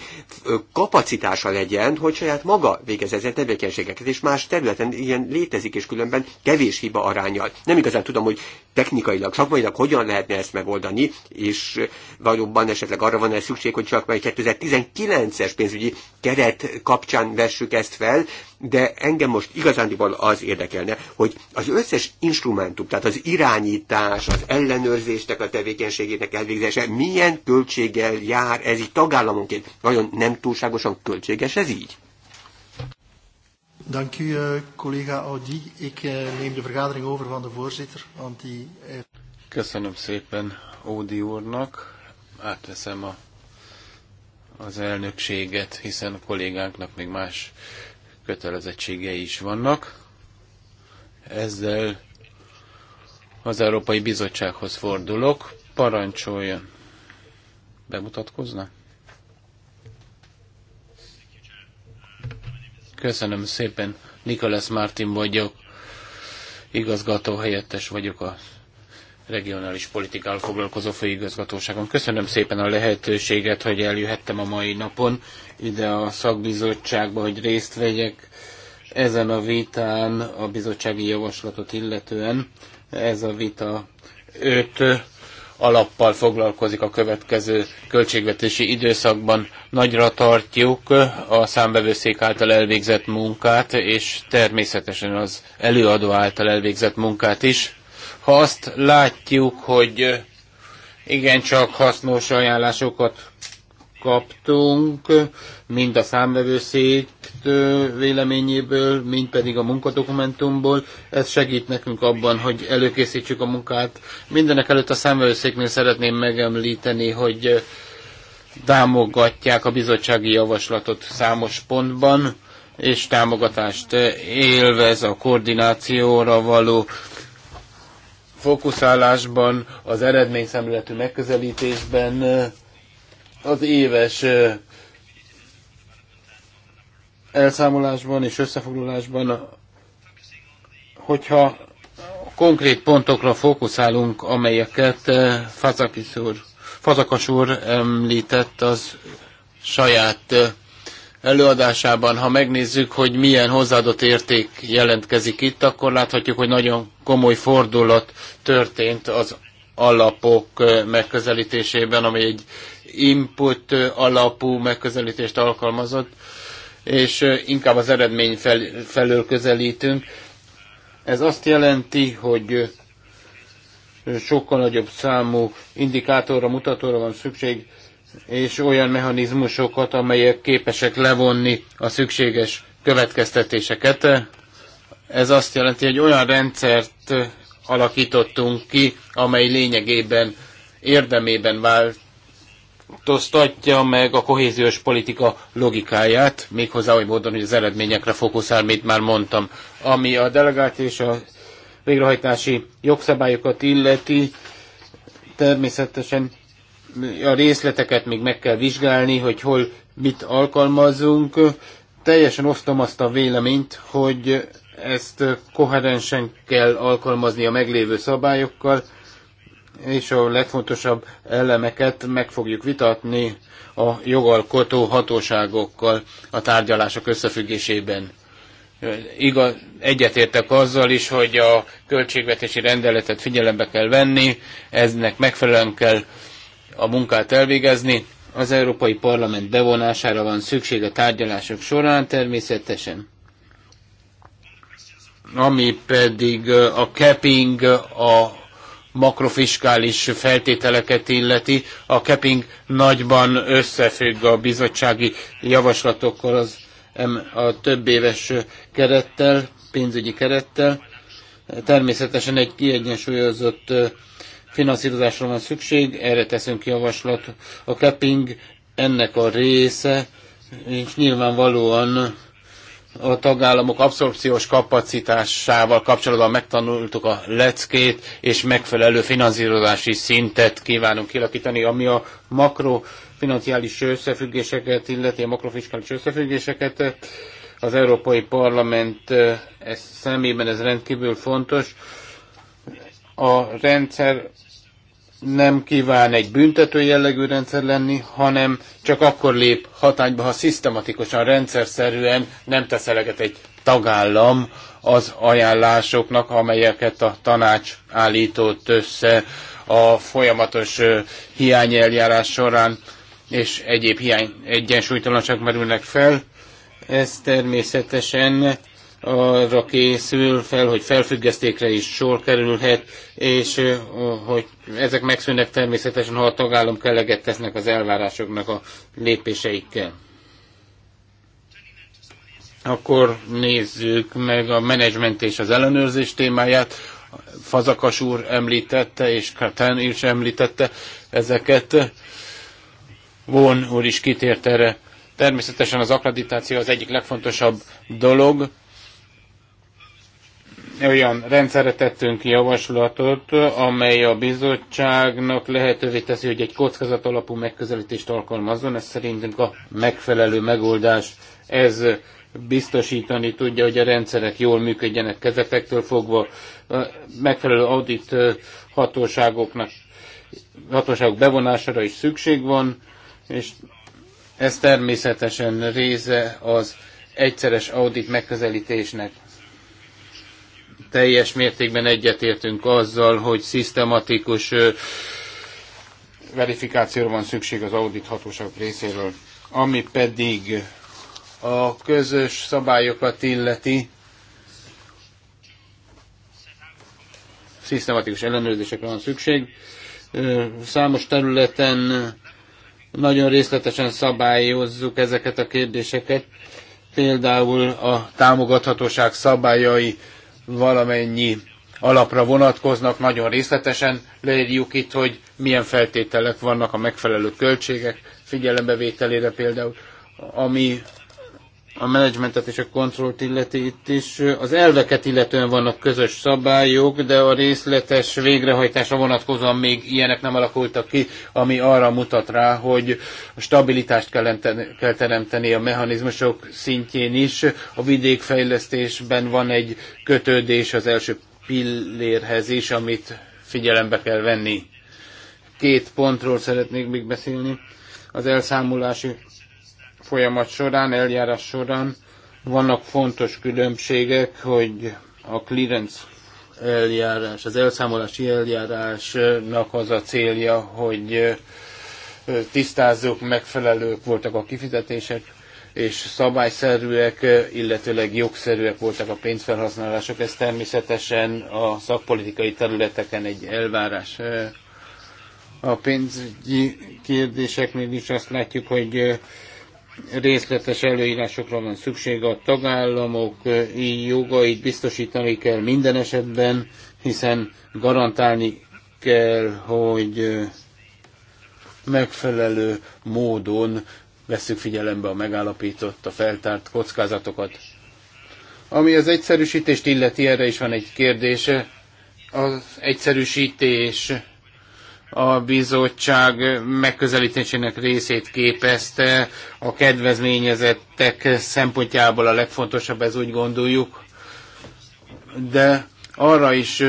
kapacitása legyen, hogy saját maga végez ezen tevékenységeket, és más területen ilyen létezik, és különben kevés hiba arányal. Nem igazán tudom, hogy technikailag, szakmailag hogyan lehetne ezt megoldani, és valóban esetleg arra van-e szükség, hogy csak már 2019-es pénzügyi keret kapcsán vessük ezt fel, de engem most igazándiból az érdekelne, hogy az összes instrumentum, tehát az irányítás, az ellenőrzéstek a tevékenységének elvégzése, milyen költséggel jár ez így tagállamonként? Nagyon nem túlságosan költséges ez így? Dank u, eh, collega Audi. Ik eh, neem de vergadering over van de voorzitter, want die... Köszönöm szépen Audi úrnak. Átveszem a az elnökséget, hiszen a kollégánknak még más kötelezettségei is vannak. Ezzel az Európai Bizottsághoz fordulok. Parancsoljon! Bemutatkozna? Köszönöm szépen. Nikolász Martin vagyok. Igazgató helyettes vagyok a regionális politikával foglalkozó főigazgatóságon. Köszönöm szépen a lehetőséget, hogy eljöhettem a mai napon ide a szakbizottságba, hogy részt vegyek ezen a vitán a bizottsági javaslatot illetően. Ez a vita öt alappal foglalkozik a következő költségvetési időszakban. Nagyra tartjuk a számbevőszék által elvégzett munkát, és természetesen az előadó által elvégzett munkát is ha azt látjuk, hogy igencsak hasznos ajánlásokat kaptunk, mind a számvevőszék véleményéből, mind pedig a munkadokumentumból. Ez segít nekünk abban, hogy előkészítsük a munkát. Mindenek előtt a számvevőszéknél szeretném megemlíteni, hogy támogatják a bizottsági javaslatot számos pontban, és támogatást élvez a koordinációra való fókuszálásban, az eredményszemléletű megközelítésben, az éves elszámolásban és összefoglalásban, hogyha konkrét pontokra fókuszálunk, amelyeket Fazakis úr, Fazakas úr említett az saját előadásában, ha megnézzük, hogy milyen hozzáadott érték jelentkezik itt, akkor láthatjuk, hogy nagyon komoly fordulat történt az alapok megközelítésében, ami egy input alapú megközelítést alkalmazott, és inkább az eredmény fel, felől közelítünk. Ez azt jelenti, hogy sokkal nagyobb számú indikátorra, mutatóra van szükség, és olyan mechanizmusokat, amelyek képesek levonni a szükséges következtetéseket. Ez azt jelenti, hogy olyan rendszert alakítottunk ki, amely lényegében, érdemében változtatja meg a kohéziós politika logikáját, méghozzá oly módon, hogy az eredményekre fókuszál, mint már mondtam. Ami a delegált és a végrehajtási jogszabályokat illeti, természetesen a részleteket még meg kell vizsgálni, hogy hol mit alkalmazunk. Teljesen osztom azt a véleményt, hogy ezt koherensen kell alkalmazni a meglévő szabályokkal, és a legfontosabb elemeket meg fogjuk vitatni a jogalkotó hatóságokkal a tárgyalások összefüggésében. Igaz, egyetértek azzal is, hogy a költségvetési rendeletet figyelembe kell venni, eznek megfelelően kell a munkát elvégezni. Az Európai Parlament bevonására van szükség a tárgyalások során természetesen. Ami pedig a capping, a makrofiskális feltételeket illeti. A capping nagyban összefügg a bizottsági javaslatokkal az a több éves kerettel, pénzügyi kerettel. Természetesen egy kiegyensúlyozott finanszírozásra van szükség, erre teszünk javaslat. A capping ennek a része, és nyilvánvalóan a tagállamok abszorpciós kapacitásával kapcsolatban megtanultuk a leckét, és megfelelő finanszírozási szintet kívánunk kilakítani, ami a makrofinanciális összefüggéseket illeti, a makrofiskális összefüggéseket. Az Európai Parlament eh, ez szemében ez rendkívül fontos. A rendszer nem kíván egy büntető jellegű rendszer lenni, hanem csak akkor lép hatányba, ha szisztematikusan, rendszerszerűen nem tesz eleget egy tagállam az ajánlásoknak, amelyeket a tanács állított össze a folyamatos hiányeljárás során, és egyéb hiány egyensúlytalanság merülnek fel. Ez természetesen arra készül fel, hogy felfüggesztékre is sor kerülhet, és hogy ezek megszűnnek természetesen, ha a tagállam keleget tesznek az elvárásoknak a lépéseikkel. Akkor nézzük meg a menedzsment és az ellenőrzés témáját. Fazakas úr említette, és Katán is említette ezeket. Von úr is kitért erre. Természetesen az akkreditáció az egyik legfontosabb dolog, olyan rendszerre tettünk javaslatot, amely a bizottságnak lehetővé teszi, hogy egy kockázat alapú megközelítést alkalmazzon. Ez szerintünk a megfelelő megoldás. Ez biztosítani tudja, hogy a rendszerek jól működjenek kezetektől fogva, megfelelő audit hatóságoknak, hatóságok bevonására is szükség van, és ez természetesen része az egyszeres audit megközelítésnek teljes mértékben egyetértünk azzal, hogy szisztematikus verifikációra van szükség az audit hatóság részéről. Ami pedig a közös szabályokat illeti, szisztematikus ellenőrzésekre van szükség. Számos területen nagyon részletesen szabályozzuk ezeket a kérdéseket, például a támogathatóság szabályai valamennyi alapra vonatkoznak, nagyon részletesen leírjuk itt, hogy milyen feltételek vannak a megfelelő költségek figyelembevételére például, ami a menedzsmentet és a kontrollt illeti itt is. Az elveket illetően vannak közös szabályok, de a részletes végrehajtásra vonatkozóan még ilyenek nem alakultak ki, ami arra mutat rá, hogy a stabilitást kell teremteni a mechanizmusok szintjén is. A vidékfejlesztésben van egy kötődés az első pillérhez is, amit figyelembe kell venni. Két pontról szeretnék még beszélni. Az elszámolási folyamat során, eljárás során vannak fontos különbségek, hogy a clearance eljárás, az elszámolási eljárásnak az a célja, hogy tisztázzuk, megfelelők voltak a kifizetések, és szabályszerűek, illetőleg jogszerűek voltak a pénzfelhasználások. Ez természetesen a szakpolitikai területeken egy elvárás. A pénzügyi kérdéseknél is azt látjuk, hogy részletes előírásokra van szükség a tagállamok jogait biztosítani kell minden esetben, hiszen garantálni kell, hogy megfelelő módon veszük figyelembe a megállapított, a feltárt kockázatokat. Ami az egyszerűsítést illeti, erre is van egy kérdése. Az egyszerűsítés a bizottság megközelítésének részét képezte. A kedvezményezettek szempontjából a legfontosabb, ez úgy gondoljuk. De arra is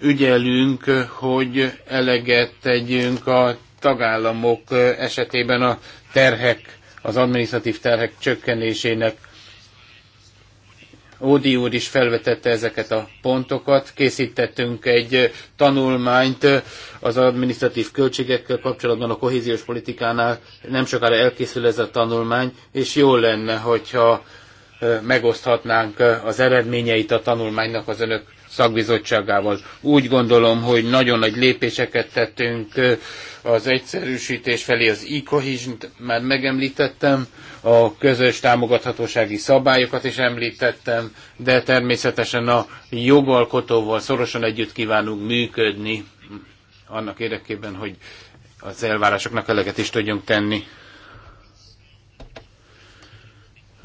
ügyelünk, hogy eleget tegyünk a tagállamok esetében a terhek, az adminisztratív terhek csökkenésének Ódi úr is felvetette ezeket a pontokat. Készítettünk egy tanulmányt az adminisztratív költségekkel kapcsolatban a kohéziós politikánál. Nem sokára elkészül ez a tanulmány, és jó lenne, hogyha megoszthatnánk az eredményeit a tanulmánynak az önök szakbizottságával. Úgy gondolom, hogy nagyon nagy lépéseket tettünk az egyszerűsítés felé, az e már megemlítettem, a közös támogathatósági szabályokat is említettem, de természetesen a jogalkotóval szorosan együtt kívánunk működni, annak érdekében, hogy az elvárásoknak eleget is tudjunk tenni.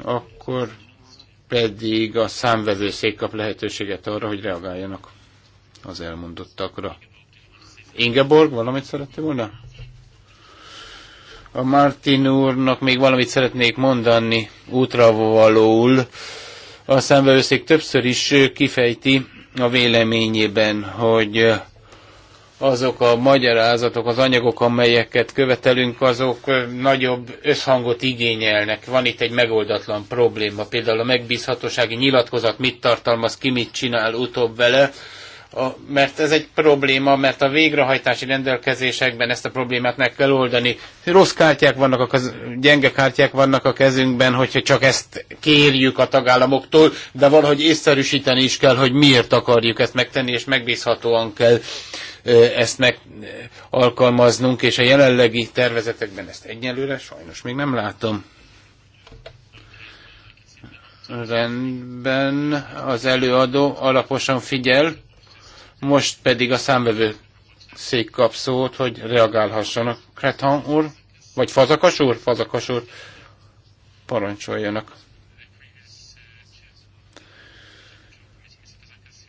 Akkor pedig a számvevőszék kap lehetőséget arra, hogy reagáljanak az elmondottakra. Ingeborg, valamit szerette volna? A Martin úrnak még valamit szeretnék mondani útravalóul. A szembeőszék többször is kifejti a véleményében, hogy azok a magyarázatok, az anyagok, amelyeket követelünk, azok nagyobb összhangot igényelnek. Van itt egy megoldatlan probléma, például a megbízhatósági nyilatkozat mit tartalmaz, ki mit csinál utóbb vele a, mert ez egy probléma, mert a végrehajtási rendelkezésekben ezt a problémát meg kell oldani. Rossz kártyák vannak, a gyenge kártyák vannak a kezünkben, hogyha csak ezt kérjük a tagállamoktól, de valahogy észszerűsíteni is kell, hogy miért akarjuk ezt megtenni, és megbízhatóan kell ezt meg alkalmaznunk, és a jelenlegi tervezetekben ezt egyelőre sajnos még nem látom. Rendben, az előadó alaposan figyel most pedig a számvevő szék kap szót, hogy reagálhassanak. Kretan úr, vagy Fazakas úr? Fazakas úr, parancsoljanak.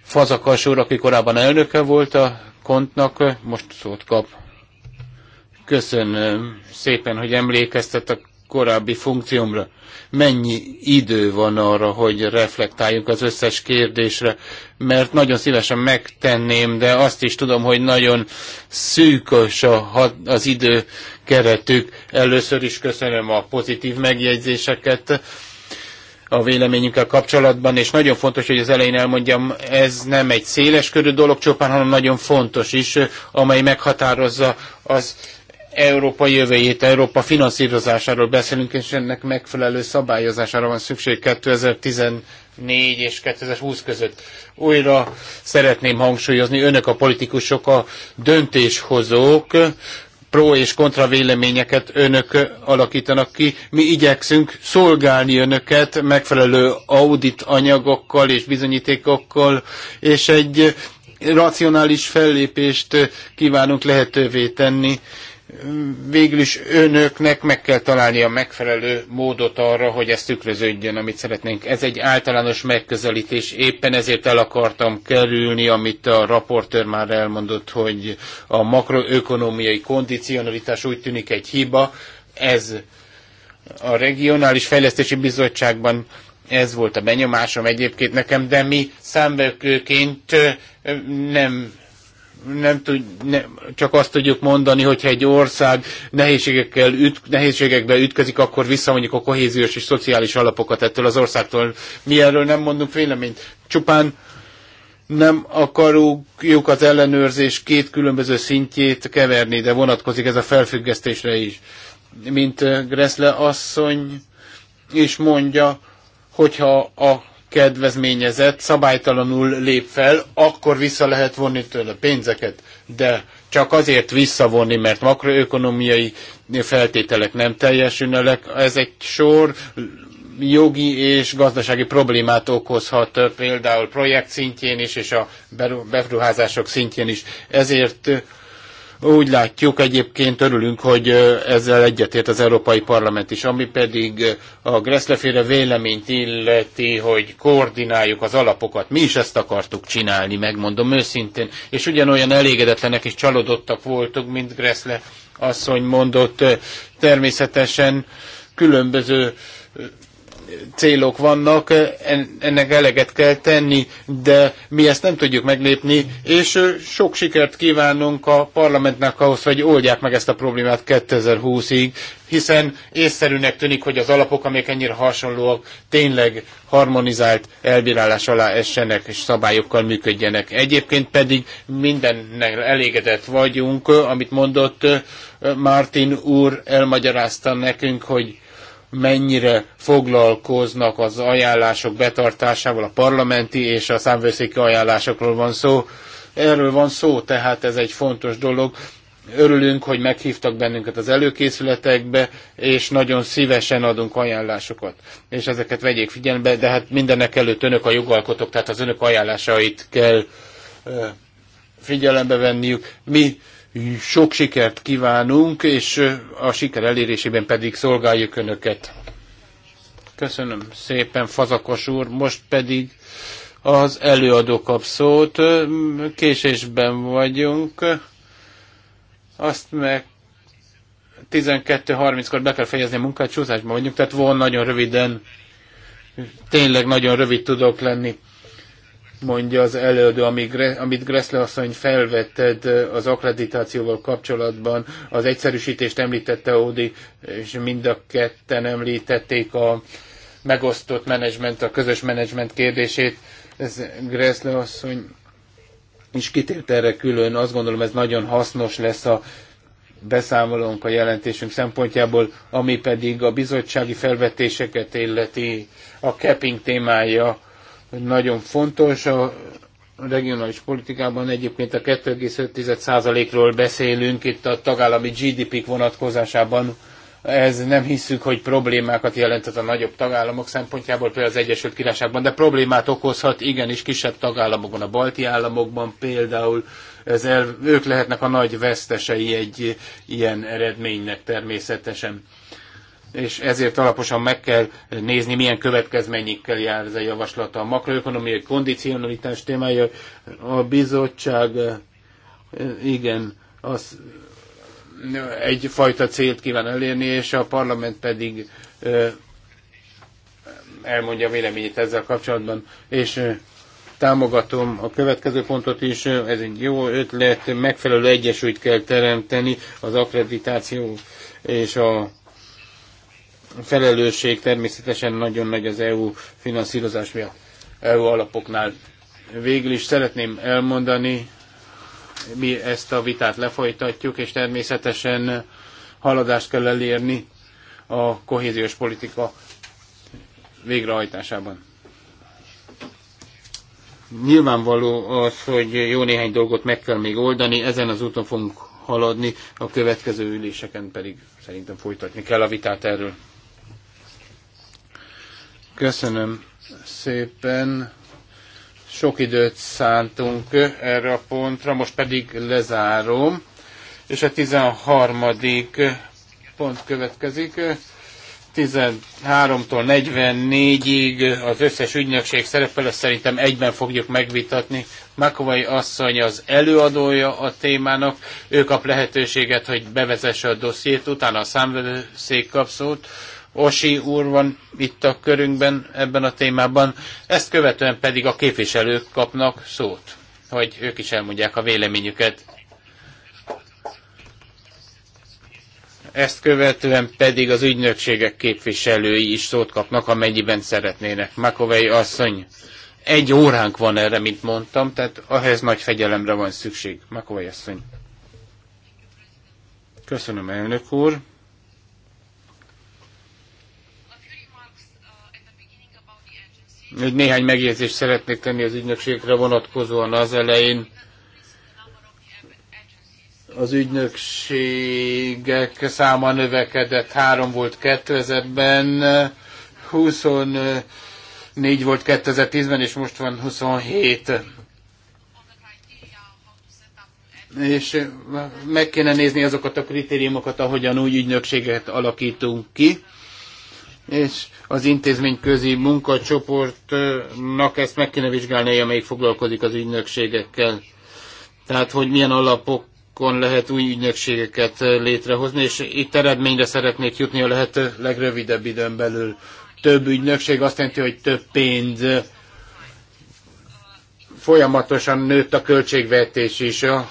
Fazakas úr, aki korábban elnöke volt a kontnak, most szót kap. Köszönöm szépen, hogy emlékeztet a korábbi funkciómra. Mennyi idő van arra, hogy reflektáljunk az összes kérdésre, mert nagyon szívesen megtenném, de azt is tudom, hogy nagyon szűkös a, az idő keretük. Először is köszönöm a pozitív megjegyzéseket a véleményünkkel kapcsolatban, és nagyon fontos, hogy az elején elmondjam, ez nem egy széles körű dolog csupán, hanem nagyon fontos is, amely meghatározza az Európa jövőjét, Európa finanszírozásáról beszélünk, és ennek megfelelő szabályozására van szükség 2014 és 2020 között. Újra szeretném hangsúlyozni, önök a politikusok, a döntéshozók, pro és kontra véleményeket önök alakítanak ki. Mi igyekszünk szolgálni önöket megfelelő audit anyagokkal és bizonyítékokkal, és egy racionális fellépést kívánunk lehetővé tenni végül is önöknek meg kell találni a megfelelő módot arra, hogy ez tükröződjön, amit szeretnénk. Ez egy általános megközelítés, éppen ezért el akartam kerülni, amit a raportőr már elmondott, hogy a makroökonomiai kondicionalitás úgy tűnik egy hiba, ez a regionális fejlesztési bizottságban ez volt a benyomásom egyébként nekem, de mi számbevőként nem nem tud, ne, csak azt tudjuk mondani, hogyha egy ország nehézségekkel üt, nehézségekbe ütközik, akkor visszamondjuk a kohéziós és szociális alapokat ettől az országtól. Mi erről nem mondunk véleményt. Csupán nem akarjuk az ellenőrzés két különböző szintjét keverni, de vonatkozik ez a felfüggesztésre is. Mint Gressle asszony is mondja, hogyha a kedvezményezett szabálytalanul lép fel, akkor vissza lehet vonni tőle pénzeket, de csak azért visszavonni, mert makroökonomiai feltételek nem teljesülnek. Ez egy sor jogi és gazdasági problémát okozhat például projekt szintjén is, és a beruházások szintjén is. Ezért úgy látjuk egyébként, örülünk, hogy ezzel egyetért az Európai Parlament is, ami pedig a Greszleféle véleményt illeti, hogy koordináljuk az alapokat. Mi is ezt akartuk csinálni, megmondom őszintén, és ugyanolyan elégedetlenek és csalódottak voltunk, mint Greszle asszony mondott. Természetesen különböző célok vannak, ennek eleget kell tenni, de mi ezt nem tudjuk meglépni, és sok sikert kívánunk a parlamentnek ahhoz, hogy oldják meg ezt a problémát 2020-ig, hiszen észszerűnek tűnik, hogy az alapok, amik ennyire hasonlóak, tényleg harmonizált elbírálás alá essenek és szabályokkal működjenek. Egyébként pedig mindennek elégedett vagyunk, amit mondott Martin úr, elmagyarázta nekünk, hogy mennyire foglalkoznak az ajánlások betartásával, a parlamenti és a számvőszéki ajánlásokról van szó. Erről van szó, tehát ez egy fontos dolog. Örülünk, hogy meghívtak bennünket az előkészületekbe, és nagyon szívesen adunk ajánlásokat. És ezeket vegyék figyelembe, de hát mindenek előtt önök a jogalkotók, tehát az önök ajánlásait kell figyelembe venniük. Mi sok sikert kívánunk, és a siker elérésében pedig szolgáljuk Önöket. Köszönöm szépen, Fazakos úr. Most pedig az előadó kap szót. Késésben vagyunk. Azt meg 12.30-kor be kell fejezni a munkát, csúszásban vagyunk, tehát volna nagyon röviden, tényleg nagyon rövid tudok lenni mondja az előadó, amit Gressle asszony felvetted az akkreditációval kapcsolatban, az egyszerűsítést említette Ódi, és mind a ketten említették a megosztott menedzsment, a közös menedzsment kérdését. Ez Gressle asszony is kitért erre külön, azt gondolom ez nagyon hasznos lesz a beszámolónk a jelentésünk szempontjából, ami pedig a bizottsági felvetéseket illeti a capping témája nagyon fontos. A regionális politikában egyébként a 2,5%-ról beszélünk, itt a tagállami GDP-k vonatkozásában ez nem hiszük, hogy problémákat jelentett a nagyobb tagállamok szempontjából, például az Egyesült Királyságban, de problémát okozhat igenis kisebb tagállamokban, a balti államokban például, ez el, ők lehetnek a nagy vesztesei egy ilyen eredménynek természetesen és ezért alaposan meg kell nézni, milyen következményekkel jár ez a javaslat a makroökonomiai kondicionalitás témája. A bizottság igen, az egyfajta célt kíván elérni, és a parlament pedig elmondja véleményét ezzel kapcsolatban, és támogatom a következő pontot is, ez egy jó ötlet, megfelelő egyesült kell teremteni az akkreditáció és a felelősség természetesen nagyon nagy az EU finanszírozás miatt, EU alapoknál. Végül is szeretném elmondani, mi ezt a vitát lefolytatjuk, és természetesen haladást kell elérni a kohéziós politika végrehajtásában. Nyilvánvaló az, hogy jó néhány dolgot meg kell még oldani, ezen az úton fogunk haladni, a következő üléseken pedig szerintem folytatni kell a vitát erről. Köszönöm szépen. Sok időt szántunk erre a pontra, most pedig lezárom, és a 13. pont következik. 13-tól 44-ig az összes ügynökség szerepel, ezt szerintem egyben fogjuk megvitatni. Makovai asszony az előadója a témának, ő kap lehetőséget, hogy bevezesse a dossziét, utána a számvevőszék kap szót, Osi úr van itt a körünkben ebben a témában, ezt követően pedig a képviselők kapnak szót, hogy ők is elmondják a véleményüket. Ezt követően pedig az ügynökségek képviselői is szót kapnak, amennyiben szeretnének. Makovei asszony, egy óránk van erre, mint mondtam, tehát ahhez nagy fegyelemre van szükség. Makovei asszony. Köszönöm, elnök úr. Néhány megjegyzést szeretnék tenni az ügynökségre vonatkozóan az elején. Az ügynökségek száma növekedett, három volt 2000-ben, 24 volt 2010-ben, és most van 27 és meg kéne nézni azokat a kritériumokat, ahogyan új ügynökséget alakítunk ki, és az intézmény közi munkacsoportnak ezt meg kéne vizsgálni, amelyik foglalkozik az ügynökségekkel. Tehát, hogy milyen alapokon lehet új ügynökségeket létrehozni, és itt eredményre szeretnék jutni a lehető legrövidebb időn belül. Több ügynökség azt jelenti, hogy több pénz. Folyamatosan nőtt a költségvetés is. A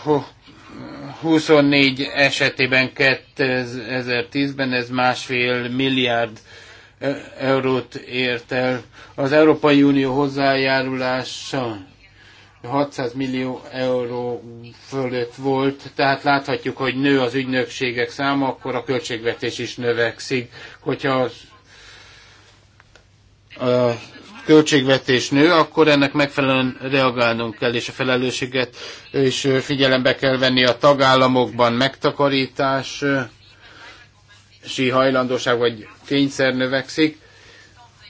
24 esetében 2010-ben ez másfél milliárd E, eurót ért el. Az Európai Unió hozzájárulása 600 millió euró fölött volt, tehát láthatjuk, hogy nő az ügynökségek száma, akkor a költségvetés is növekszik. Hogyha a költségvetés nő, akkor ennek megfelelően reagálnunk kell, és a felelősséget és figyelembe kell venni a tagállamokban megtakarítás, eh, si hajlandóság vagy kényszer növekszik.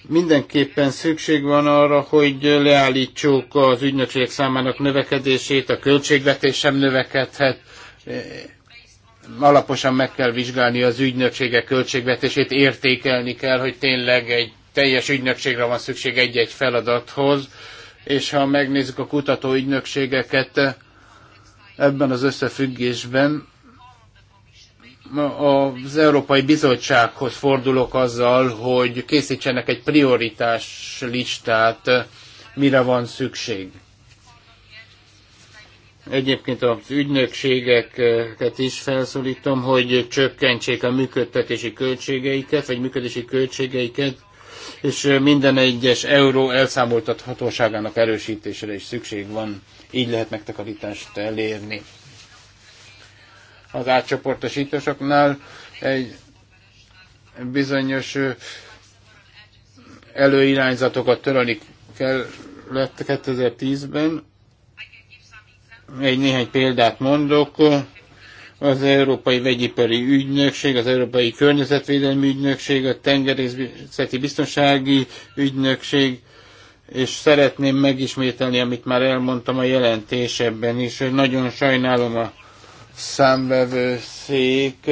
Mindenképpen szükség van arra, hogy leállítsuk az ügynökségek számának növekedését, a költségvetés sem növekedhet, alaposan meg kell vizsgálni az ügynökségek költségvetését, értékelni kell, hogy tényleg egy teljes ügynökségre van szükség egy-egy feladathoz, és ha megnézzük a kutató ügynökségeket ebben az összefüggésben, az Európai Bizottsághoz fordulok azzal, hogy készítsenek egy prioritás listát, mire van szükség. Egyébként az ügynökségeket is felszólítom, hogy csökkentsék a működtetési költségeiket, vagy működési költségeiket, és minden egyes euró elszámoltathatóságának erősítésére is szükség van. Így lehet megtakarítást elérni az átcsoportosításoknál egy bizonyos előirányzatokat törölni kellett 2010-ben. Egy néhány példát mondok. Az Európai Vegyipari Ügynökség, az Európai Környezetvédelmi Ügynökség, a Tengerészeti Biztonsági Ügynökség, és szeretném megismételni, amit már elmondtam a jelentésebben is. hogy Nagyon sajnálom a számvevőszék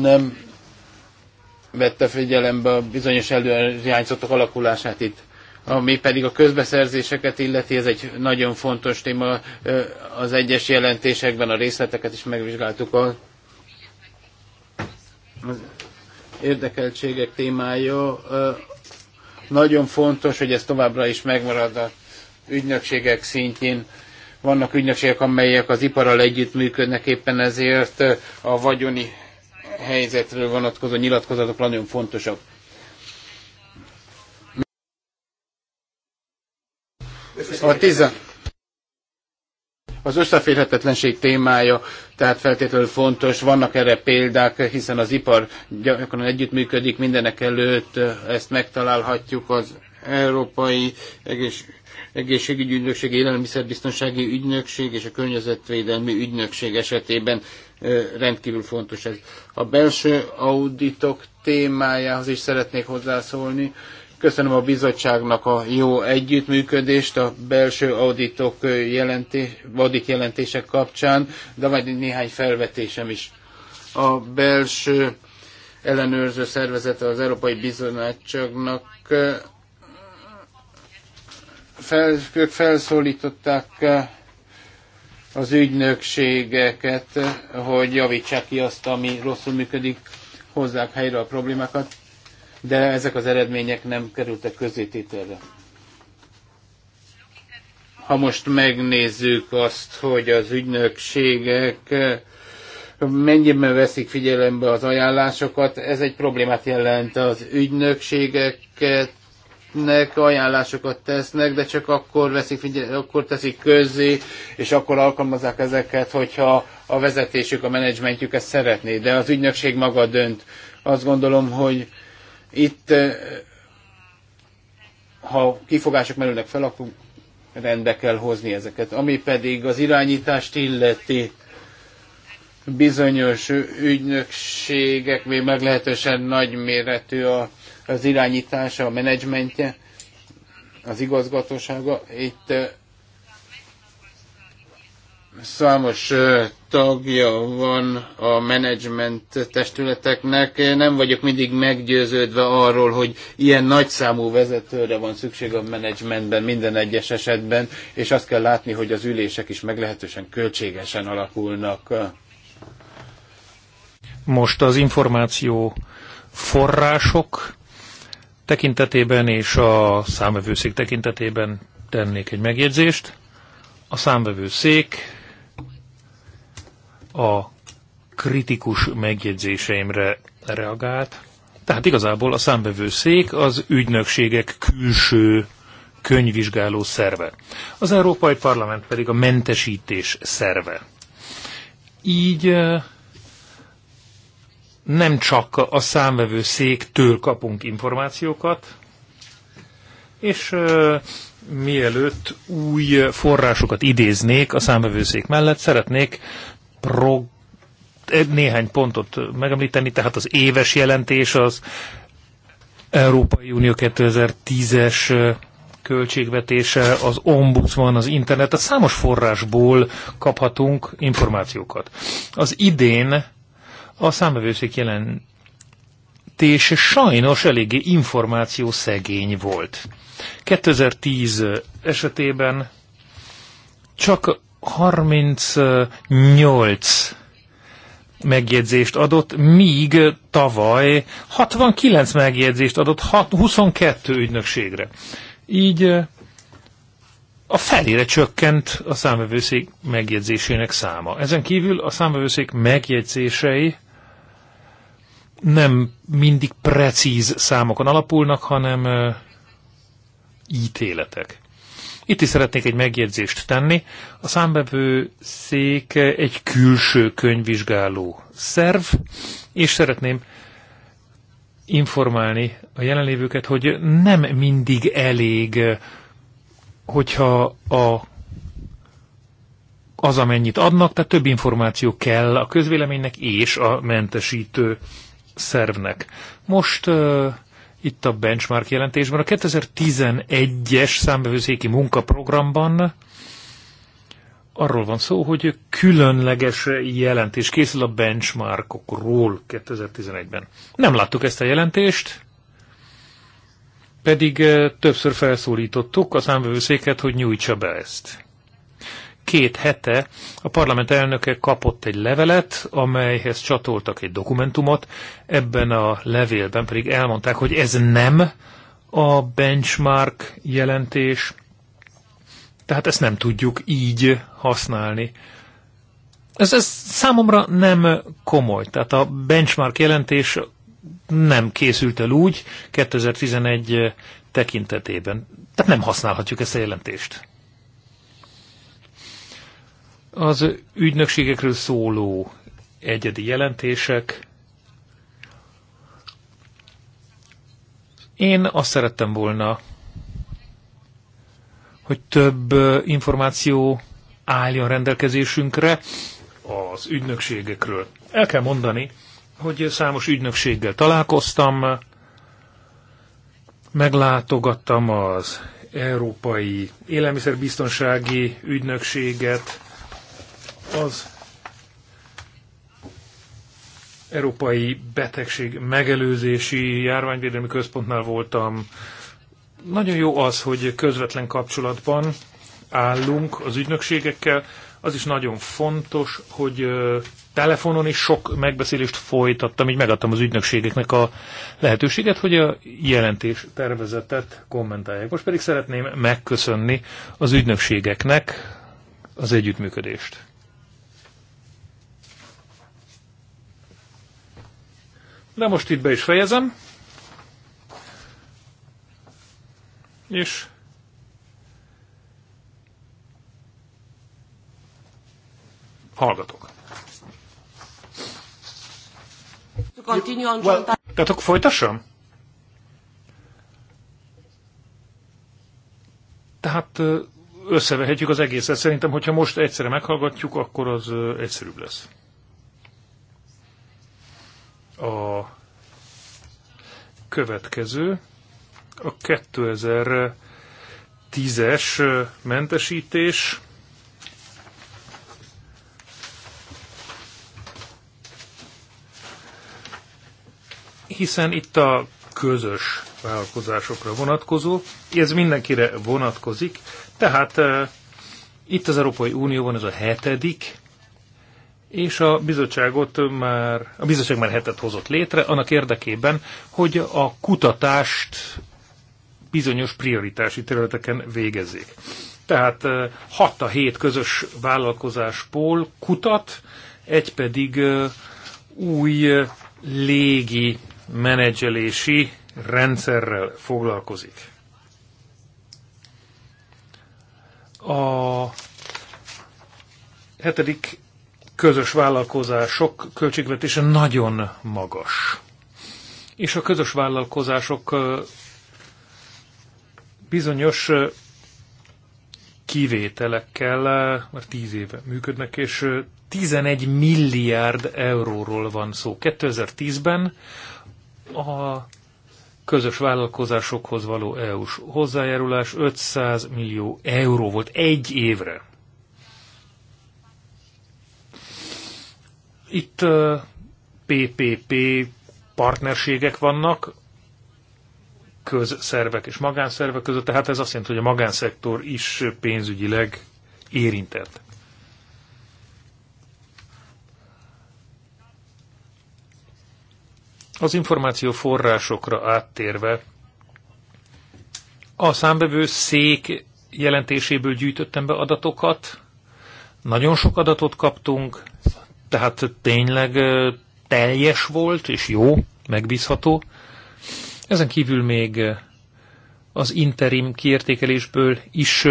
nem vette figyelembe a bizonyos előrejányzatok alakulását itt. Ami pedig a közbeszerzéseket illeti, ez egy nagyon fontos téma. Az egyes jelentésekben a részleteket is megvizsgáltuk. A, az érdekeltségek témája nagyon fontos, hogy ez továbbra is megmarad a ügynökségek szintjén vannak ügynökségek, amelyek az iparral együttműködnek, éppen ezért a vagyoni helyzetről vonatkozó nyilatkozatok nagyon fontosak. A tizen az összeférhetetlenség témája, tehát feltétlenül fontos, vannak erre példák, hiszen az ipar gyakran együttműködik mindenek előtt, ezt megtalálhatjuk az Európai Egész, Egészségügyi Ügynökség, Élelmiszerbiztonsági Ügynökség és a Környezetvédelmi Ügynökség esetében rendkívül fontos ez. A belső auditok témájához is szeretnék hozzászólni. Köszönöm a bizottságnak a jó együttműködést a belső auditok jelenté, audit jelentések kapcsán, de majd néhány felvetésem is. A belső ellenőrző szervezete az Európai Bizottságnak fel, ők felszólították eh, az ügynökségeket, hogy javítsák ki azt, ami rosszul működik, hozzák helyre a problémákat, de ezek az eredmények nem kerültek közétételre. Ha most megnézzük azt, hogy az ügynökségek eh, mennyiben veszik figyelembe az ajánlásokat, ez egy problémát jelent az ügynökségeket, lépnek, ajánlásokat tesznek, de csak akkor, veszik, akkor teszik közzé, és akkor alkalmazzák ezeket, hogyha a vezetésük, a menedzsmentjük ezt szeretné. De az ügynökség maga dönt. Azt gondolom, hogy itt, ha kifogások merülnek fel, akkor rendbe kell hozni ezeket. Ami pedig az irányítást illeti, bizonyos ügynökségek még meglehetősen nagyméretű a az irányítása, a menedzsmentje, az igazgatósága. Itt számos tagja van a menedzsment testületeknek. Nem vagyok mindig meggyőződve arról, hogy ilyen nagyszámú vezetőre van szükség a menedzsmentben minden egyes esetben, és azt kell látni, hogy az ülések is meglehetősen költségesen alakulnak. Most az információ források tekintetében és a számvevőszék tekintetében tennék egy megjegyzést. A számvevőszék a kritikus megjegyzéseimre reagált. Tehát igazából a számvevőszék az ügynökségek külső könyvvizsgáló szerve. Az Európai Parlament pedig a mentesítés szerve. Így nem csak a számvevő széktől kapunk információkat, és mielőtt új forrásokat idéznék a számvevőszék mellett, szeretnék pro, eh, néhány pontot megemlíteni, tehát az éves jelentés, az Európai Unió 2010-es költségvetése, az ombudsman, az internet, A számos forrásból kaphatunk információkat. Az idén a számövőszék jelentése sajnos eléggé információ szegény volt. 2010 esetében csak 38 megjegyzést adott, míg tavaly 69 megjegyzést adott 22 ügynökségre. Így a felére csökkent a számvevőszék megjegyzésének száma. Ezen kívül a számvevőszék megjegyzései nem mindig precíz számokon alapulnak, hanem ítéletek. Itt is szeretnék egy megjegyzést tenni. A számbevő szék egy külső könyvvizsgáló szerv, és szeretném informálni a jelenlévőket, hogy nem mindig elég, hogyha a az, amennyit adnak, tehát több információ kell a közvéleménynek és a mentesítő szervnek. Most uh, itt a benchmark jelentésben, a 2011-es számbevőszéki munkaprogramban arról van szó, hogy különleges jelentés készül a benchmarkokról 2011-ben. Nem láttuk ezt a jelentést, pedig többször felszólítottuk a számbevőszéket, hogy nyújtsa be ezt két hete a parlament elnöke kapott egy levelet, amelyhez csatoltak egy dokumentumot, ebben a levélben pedig elmondták, hogy ez nem a benchmark jelentés, tehát ezt nem tudjuk így használni. Ez, ez számomra nem komoly. Tehát a benchmark jelentés nem készült el úgy 2011 tekintetében. Tehát nem használhatjuk ezt a jelentést. Az ügynökségekről szóló egyedi jelentések. Én azt szerettem volna, hogy több információ álljon rendelkezésünkre az ügynökségekről. El kell mondani, hogy számos ügynökséggel találkoztam, meglátogattam az Európai Élelmiszerbiztonsági Ügynökséget, az Európai Betegség Megelőzési Járványvédelmi Központnál voltam. Nagyon jó az, hogy közvetlen kapcsolatban állunk az ügynökségekkel. Az is nagyon fontos, hogy telefonon is sok megbeszélést folytattam, így megadtam az ügynökségeknek a lehetőséget, hogy a jelentés tervezetet kommentálják. Most pedig szeretném megköszönni az ügynökségeknek az együttműködést. De most itt be is fejezem. És hallgatok. tehát akkor folytassam? Tehát összevehetjük az egészet. Szerintem, hogyha most egyszerre meghallgatjuk, akkor az egyszerűbb lesz a következő, a 2010-es mentesítés, hiszen itt a közös vállalkozásokra vonatkozó, ez mindenkire vonatkozik, tehát eh, itt az Európai Unióban ez a hetedik és a bizottságot már, a bizottság már hetet hozott létre, annak érdekében, hogy a kutatást bizonyos prioritási területeken végezzék. Tehát 6 eh, a 7 közös vállalkozásból kutat, egy pedig eh, új eh, légi menedzselési rendszerrel foglalkozik. A hetedik közös vállalkozások költségvetése nagyon magas. És a közös vállalkozások bizonyos kivételekkel már tíz éve működnek, és 11 milliárd euróról van szó. 2010-ben a közös vállalkozásokhoz való EU-s hozzájárulás 500 millió euró volt egy évre. Itt PPP partnerségek vannak, közszervek és magánszervek között, tehát ez azt jelenti, hogy a magánszektor is pénzügyileg érintett. Az információ forrásokra áttérve, a számbevő szék jelentéséből gyűjtöttem be adatokat, nagyon sok adatot kaptunk, tehát tényleg teljes volt, és jó, megbízható. Ezen kívül még az interim kiértékelésből is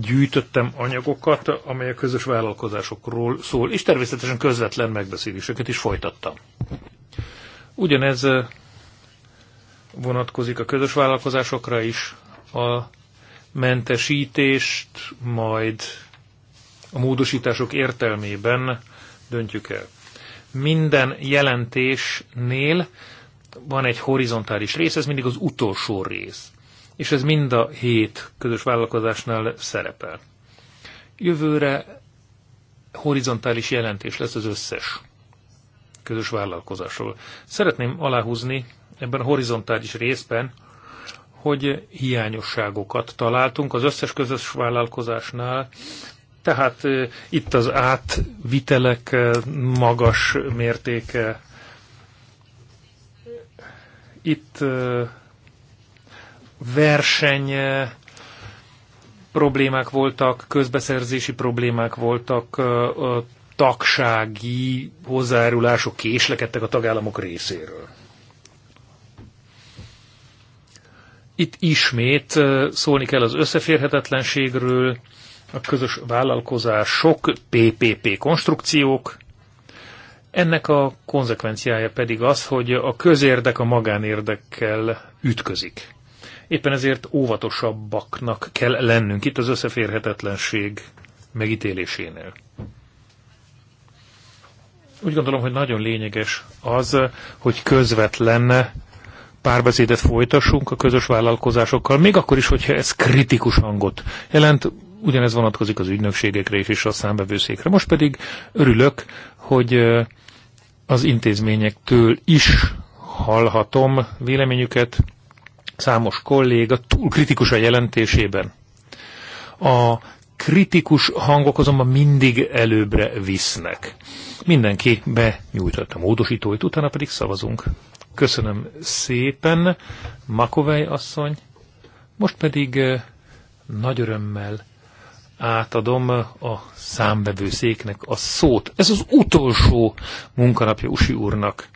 gyűjtöttem anyagokat, amely a közös vállalkozásokról szól, és természetesen közvetlen megbeszéléseket is folytattam. Ugyanez vonatkozik a közös vállalkozásokra is, a mentesítést, majd a módosítások értelmében döntjük el. Minden jelentésnél van egy horizontális rész, ez mindig az utolsó rész. És ez mind a hét közös vállalkozásnál szerepel. Jövőre horizontális jelentés lesz az összes közös vállalkozásról. Szeretném aláhúzni ebben a horizontális részben, hogy hiányosságokat találtunk az összes közös vállalkozásnál, tehát itt az átvitelek magas mértéke. Itt verseny problémák voltak, közbeszerzési problémák voltak, a tagsági hozzájárulások késlekedtek a tagállamok részéről. Itt ismét szólni kell az összeférhetetlenségről, a közös vállalkozások, PPP konstrukciók, ennek a konzekvenciája pedig az, hogy a közérdek a magánérdekkel ütközik. Éppen ezért óvatosabbaknak kell lennünk itt az összeférhetetlenség megítélésénél. Úgy gondolom, hogy nagyon lényeges az, hogy közvetlen párbeszédet folytassunk a közös vállalkozásokkal, még akkor is, hogyha ez kritikus hangot jelent, ugyanez vonatkozik az ügynökségekre is, és a számbevőszékre. Most pedig örülök, hogy az intézményektől is hallhatom véleményüket. Számos kolléga túl kritikus a jelentésében. A kritikus hangok azonban mindig előbbre visznek. Mindenki benyújtott a módosítóit, utána pedig szavazunk. Köszönöm szépen, Makovej asszony. Most pedig nagy örömmel átadom a széknek a szót. Ez az utolsó munkanapja Usi úrnak.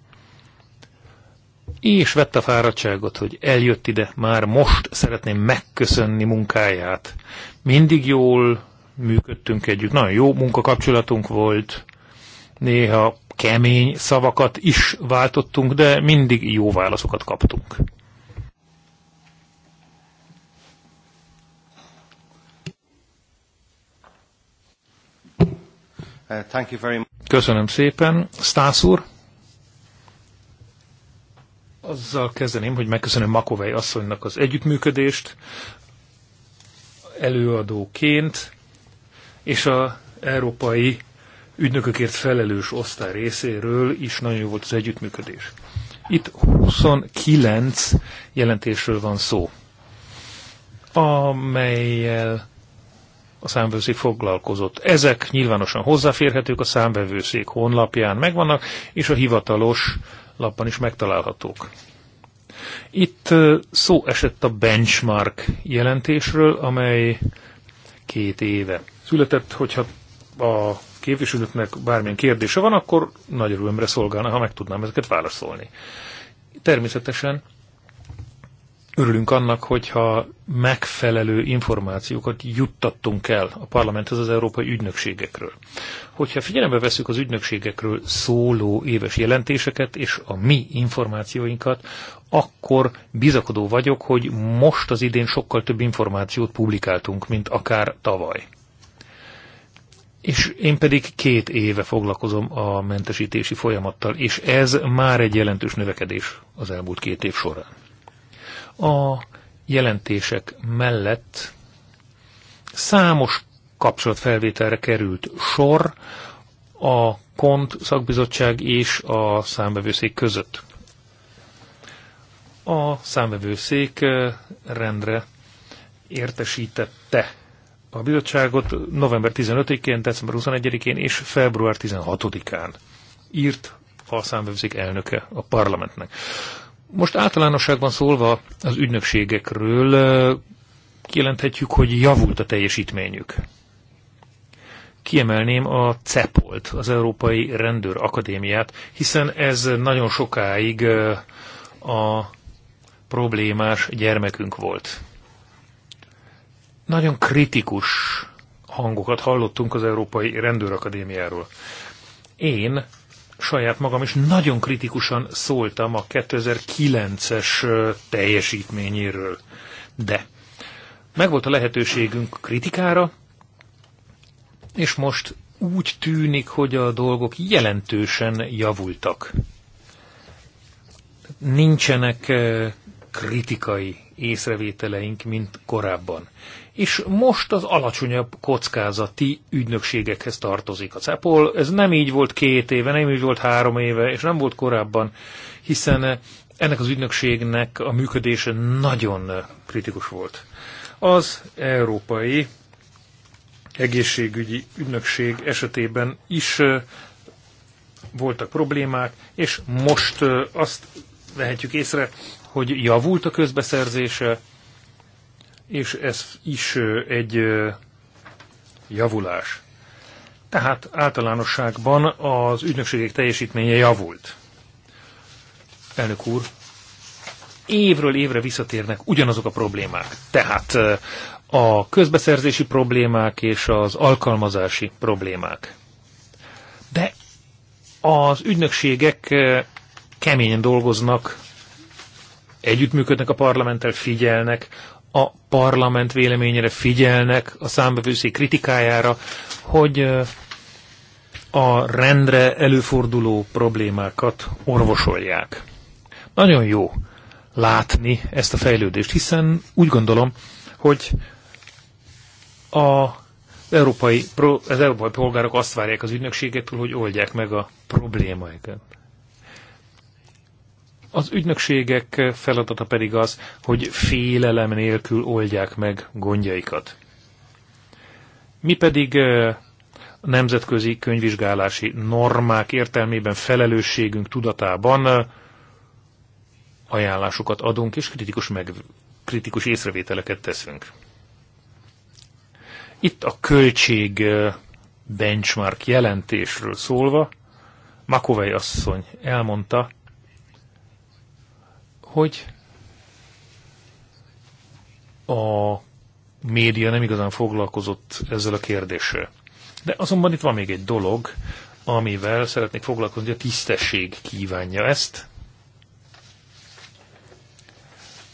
És vette a fáradtságot, hogy eljött ide, már most szeretném megköszönni munkáját. Mindig jól működtünk együtt, nagyon jó munkakapcsolatunk volt, néha kemény szavakat is váltottunk, de mindig jó válaszokat kaptunk. Uh, thank you very much. Köszönöm szépen. Stász úr? Azzal kezdeném, hogy megköszönöm Makovej asszonynak az együttműködést előadóként, és a európai ügynökökért felelős osztály részéről is nagyon jó volt az együttműködés. Itt 29 jelentésről van szó, amelyel a számvevőszék foglalkozott. Ezek nyilvánosan hozzáférhetők a számvevőszék honlapján, megvannak, és a hivatalos lapban is megtalálhatók. Itt szó esett a benchmark jelentésről, amely két éve született, hogyha a képviselőknek bármilyen kérdése van, akkor nagy örömre szolgálna, ha meg tudnám ezeket válaszolni. Természetesen örülünk annak, hogyha megfelelő információkat juttattunk el a parlamenthez az európai ügynökségekről. Hogyha figyelembe veszük az ügynökségekről szóló éves jelentéseket és a mi információinkat, akkor bizakodó vagyok, hogy most az idén sokkal több információt publikáltunk, mint akár tavaly. És én pedig két éve foglalkozom a mentesítési folyamattal, és ez már egy jelentős növekedés az elmúlt két év során. A jelentések mellett számos kapcsolatfelvételre került sor a KONT szakbizottság és a számbevőszék között. A számbevőszék rendre értesítette a bizottságot november 15-én, december 21-én és február 16-án írt a számvevőszék elnöke a parlamentnek. Most általánosságban szólva az ügynökségekről kijelenthetjük, hogy javult a teljesítményük. Kiemelném a CEPOLT, az Európai Rendőr Akadémiát, hiszen ez nagyon sokáig a problémás gyermekünk volt. Nagyon kritikus hangokat hallottunk az Európai Rendőrakadémiáról. Én saját magam is nagyon kritikusan szóltam a 2009-es teljesítményéről. De megvolt a lehetőségünk kritikára, és most úgy tűnik, hogy a dolgok jelentősen javultak. Nincsenek kritikai észrevételeink, mint korábban és most az alacsonyabb kockázati ügynökségekhez tartozik a CEPOL. Ez nem így volt két éve, nem így volt három éve, és nem volt korábban, hiszen ennek az ügynökségnek a működése nagyon kritikus volt. Az Európai Egészségügyi Ügynökség esetében is voltak problémák, és most azt vehetjük észre, hogy javult a közbeszerzése, és ez is egy javulás. Tehát általánosságban az ügynökségek teljesítménye javult. Elnök úr, évről évre visszatérnek ugyanazok a problémák. Tehát a közbeszerzési problémák és az alkalmazási problémák. De az ügynökségek keményen dolgoznak, együttműködnek a parlamenttel, figyelnek, parlament véleményére figyelnek, a számbevőszék kritikájára, hogy a rendre előforduló problémákat orvosolják. Nagyon jó látni ezt a fejlődést, hiszen úgy gondolom, hogy a európai, az európai polgárok azt várják az ügynökségektől, hogy oldják meg a problémáikat. Az ügynökségek feladata pedig az, hogy félelem nélkül oldják meg gondjaikat. Mi pedig a nemzetközi könyvvizsgálási normák értelmében felelősségünk tudatában ajánlásokat adunk és kritikus, meg, kritikus észrevételeket teszünk. Itt a költség benchmark jelentésről szólva, Makovei asszony elmondta, hogy a média nem igazán foglalkozott ezzel a kérdéssel. De azonban itt van még egy dolog, amivel szeretnék foglalkozni, a tisztesség kívánja ezt.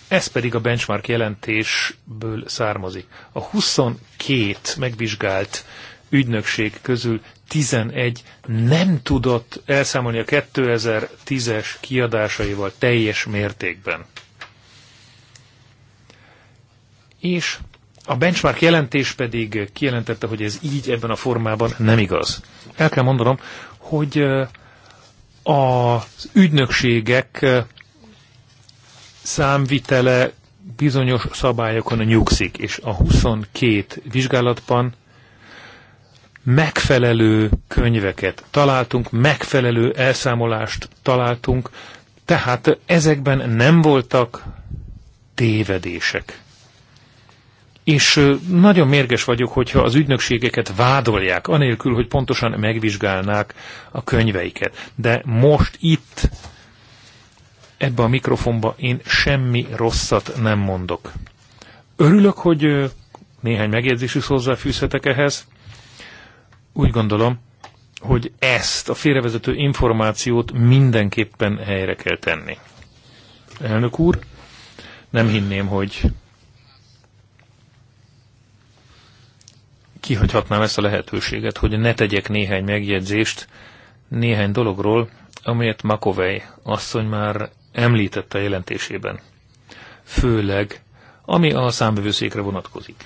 Ez pedig a benchmark jelentésből származik. A 22 megvizsgált ügynökség közül 2011 nem tudott elszámolni a 2010-es kiadásaival teljes mértékben. És a benchmark jelentés pedig kijelentette, hogy ez így ebben a formában nem igaz. El kell mondanom, hogy az ügynökségek számvitele bizonyos szabályokon nyugszik, és a 22 vizsgálatban megfelelő könyveket találtunk, megfelelő elszámolást találtunk, tehát ezekben nem voltak tévedések. És nagyon mérges vagyok, hogyha az ügynökségeket vádolják, anélkül, hogy pontosan megvizsgálnák a könyveiket. De most itt, ebbe a mikrofonba én semmi rosszat nem mondok. Örülök, hogy néhány megjegyzés is hozzáfűzhetek ehhez. Úgy gondolom, hogy ezt a félrevezető információt mindenképpen helyre kell tenni. Elnök úr, nem hinném, hogy kihagyhatnám ezt a lehetőséget, hogy ne tegyek néhány megjegyzést néhány dologról, amelyet Makovej asszony már említette a jelentésében. Főleg, ami a számbevőszékre vonatkozik.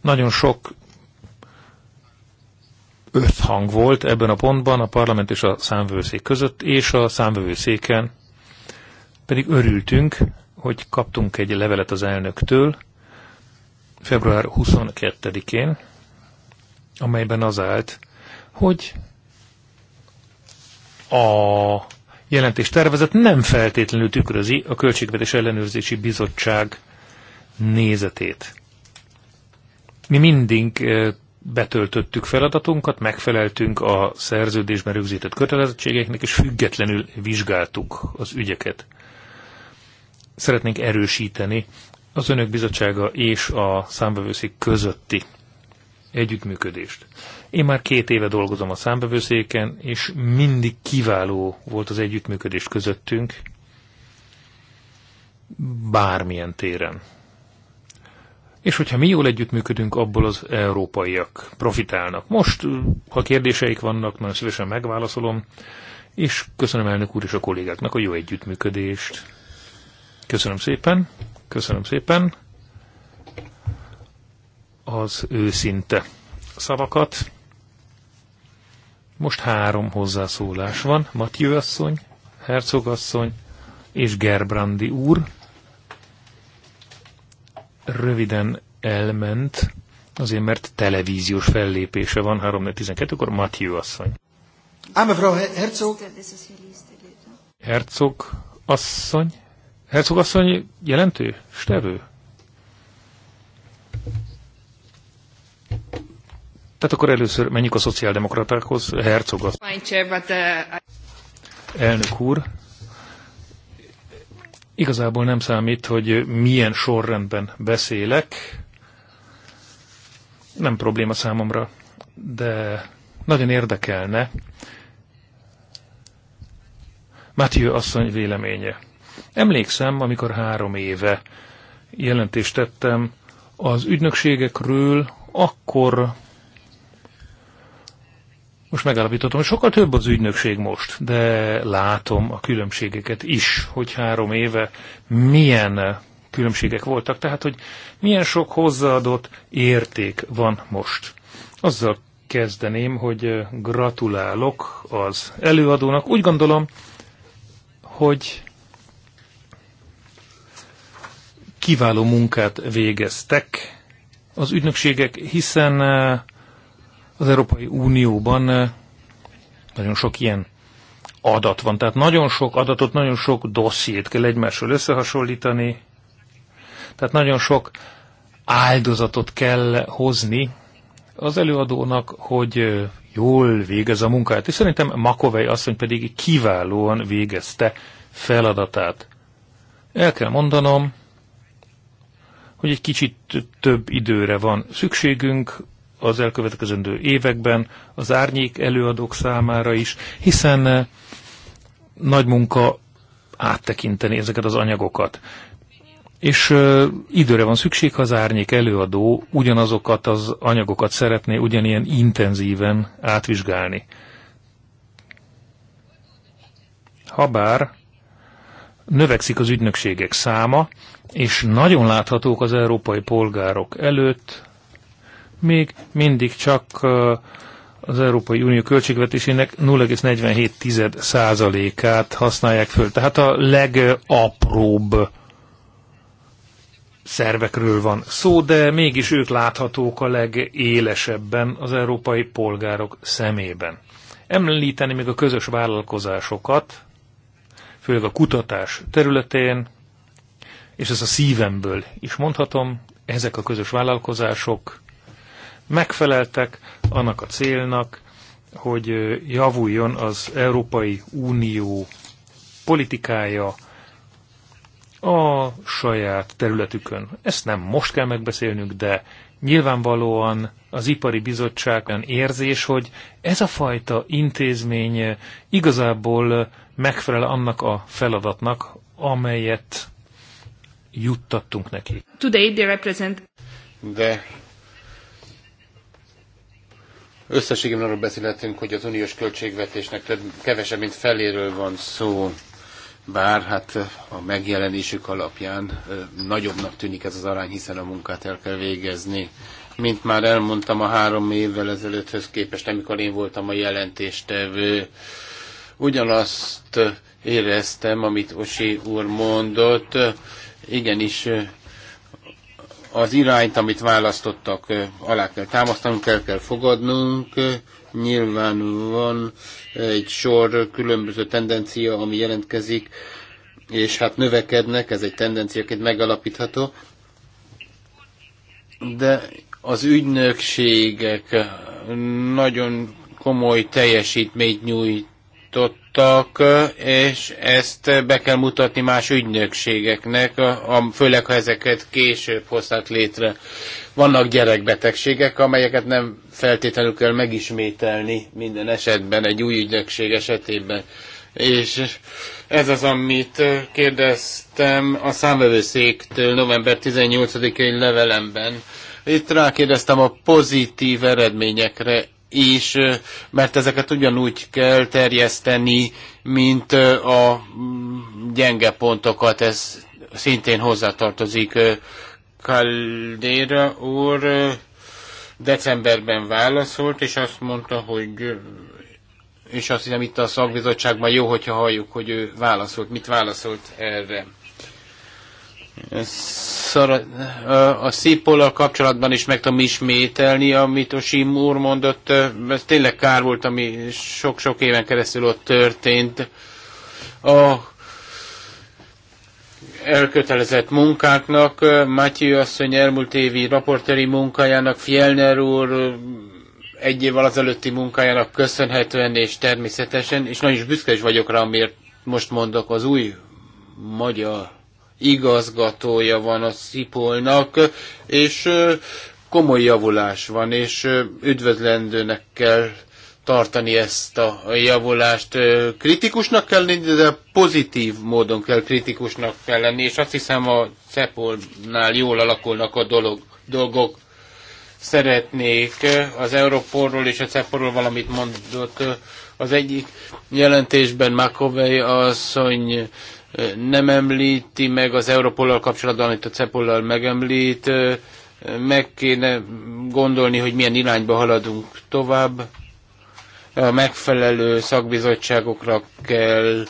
Nagyon sok összhang volt ebben a pontban a parlament és a számvőszék között, és a számvőszéken pedig örültünk, hogy kaptunk egy levelet az elnöktől február 22-én, amelyben az állt, hogy a jelentés tervezet nem feltétlenül tükrözi a Költségvetés Ellenőrzési Bizottság nézetét. Mi mindig eh, betöltöttük feladatunkat, megfeleltünk a szerződésben rögzített kötelezettségeknek, és függetlenül vizsgáltuk az ügyeket. Szeretnénk erősíteni az Önök Bizottsága és a számbevőszék közötti együttműködést. Én már két éve dolgozom a számbevőszéken, és mindig kiváló volt az együttműködés közöttünk, bármilyen téren. És hogyha mi jól együttműködünk, abból az európaiak profitálnak. Most, ha kérdéseik vannak, nagyon szívesen megválaszolom, és köszönöm elnök úr és a kollégáknak a jó együttműködést. Köszönöm szépen, köszönöm szépen az őszinte szavakat. Most három hozzászólás van. Matyő asszony, Herzog asszony és Gerbrandi úr röviden elment, azért mert televíziós fellépése van 3.12-kor, Matthew asszony. Ám a Frau Herzog. Herzog asszony. Herzog asszony jelentő? Stevő? Tehát akkor először menjünk a szociáldemokratákhoz, Herzog asszony. Uh, Elnök úr, Igazából nem számít, hogy milyen sorrendben beszélek. Nem probléma számomra, de nagyon érdekelne Mathieu asszony véleménye. Emlékszem, amikor három éve jelentést tettem az ügynökségekről, akkor most megállapítottam, hogy sokkal több az ügynökség most, de látom a különbségeket is, hogy három éve milyen különbségek voltak, tehát hogy milyen sok hozzáadott érték van most. Azzal kezdeném, hogy gratulálok az előadónak. Úgy gondolom, hogy kiváló munkát végeztek az ügynökségek, hiszen az Európai Unióban eh, nagyon sok ilyen adat van, tehát nagyon sok adatot, nagyon sok dossziét kell egymással összehasonlítani, tehát nagyon sok áldozatot kell hozni az előadónak, hogy eh, jól végez a munkáját. És szerintem Makovej asszony pedig kiválóan végezte feladatát. El kell mondanom, hogy egy kicsit több időre van szükségünk, az elkövetkezendő években, az árnyék előadók számára is, hiszen eh, nagy munka áttekinteni ezeket az anyagokat. És ö, eh, időre van szükség, ha az árnyék előadó ugyanazokat az anyagokat szeretné ugyanilyen intenzíven átvizsgálni. Habár növekszik az ügynökségek száma, és nagyon láthatók az európai polgárok előtt még mindig csak az Európai Unió költségvetésének 0,47%-át használják föl. Tehát a legapróbb szervekről van szó, de mégis ők láthatók a legélesebben az európai polgárok szemében. Említeni még a közös vállalkozásokat, főleg a kutatás területén, és ezt a szívemből is mondhatom, ezek a közös vállalkozások megfeleltek annak a célnak, hogy javuljon az Európai Unió politikája a saját területükön. Ezt nem most kell megbeszélnünk, de nyilvánvalóan az Ipari olyan érzés, hogy ez a fajta intézmény igazából megfelel annak a feladatnak, amelyet juttattunk neki. Today they represent... De Összességében arról beszélhetünk, hogy az uniós költségvetésnek több, kevesebb, mint feléről van szó, bár hát a megjelenésük alapján nagyobbnak tűnik ez az arány, hiszen a munkát el kell végezni. Mint már elmondtam a három évvel ezelőtthöz képest, amikor én voltam a jelentéstevő, ugyanazt éreztem, amit Osi úr mondott, igenis az irányt, amit választottak, alá kell támasztanunk, el kell fogadnunk. Nyilván van egy sor különböző tendencia, ami jelentkezik, és hát növekednek, ez egy tendenciaként megalapítható. De az ügynökségek nagyon komoly teljesítményt nyújt kialakítottak, és ezt be kell mutatni más ügynökségeknek, főleg ha ezeket később hozták létre. Vannak gyerekbetegségek, amelyeket nem feltétlenül kell megismételni minden esetben, egy új ügynökség esetében. És ez az, amit kérdeztem a számvevőszéktől november 18-i levelemben. Itt rákérdeztem a pozitív eredményekre és mert ezeket ugyanúgy kell terjeszteni, mint a mm, gyenge pontokat, ez szintén hozzátartozik Caldera úr decemberben válaszolt, és azt mondta, hogy és azt hiszem itt a szakbizottságban jó, hogyha halljuk, hogy ő válaszolt, mit válaszolt erre. Szara, a szípolal kapcsolatban is meg tudom ismételni, amit a Sim úr mondott. Ez tényleg kár volt, ami sok-sok éven keresztül ott történt. A elkötelezett munkáknak, Matthew asszony elmúlt évi raporteri munkájának, Fjellner úr egy évvel előtti munkájának köszönhetően és természetesen, és nagyon is büszke is vagyok rá, amiért most mondok, az új magyar igazgatója van a Szipolnak, és komoly javulás van, és üdvözlendőnek kell tartani ezt a javulást. Kritikusnak kell lenni, de pozitív módon kell kritikusnak kell lenni, és azt hiszem a Cepolnál jól alakulnak a dolog, dolgok. Szeretnék az Európorról és a Cepolról valamit mondott. Az egyik jelentésben Makovej asszony nem említi meg az Európollal kapcsolatban, amit a Cepollal megemlít, meg kéne gondolni, hogy milyen irányba haladunk tovább. A megfelelő szakbizottságokra kell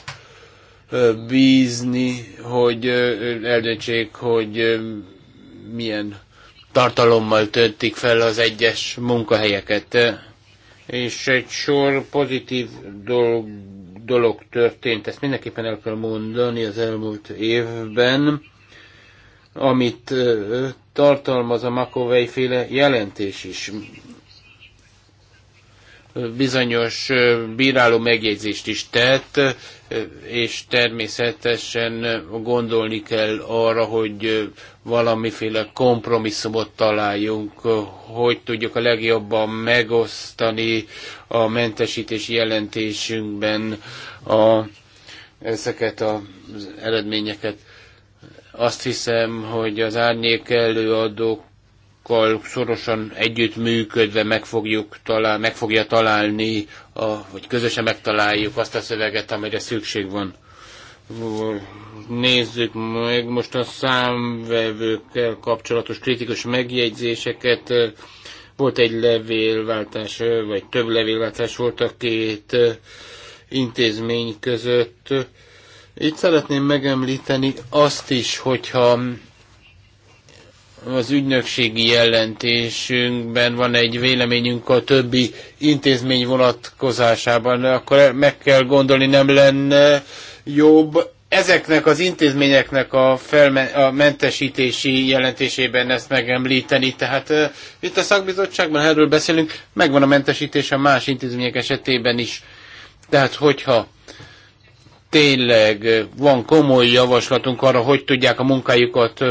bízni, hogy eldöntsék, hogy milyen tartalommal töltik fel az egyes munkahelyeket. És egy sor pozitív dolog dolog történt, ezt mindenképpen el kell mondani az elmúlt évben, amit tartalmaz a Makovei féle jelentés is bizonyos bíráló megjegyzést is tett, és természetesen gondolni kell arra, hogy valamiféle kompromisszumot találjunk, hogy tudjuk a legjobban megosztani a mentesítési jelentésünkben a, ezeket az eredményeket. Azt hiszem, hogy az árnyék előadók kollégákkal szorosan együttműködve meg, fogjuk talál, meg fogja találni, a, vagy közösen megtaláljuk azt a szöveget, amire szükség van. Nézzük meg most a számvevőkkel kapcsolatos kritikus megjegyzéseket. Volt egy levélváltás, vagy több levélváltás volt a két intézmény között. Itt szeretném megemlíteni azt is, hogyha az ügynökségi jelentésünkben van egy véleményünk a többi intézmény vonatkozásában, akkor meg kell gondolni, nem lenne jobb ezeknek az intézményeknek a, felme- a mentesítési jelentésében ezt megemlíteni. Tehát uh, itt a szakbizottságban erről beszélünk, megvan a mentesítés a más intézmények esetében is. Tehát hogyha tényleg van komoly javaslatunk arra, hogy tudják a munkájukat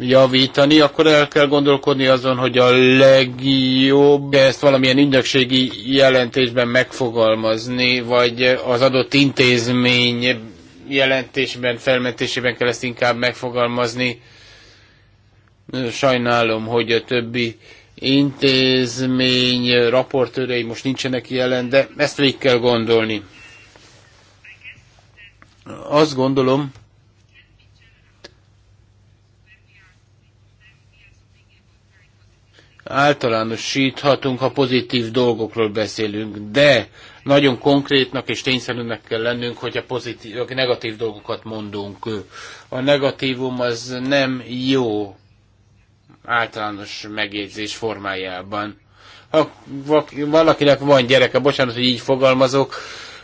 javítani, akkor el kell gondolkodni azon, hogy a legjobb ezt valamilyen ügynökségi jelentésben megfogalmazni, vagy az adott intézmény jelentésben, felmentésében kell ezt inkább megfogalmazni. Sajnálom, hogy a többi intézmény raportőrei most nincsenek jelen, de ezt végig kell gondolni. Azt gondolom, általánosíthatunk, ha pozitív dolgokról beszélünk, de nagyon konkrétnak és tényszerűnek kell lennünk, hogy a pozitív, a negatív dolgokat mondunk. A negatívum az nem jó általános megjegyzés formájában. Ha valakinek van gyereke, bocsánat, hogy így fogalmazok,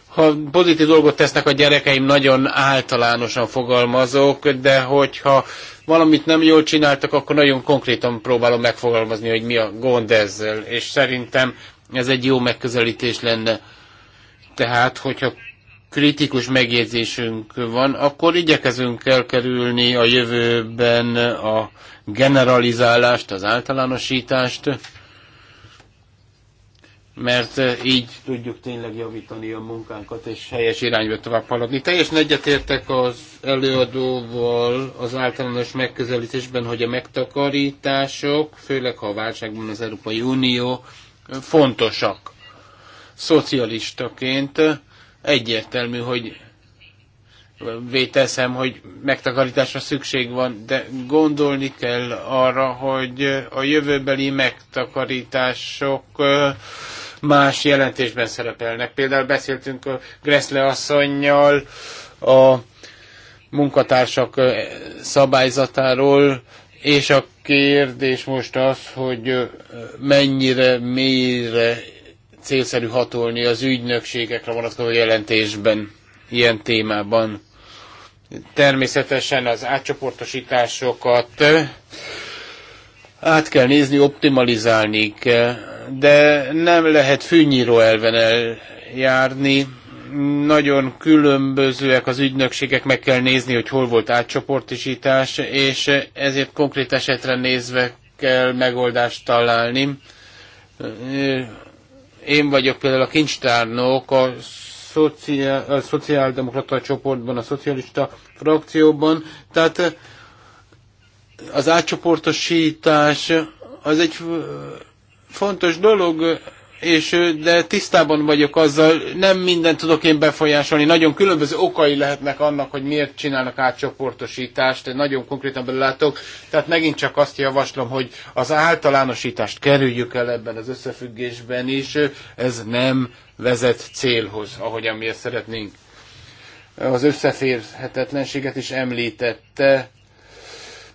ha pozitív dolgot tesznek a gyerekeim, nagyon általánosan fogalmazok, de hogyha valamit nem jól csináltak, akkor nagyon konkrétan próbálom megfogalmazni, hogy mi a gond ezzel, és szerintem ez egy jó megközelítés lenne. Tehát, hogyha kritikus megjegyzésünk van, akkor igyekezünk elkerülni a jövőben a generalizálást, az általánosítást, mert így tudjuk tényleg javítani a munkánkat, és helyes irányba tovább haladni. Teljesen egyetértek az előadóval az általános megközelítésben, hogy a megtakarítások, főleg ha a válságban az Európai Unió, fontosak. Szocialistaként egyértelmű, hogy véteszem, hogy megtakarításra szükség van, de gondolni kell arra, hogy a jövőbeli megtakarítások más jelentésben szerepelnek. Például beszéltünk a Gressle asszonynal a munkatársak szabályzatáról, és a kérdés most az, hogy mennyire, mélyre célszerű hatolni az ügynökségekre vonatkozó jelentésben ilyen témában. Természetesen az átcsoportosításokat át kell nézni, optimalizálni kell de nem lehet fűnyíró elven eljárni. Nagyon különbözőek az ügynökségek, meg kell nézni, hogy hol volt átcsoportosítás, és ezért konkrét esetre nézve kell megoldást találni. Én vagyok például a kincstárnok, a, szociál, a szociáldemokrata csoportban, a szocialista frakcióban, tehát az átcsoportosítás az egy fontos dolog, és, de tisztában vagyok azzal, nem mindent tudok én befolyásolni. Nagyon különböző okai lehetnek annak, hogy miért csinálnak átcsoportosítást, nagyon konkrétan belátok. Tehát megint csak azt javaslom, hogy az általánosítást kerüljük el ebben az összefüggésben is. Ez nem vezet célhoz, ahogyan mi ezt szeretnénk. Az összeférhetetlenséget is említette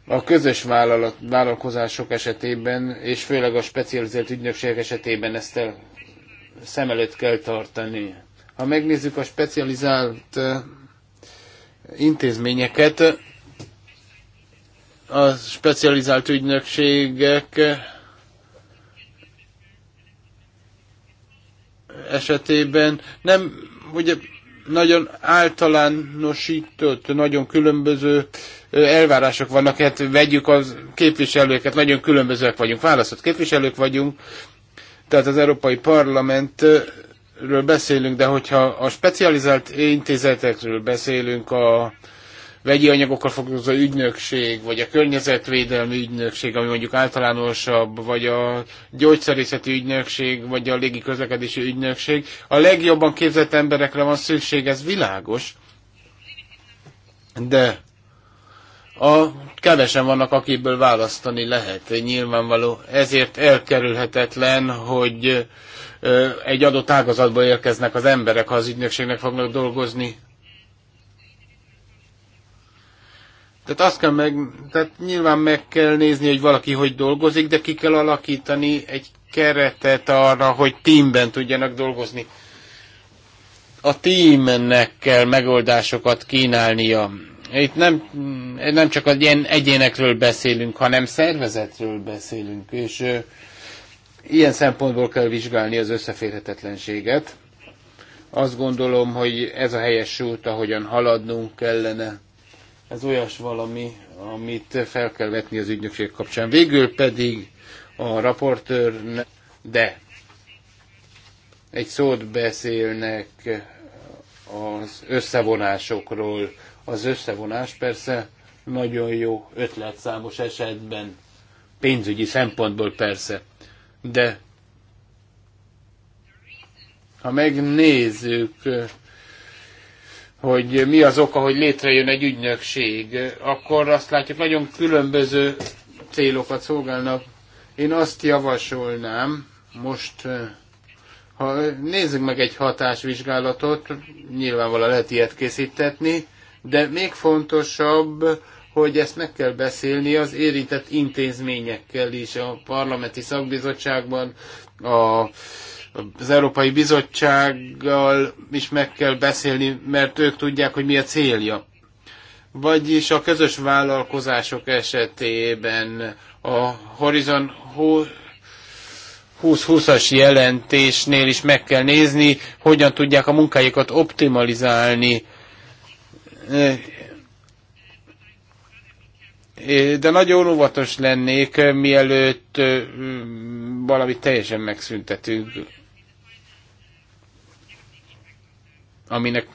a közös vállalat, vállalkozások esetében, és főleg a specializált ügynökségek esetében ezt el, szem előtt kell tartani. Ha megnézzük a specializált intézményeket, a specializált ügynökségek esetében nem, ugye nagyon általánosított, nagyon különböző elvárások vannak, hát vegyük az képviselőket, nagyon különbözőek vagyunk, választott képviselők vagyunk, tehát az Európai Parlamentről beszélünk, de hogyha a specializált intézetekről beszélünk, a vegyi anyagokkal foglalkozó ügynökség, vagy a környezetvédelmi ügynökség, ami mondjuk általánosabb, vagy a gyógyszerészeti ügynökség, vagy a légi közlekedési ügynökség. A legjobban képzett emberekre van szükség, ez világos. De a kevesen vannak, akiből választani lehet, nyilvánvaló. Ezért elkerülhetetlen, hogy egy adott ágazatba érkeznek az emberek, ha az ügynökségnek fognak dolgozni. Tehát azt kell meg, tehát nyilván meg kell nézni, hogy valaki hogy dolgozik, de ki kell alakítani egy keretet arra, hogy teamben tudjanak dolgozni. A teamnek kell megoldásokat kínálnia. Itt nem, nem csak az ilyen egyénekről beszélünk, hanem szervezetről beszélünk, és ö, ilyen szempontból kell vizsgálni az összeférhetetlenséget. Azt gondolom, hogy ez a helyes út, ahogyan haladnunk kellene ez olyas valami, amit fel kell vetni az ügynökség kapcsán. Végül pedig a raportőr, de egy szót beszélnek az összevonásokról. Az összevonás persze nagyon jó ötlet számos esetben, pénzügyi szempontból persze, de ha megnézzük hogy mi az oka, hogy létrejön egy ügynökség, akkor azt látjuk, nagyon különböző célokat szolgálnak. Én azt javasolnám, most eh, ha nézzük meg egy hatásvizsgálatot, nyilvánvalóan lehet ilyet készítetni, de még fontosabb, hogy ezt meg kell beszélni az érintett intézményekkel is, a parlamenti szakbizottságban, a az Európai Bizottsággal is meg kell beszélni, mert ők tudják, hogy mi a célja. Vagyis a közös vállalkozások esetében a Horizon 2020-as jelentésnél is meg kell nézni, hogyan tudják a munkájukat optimalizálni. De nagyon óvatos lennék, mielőtt valamit teljesen megszüntetünk. aminek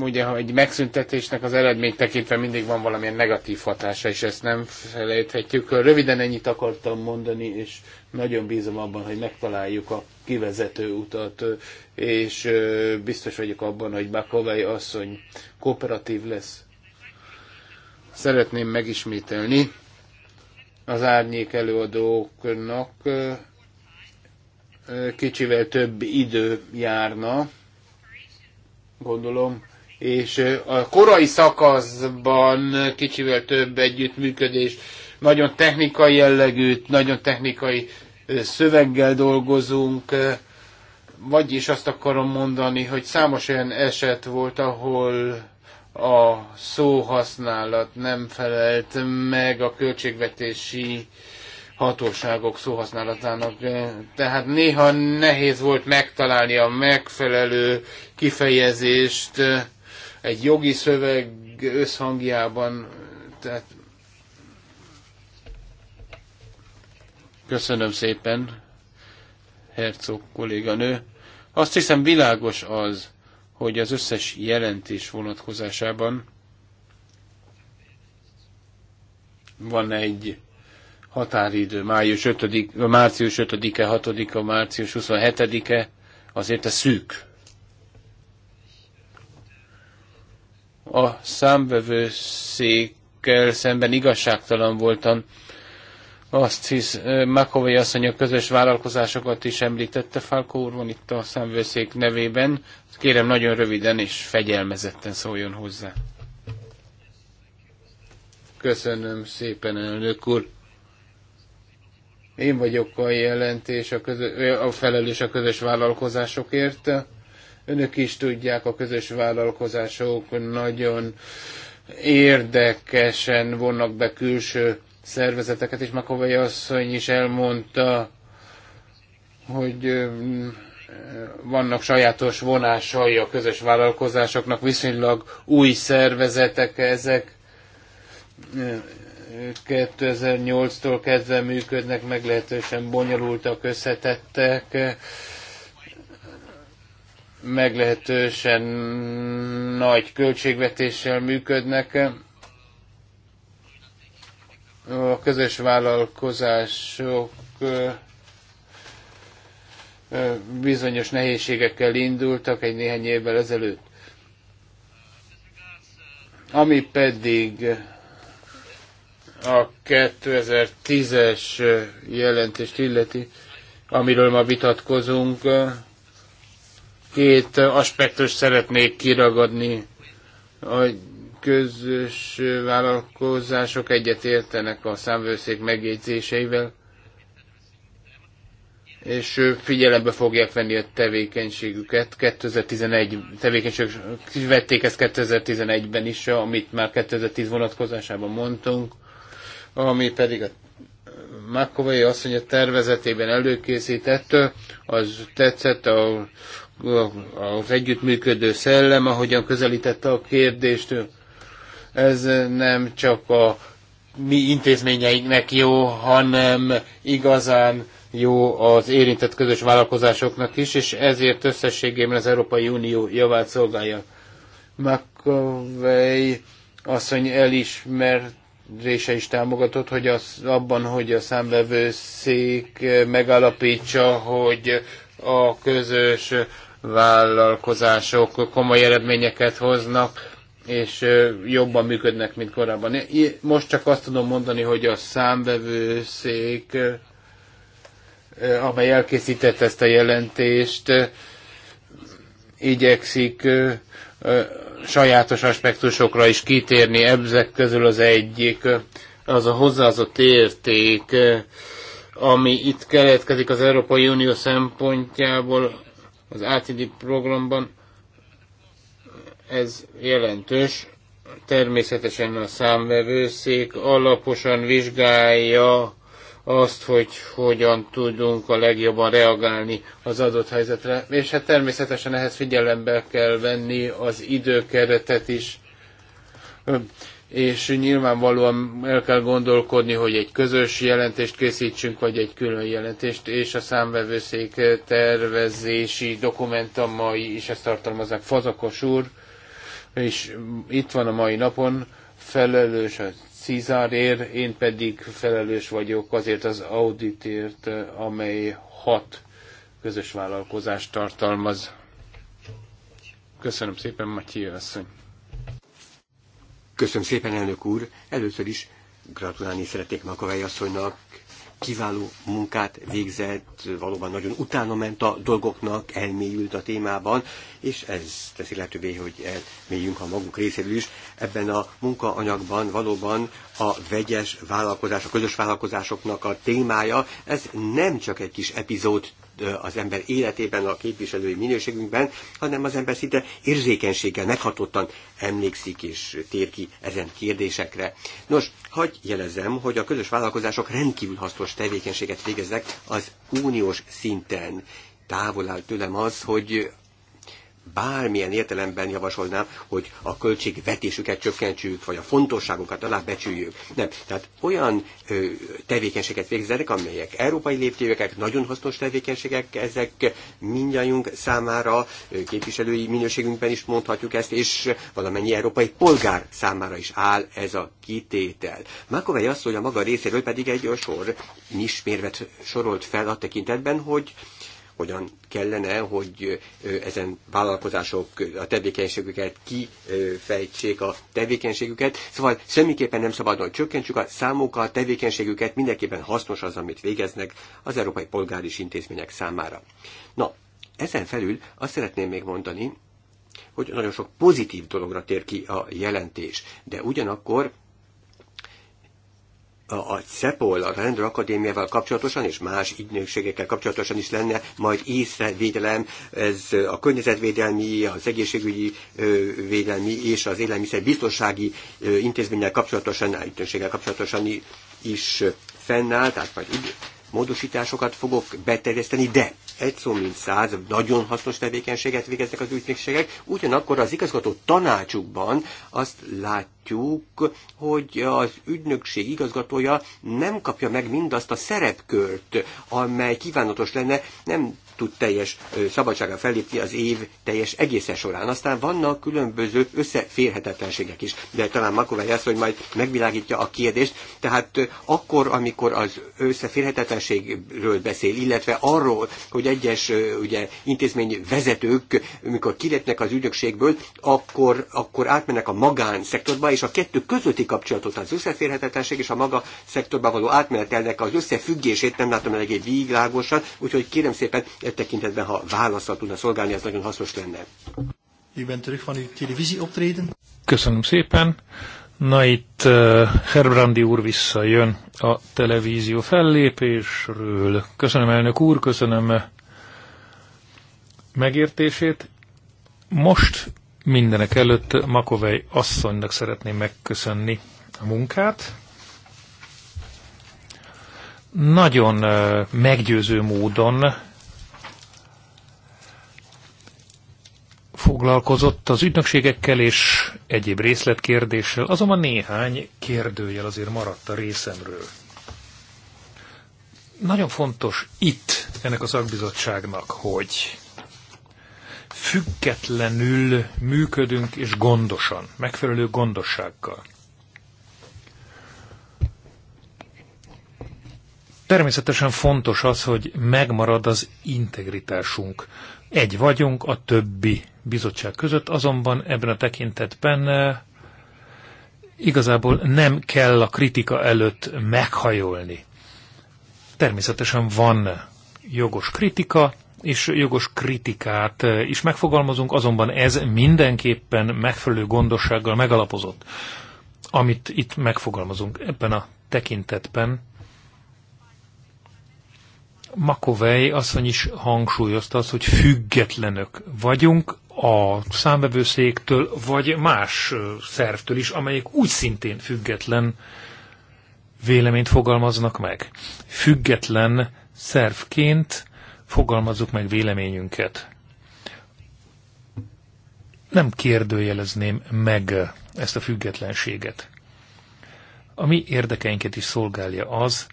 ugye ha egy megszüntetésnek az eredmény tekintve mindig van valamilyen negatív hatása, és ezt nem felejthetjük. Röviden ennyit akartam mondani, és nagyon bízom abban, hogy megtaláljuk a kivezető utat, és biztos vagyok abban, hogy Bakovai asszony kooperatív lesz. Szeretném megismételni az árnyék előadóknak kicsivel több idő járna, gondolom, és a korai szakaszban kicsivel több együttműködés, nagyon technikai jellegű, nagyon technikai szöveggel dolgozunk, vagyis azt akarom mondani, hogy számos olyan eset volt, ahol a szóhasználat nem felelt meg a költségvetési hatóságok szóhasználatának. Tehát néha nehéz volt megtalálni a megfelelő kifejezést egy jogi szöveg összhangjában. Tehát Köszönöm szépen, Herzog kolléganő. Azt hiszem világos az, hogy az összes jelentés vonatkozásában van egy határidő május 5 március 5-e, 6-a, március 27-e, azért a szűk. A számbevőszékkel szemben igazságtalan voltam. Azt hisz, Makovai asszony a közös vállalkozásokat is említette, Falkó úr van itt a számbevőszék nevében. Kérem, nagyon röviden és fegyelmezetten szóljon hozzá. Köszönöm szépen, elnök úr. Én vagyok a jelentés, a, közö, a felelős a közös vállalkozásokért. Önök is tudják, a közös vállalkozások nagyon érdekesen vonnak be külső szervezeteket, és Makovai asszony is elmondta, hogy vannak sajátos vonásai a közös vállalkozásoknak, viszonylag új szervezetek ezek, 2008-tól kezdve működnek, meglehetősen bonyolultak, összetettek, meglehetősen nagy költségvetéssel működnek. A közös vállalkozások bizonyos nehézségekkel indultak egy néhány évvel ezelőtt. Ami pedig a 2010-es jelentést illeti, amiről ma vitatkozunk, két aspektus szeretnék kiragadni. A közös vállalkozások értenek a számvőszék megjegyzéseivel, és figyelembe fogják venni a tevékenységüket. 2011 tevékenység vették ezt 2011-ben is, amit már 2010 vonatkozásában mondtunk ami pedig a McAvoy asszony a tervezetében előkészített, az tetszett a, a, az együttműködő szellem, ahogyan közelítette a kérdést. Ez nem csak a mi intézményeinknek jó, hanem igazán jó az érintett közös vállalkozásoknak is, és ezért összességében az Európai Unió javát szolgálja. McAvey asszony elismert része is támogatott, hogy az, abban, hogy a számvevőszék megállapítsa, hogy a közös vállalkozások komoly eredményeket hoznak, és jobban működnek, mint korábban. Most csak azt tudom mondani, hogy a számvevőszék, amely elkészítette ezt a jelentést, igyekszik sajátos aspektusokra is kitérni. Ezek közül az egyik az a hozzáadott érték, ami itt keletkezik az Európai Unió szempontjából az ATD programban. Ez jelentős. Természetesen a számvevőszék alaposan vizsgálja azt, hogy hogyan tudunk a legjobban reagálni az adott helyzetre. És hát természetesen ehhez figyelembe kell venni az időkeretet is. És nyilvánvalóan el kell gondolkodni, hogy egy közös jelentést készítsünk, vagy egy külön jelentést, és a számvevőszék tervezési dokumentumai is ezt tartalmaznak. Fazakos úr, és itt van a mai napon, felelős a Cizárért, én pedig felelős vagyok azért az auditért, amely hat közös vállalkozást tartalmaz. Köszönöm szépen, Matyi asszony. Köszönöm szépen, elnök úr. Először is gratulálni szeretnék Makovely asszonynak kiváló munkát végzett, valóban nagyon utána ment a dolgoknak, elmélyült a témában, és ez teszi lehetővé, hogy elmélyünk a magunk részéről is. Ebben a munkaanyagban valóban a vegyes vállalkozás, a közös vállalkozásoknak a témája, ez nem csak egy kis epizód az ember életében, a képviselői minőségünkben, hanem az ember szinte érzékenységgel meghatottan emlékszik és tér ki ezen kérdésekre. Nos, hagy jelezem, hogy a közös vállalkozások rendkívül hasznos tevékenységet végeznek az uniós szinten. Távol áll tőlem az, hogy bármilyen értelemben javasolnám, hogy a költségvetésüket csökkentsük, vagy a fontosságukat alábecsüljük. Nem. Tehát olyan ö, tevékenységet végzenek, amelyek európai léptékűek, nagyon hasznos tevékenységek, ezek mindannyiunk számára, képviselői minőségünkben is mondhatjuk ezt, és valamennyi európai polgár számára is áll ez a kitétel. Makovej azt, hogy a maga részéről pedig egy sor nismérvet sorolt fel a tekintetben, hogy hogyan kellene, hogy ezen vállalkozások a tevékenységüket kifejtsék a tevékenységüket. Szóval semmiképpen nem szabad, hogy csökkentsük a számukat, a tevékenységüket, mindenképpen hasznos az, amit végeznek az európai polgári intézmények számára. Na, ezen felül azt szeretném még mondani, hogy nagyon sok pozitív dologra tér ki a jelentés, de ugyanakkor a CEPOL, a Rendőr Akadémiával kapcsolatosan és más ügynökségekkel kapcsolatosan is lenne majd észrevédelem, ez a környezetvédelmi, az egészségügyi védelmi és az élelmiszer biztonsági intézménnyel kapcsolatosan, ügynökséggel kapcsolatosan is fennáll, tehát majd módosításokat fogok beterjeszteni, de egy szó mint száz, nagyon hasznos tevékenységet végeznek az ügynökségek, ugyanakkor az igazgató tanácsukban azt látjuk, hogy az ügynökség igazgatója nem kapja meg mindazt a szerepkört, amely kívánatos lenne, nem tud teljes szabadsága fellépni az év teljes egészen során. Aztán vannak különböző összeférhetetlenségek is, de talán Makovály azt, hogy majd megvilágítja a kérdést. Tehát akkor, amikor az összeférhetetlenségről beszél, illetve arról, hogy egyes ugye, intézmény vezetők, amikor kilépnek az ügynökségből, akkor, akkor átmennek a magánszektorba, és a kettő közötti kapcsolatot, az összeférhetetlenség és a maga szektorba való átmenetelnek az összefüggését nem látom eléggé világosan, úgyhogy kérem szépen e tekintetben, ha válaszra tudna szolgálni, ez nagyon hasznos lenne. Köszönöm szépen. Na itt uh, Herbrandi úr visszajön a televízió fellépésről. Köszönöm elnök úr, köszönöm uh, megértését. Most mindenek előtt Makovej asszonynak szeretném megköszönni a munkát. Nagyon uh, meggyőző módon foglalkozott az ügynökségekkel és egyéb részletkérdéssel, azonban néhány kérdőjel azért maradt a részemről. Nagyon fontos itt ennek a szakbizottságnak, hogy függetlenül működünk és gondosan, megfelelő gondossággal. Természetesen fontos az, hogy megmarad az integritásunk. Egy vagyunk a többi bizottság között, azonban ebben a tekintetben eh, igazából nem kell a kritika előtt meghajolni. Természetesen van jogos kritika, és jogos kritikát eh, is megfogalmazunk, azonban ez mindenképpen megfelelő gondossággal megalapozott, amit itt megfogalmazunk ebben a tekintetben. Makovej asszony is hangsúlyozta azt, hogy függetlenök vagyunk, a számvevőszéktől, vagy más szervtől is, amelyek úgy szintén független véleményt fogalmaznak meg. Független szervként fogalmazzuk meg véleményünket. Nem kérdőjelezném meg ezt a függetlenséget. A mi érdekeinket is szolgálja az,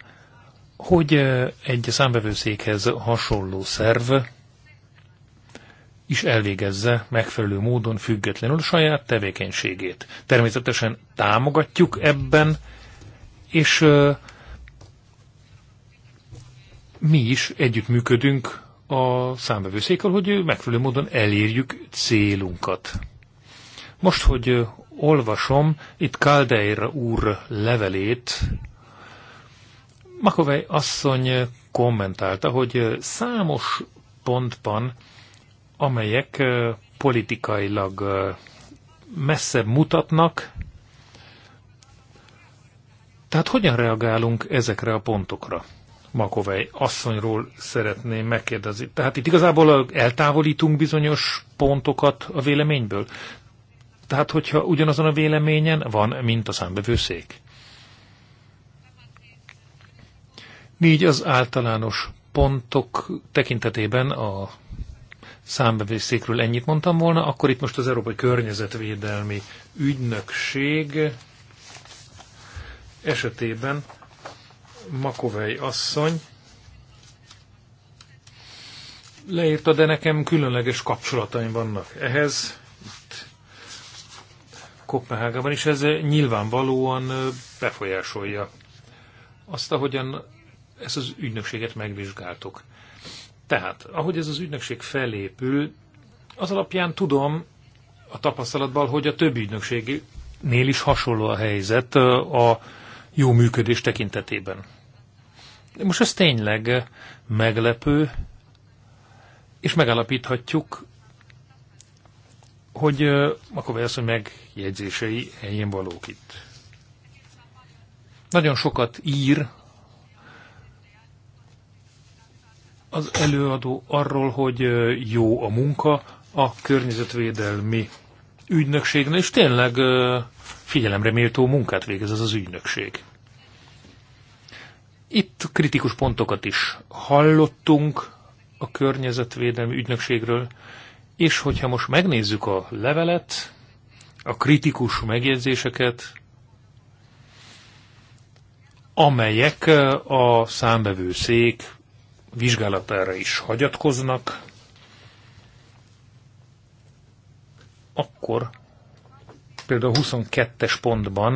hogy egy számvevőszékhez hasonló szerv is elvégezze megfelelő módon függetlenül saját tevékenységét. Természetesen támogatjuk ebben, és uh, mi is együttműködünk a számbevőszékkel, hogy megfelelő módon elérjük célunkat. Most, hogy olvasom itt Kaldeir úr levelét, Makovej asszony kommentálta, hogy számos pontban amelyek politikailag messzebb mutatnak. Tehát hogyan reagálunk ezekre a pontokra? Makovej asszonyról szeretném megkérdezni. Tehát itt igazából eltávolítunk bizonyos pontokat a véleményből. Tehát, hogyha ugyanazon a véleményen van, mint a számbevőszék. Négy az általános pontok tekintetében a számbevészékről ennyit mondtam volna, akkor itt most az Európai Környezetvédelmi Ügynökség esetében Makovei asszony leírta, de nekem különleges kapcsolataim vannak ehhez, itt Kopenhágában, is ez nyilvánvalóan befolyásolja azt, ahogyan ezt az ügynökséget megvizsgáltuk. Tehát, ahogy ez az ügynökség felépül, az alapján tudom a tapasztalatból, hogy a többi ügynökségnél is hasonló a helyzet a jó működés tekintetében. De most ez tényleg meglepő, és megállapíthatjuk, hogy akkor vesz, hogy megjegyzései helyén valók itt. Nagyon sokat ír az előadó arról, hogy jó a munka a környezetvédelmi ügynökségnek, és tényleg figyelemre méltó munkát végez ez az ügynökség. Itt kritikus pontokat is hallottunk a környezetvédelmi ügynökségről, és hogyha most megnézzük a levelet, a kritikus megjegyzéseket, amelyek a számbevőszék vizsgálatára is hagyatkoznak, akkor például a 22-es pontban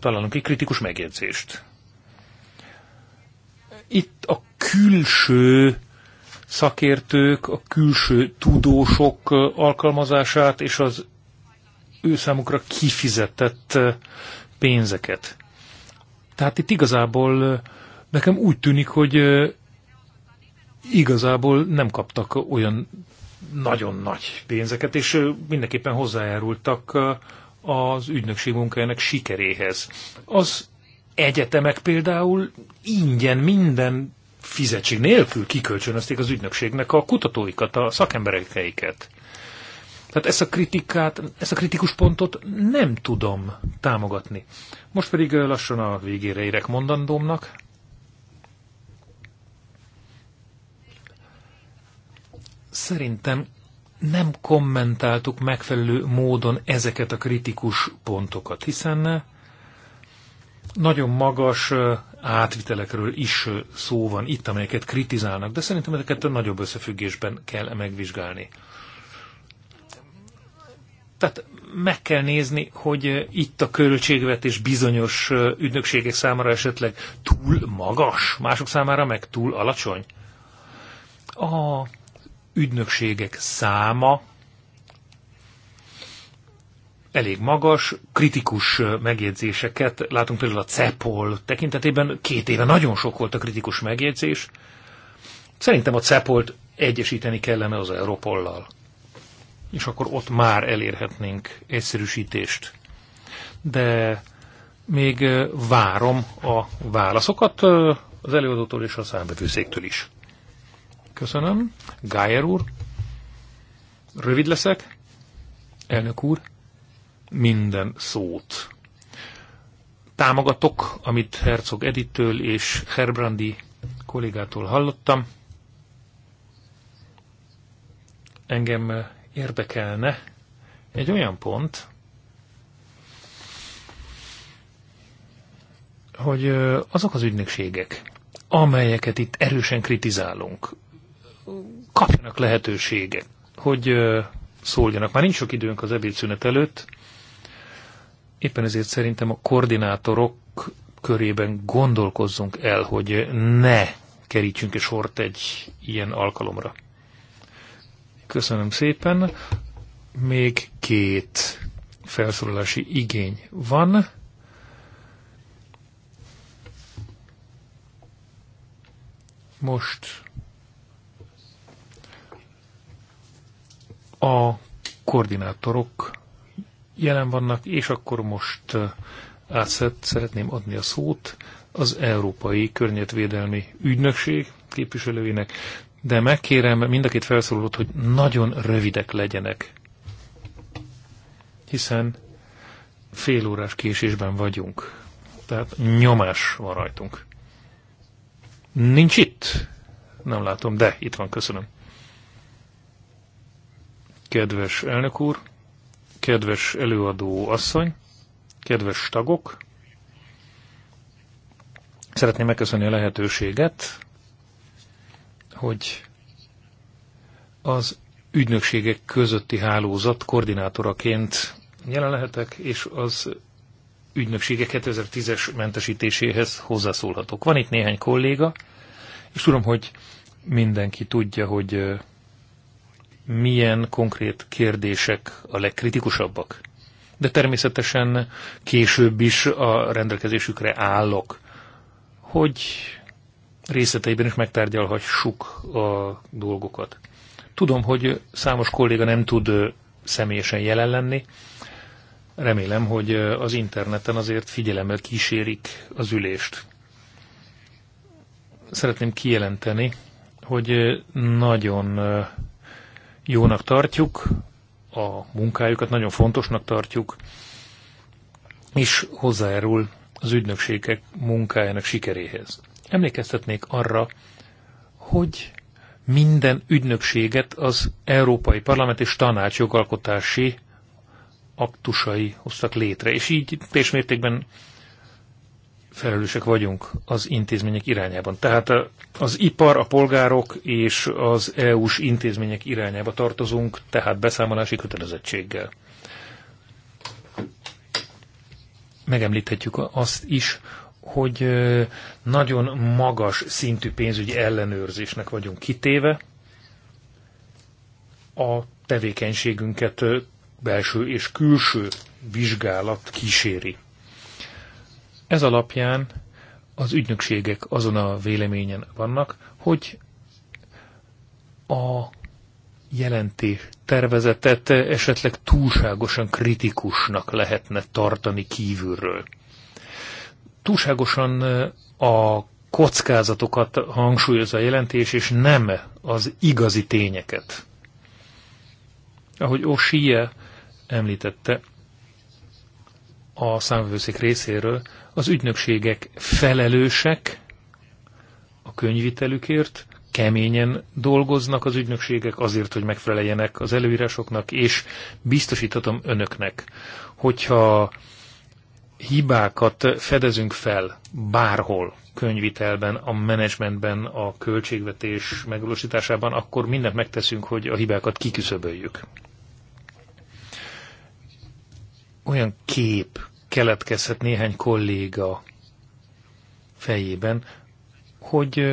találunk egy kritikus megjegyzést. Itt a külső szakértők, a külső tudósok alkalmazását és az ő számukra kifizetett pénzeket. Tehát itt igazából nekem úgy tűnik, hogy igazából nem kaptak olyan nagyon nagy pénzeket, és mindenképpen hozzájárultak az ügynökség munkájának sikeréhez. Az egyetemek például ingyen minden fizetség nélkül kikölcsönözték az ügynökségnek a kutatóikat, a szakemberekeiket. Tehát ezt a kritikát, ezt a kritikus pontot nem tudom támogatni. Most pedig lassan a végére érek mondandómnak. Szerintem nem kommentáltuk megfelelő módon ezeket a kritikus pontokat, hiszen nagyon magas átvitelekről is szó van itt, amelyeket kritizálnak, de szerintem ezeket a nagyobb összefüggésben kell megvizsgálni. Tehát meg kell nézni, hogy itt a költségvetés bizonyos ügynökségek számára esetleg túl magas, mások számára meg túl alacsony. A ügynökségek száma elég magas, kritikus megjegyzéseket látunk például a CEPOL tekintetében, két éve nagyon sok volt a kritikus megjegyzés. Szerintem a CEPOL-t egyesíteni kellene az Europollal. És akkor ott már elérhetnénk egyszerűsítést. De még várom a válaszokat az előadótól és a számbevőszéktől is. Köszönöm. Gájer úr. Rövid leszek. Elnök úr. Minden szót. Támogatok, amit Herzog Edittől és Herbrandi kollégától hallottam. Engem érdekelne egy olyan pont, hogy azok az ügynökségek, amelyeket itt erősen kritizálunk, kapjanak lehetőséget, hogy szóljanak. Már nincs sok időnk az ebédszünet előtt, éppen ezért szerintem a koordinátorok körében gondolkozzunk el, hogy ne kerítsünk egy sort egy ilyen alkalomra. Köszönöm szépen. Még két felszólalási igény van. Most A koordinátorok jelen vannak, és akkor most uh, át szeretném adni a szót az Európai Környezetvédelmi Ügynökség képviselőinek, de megkérem mind a két felszólalót, hogy nagyon rövidek legyenek, hiszen fél órás késésben vagyunk, tehát nyomás van rajtunk. Nincs itt? Nem látom, de itt van, köszönöm. Kedves elnök úr, kedves előadó asszony, kedves tagok, szeretném megköszönni a lehetőséget, hogy az ügynökségek közötti hálózat koordinátoraként jelen lehetek, és az ügynökségek 2010-es mentesítéséhez hozzászólhatok. Van itt néhány kolléga, és tudom, hogy mindenki tudja, hogy milyen konkrét kérdések a legkritikusabbak. De természetesen később is a rendelkezésükre állok, hogy részleteiben is megtárgyalhassuk a dolgokat. Tudom, hogy számos kolléga nem tud személyesen jelen lenni. Remélem, hogy az interneten azért figyelemmel kísérik az ülést. Szeretném kijelenteni, hogy nagyon jónak tartjuk, a munkájukat nagyon fontosnak tartjuk, és hozzájárul az ügynökségek munkájának sikeréhez. Emlékeztetnék arra, hogy minden ügynökséget az Európai Parlament és Tanács jogalkotási aktusai hoztak létre, és így teljes mértékben felelősek vagyunk az intézmények irányában. Tehát eh, az ipar, a polgárok és az EU-s intézmények irányába tartozunk, tehát beszámolási kötelezettséggel. Megemlíthetjük azt is, hogy eh, nagyon magas szintű pénzügyi ellenőrzésnek vagyunk kitéve, a tevékenységünket eh, belső és külső vizsgálat kíséri. Ez alapján az ügynökségek azon a véleményen vannak, hogy a jelentés tervezetet esetleg túlságosan kritikusnak lehetne tartani kívülről. Túlságosan eh, a kockázatokat hangsúlyozza a jelentés, és nem az igazi tényeket. Ahogy Oshie említette a számvőszék részéről, az ügynökségek felelősek a könyvitelükért, keményen dolgoznak az ügynökségek azért, hogy megfeleljenek az előírásoknak, és biztosíthatom önöknek, hogyha hibákat fedezünk fel bárhol, könyvitelben, a menedzsmentben, a költségvetés megvalósításában, akkor mindent megteszünk, hogy a hibákat kiküszöböljük. Olyan kép keletkezhet néhány kolléga fejében, hogy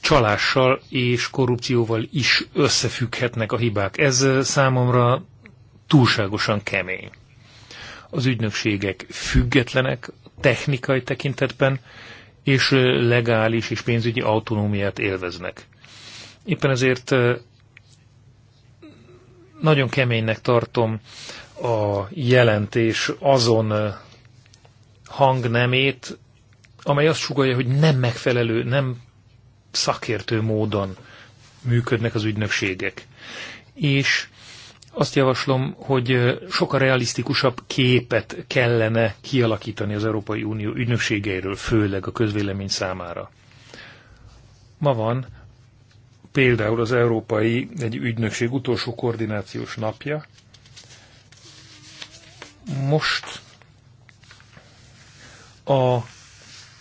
csalással és korrupcióval is összefügghetnek a hibák. Ez számomra túlságosan kemény. Az ügynökségek függetlenek technikai tekintetben, és legális és pénzügyi autonómiát élveznek. Éppen ezért nagyon keménynek tartom a jelentés azon hangnemét, amely azt sugalja, hogy nem megfelelő, nem szakértő módon működnek az ügynökségek. És azt javaslom, hogy sokkal realisztikusabb képet kellene kialakítani az Európai Unió ügynökségeiről, főleg a közvélemény számára. Ma van például az Európai egy ügynökség utolsó koordinációs napja, most a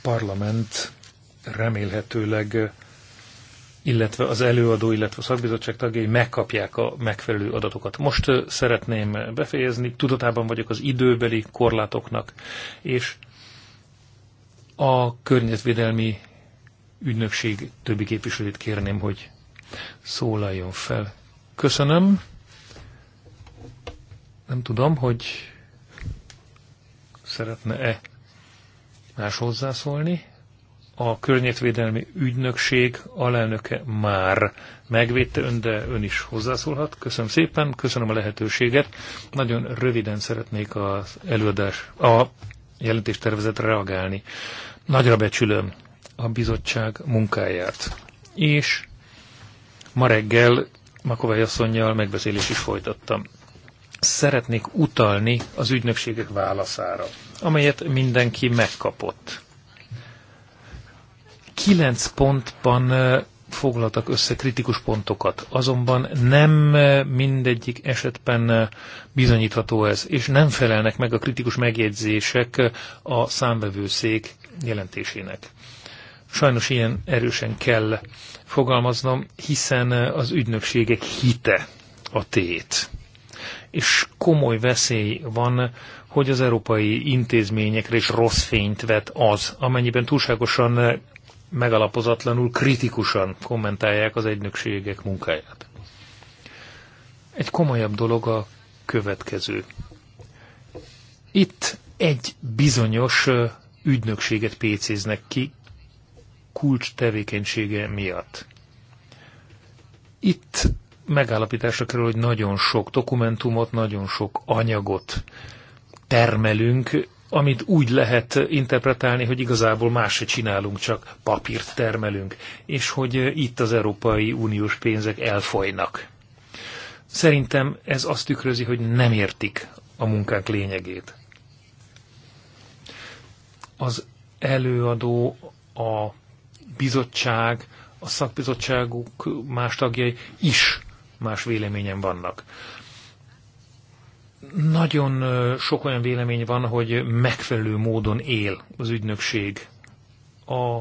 parlament remélhetőleg, illetve az előadó, illetve a szakbizottság tagjai megkapják a megfelelő adatokat. Most szeretném befejezni, tudatában vagyok az időbeli korlátoknak, és a környezetvédelmi ügynökség többi képviselőt kérném, hogy szólaljon fel. Köszönöm. Nem tudom, hogy Szeretne-e más hozzászólni? A környezetvédelmi ügynökség alelnöke már megvédte ön, de ön is hozzászólhat. Köszönöm szépen, köszönöm a lehetőséget. Nagyon röviden szeretnék az előadás, a jelentéstervezetre reagálni. Nagyra becsülöm a bizottság munkáját. És ma reggel Makovály asszonynal megbeszélés is folytattam szeretnék utalni az ügynökségek válaszára, amelyet mindenki megkapott. Kilenc pontban foglaltak össze kritikus pontokat, azonban nem mindegyik esetben bizonyítható ez, és nem felelnek meg a kritikus megjegyzések a számvevőszék jelentésének. Sajnos ilyen erősen kell fogalmaznom, hiszen az ügynökségek hite a tét és komoly veszély van, hogy az európai intézményekre is rossz fényt vet az, amennyiben túlságosan megalapozatlanul kritikusan kommentálják az egynökségek munkáját. Egy komolyabb dolog a következő. Itt egy bizonyos ügynökséget pécéznek ki kulcs tevékenysége miatt. Itt megállapításra kerül, hogy nagyon sok dokumentumot, nagyon sok anyagot termelünk, amit úgy lehet interpretálni, hogy igazából más se csinálunk, csak papírt termelünk, és hogy itt az Európai Uniós pénzek elfolynak. Szerintem ez azt tükrözi, hogy nem értik a munkánk lényegét. Az előadó, a bizottság, a szakbizottságuk más tagjai is más véleményen vannak. Nagyon sok olyan vélemény van, hogy megfelelő módon él az ügynökség a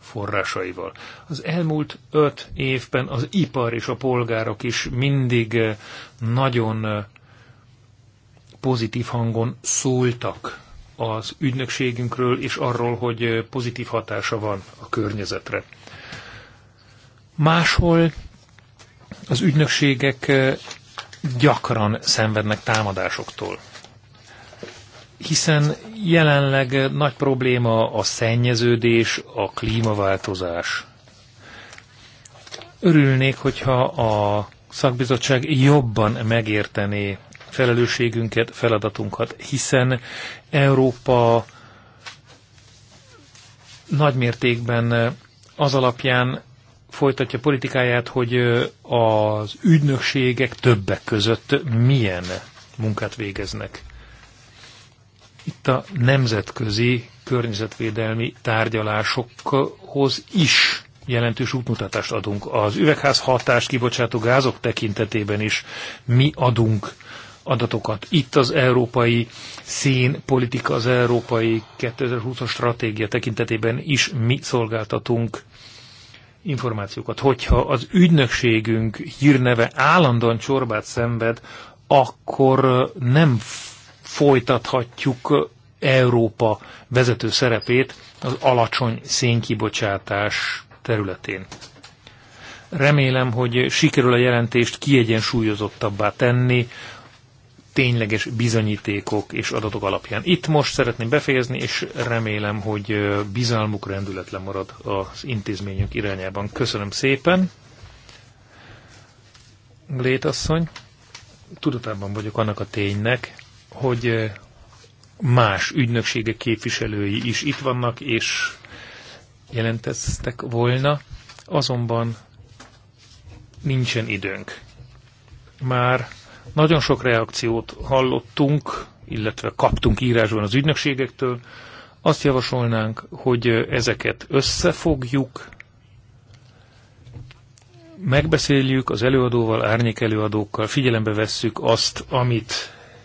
forrásaival. Az elmúlt öt évben az ipar és a polgárok is mindig nagyon pozitív hangon szóltak az ügynökségünkről, és arról, hogy pozitív hatása van a környezetre. Máshol az ügynökségek gyakran szenvednek támadásoktól, hiszen jelenleg nagy probléma a szennyeződés, a klímaváltozás. Örülnék, hogyha a szakbizottság jobban megértené felelősségünket, feladatunkat, hiszen Európa nagymértékben az alapján folytatja politikáját, hogy az ügynökségek többek között milyen munkát végeznek. Itt a nemzetközi környezetvédelmi tárgyalásokhoz is jelentős útmutatást adunk. Az üvegház hatást kibocsátó gázok tekintetében is mi adunk adatokat. Itt az európai szénpolitika, az európai 2020-as stratégia tekintetében is mi szolgáltatunk információkat. Hogyha az ügynökségünk hírneve állandóan csorbát szenved, akkor nem folytathatjuk Európa vezető szerepét az alacsony szénkibocsátás területén. Remélem, hogy sikerül a jelentést kiegyensúlyozottabbá tenni tényleges bizonyítékok és adatok alapján. Itt most szeretném befejezni, és remélem, hogy bizalmuk rendületlen marad az intézményünk irányában. Köszönöm szépen. Létasszony, tudatában vagyok annak a ténynek, hogy más ügynökségek képviselői is itt vannak, és jelenteztek volna, azonban nincsen időnk. Már nagyon sok reakciót hallottunk, illetve kaptunk írásban az ügynökségektől. Azt javasolnánk, hogy ezeket összefogjuk, megbeszéljük az előadóval, árnyék előadókkal, figyelembe vesszük azt, amit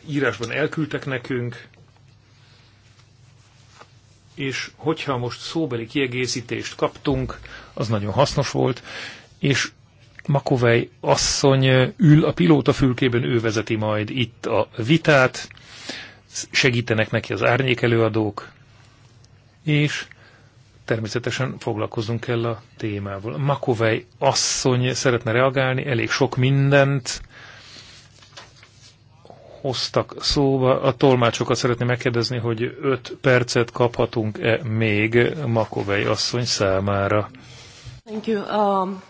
írásban elküldtek nekünk, és hogyha most szóbeli kiegészítést kaptunk, az nagyon hasznos volt, és Makovej asszony ül a pilóta fülkében, ő vezeti majd itt a vitát, segítenek neki az árnyékelőadók, és természetesen foglalkozunk kell a témával. Makovej asszony szeretne reagálni, elég sok mindent hoztak szóba. A tolmácsokat szeretném megkérdezni, hogy 5 percet kaphatunk-e még Makovej asszony számára. Thank you. Um...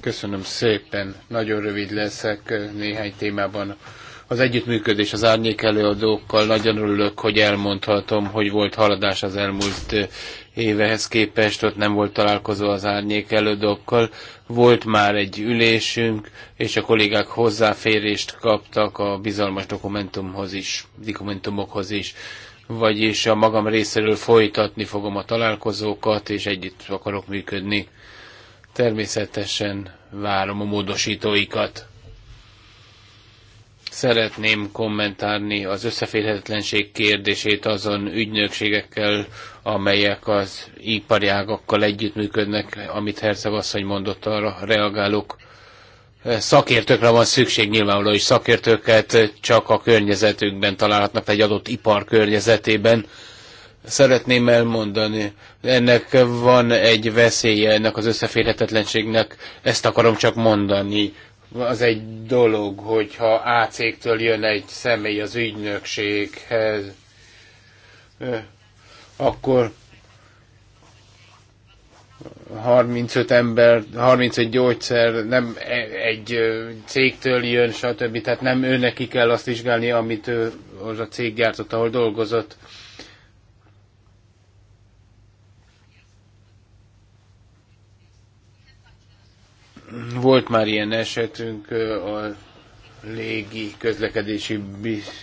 Köszönöm szépen. Nagyon rövid leszek eh, néhány témában. Az együttműködés az árnyék előadókkal nagyon örülök, hogy elmondhatom, hogy volt haladás az elmúlt eh, évehez képest, ott nem volt találkozó az árnyék előadókkal. Volt már egy ülésünk, és a kollégák hozzáférést kaptak a bizalmas dokumentumhoz is, dokumentumokhoz is vagyis a magam részéről folytatni fogom a találkozókat, és együtt akarok működni Természetesen várom a módosítóikat. Szeretném kommentálni az összeférhetetlenség kérdését azon ügynökségekkel, amelyek az iparjágokkal együttműködnek, amit Herceg asszony mondott, arra reagálok. Szakértőkre van szükség nyilvánvaló, és szakértőket csak a környezetükben találhatnak egy adott ipar környezetében szeretném elmondani. Ennek van egy veszélye, ennek az összeférhetetlenségnek, ezt akarom csak mondani. Az egy dolog, hogyha AC-től jön egy személy az ügynökséghez, akkor 35 ember, 35 gyógyszer nem e, egy cégtől jön, stb. Tehát nem ki kell azt vizsgálni, amit ő, az a cég gyártott, ahol dolgozott. Volt már ilyen esetünk a légi közlekedési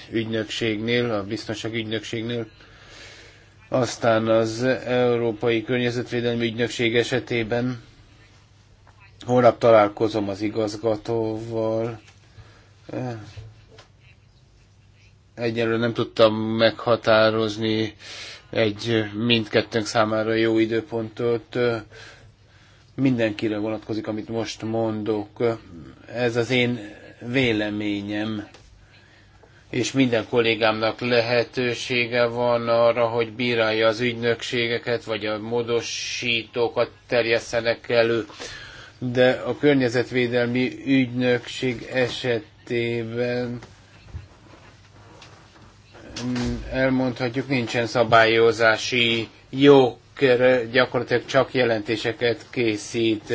ügynökségnél, a biztonsági ügynökségnél. Aztán az Európai Környezetvédelmi Ügynökség esetében holnap találkozom az igazgatóval. Egyelőre nem tudtam meghatározni egy mindkettőnk számára jó időpontot mindenkire vonatkozik, amit most mondok. Ez az én véleményem. És minden kollégámnak lehetősége van arra, hogy bírálja az ügynökségeket, vagy a módosítókat terjesztenek elő. De a környezetvédelmi ügynökség esetében elmondhatjuk, nincsen szabályozási jog gyakorlatilag csak jelentéseket készít,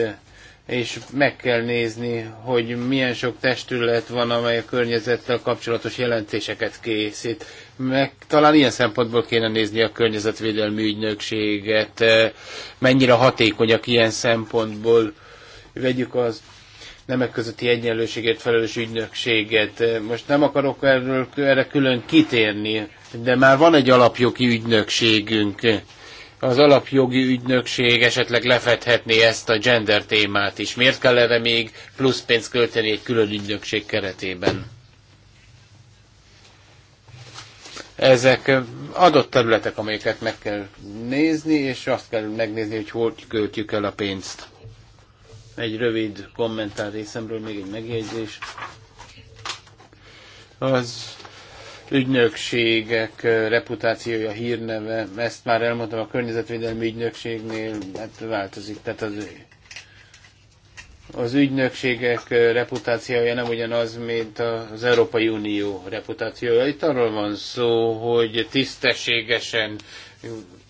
és meg kell nézni, hogy milyen sok testület van, amely a környezettel kapcsolatos jelentéseket készít. Meg talán ilyen szempontból kéne nézni a környezetvédelmi ügynökséget, mennyire hatékonyak ilyen szempontból. Vegyük az nemek közötti egyenlőségért felelős ügynökséget. Most nem akarok erről, erre külön kitérni, de már van egy alapjogi ügynökségünk az alapjogi ügynökség esetleg lefedhetné ezt a gender témát is. Miért kell erre még plusz pénzt költeni egy külön ügynökség keretében? Ezek adott területek, amelyeket meg kell nézni, és azt kell megnézni, hogy hol költjük el a pénzt. Egy rövid kommentár részemről még egy megjegyzés. Az ügynökségek reputációja, hírneve, ezt már elmondtam a környezetvédelmi ügynökségnél, hát változik, tehát az, az ügynökségek reputációja nem ugyanaz, mint az Európai Unió reputációja. Itt arról van szó, hogy tisztességesen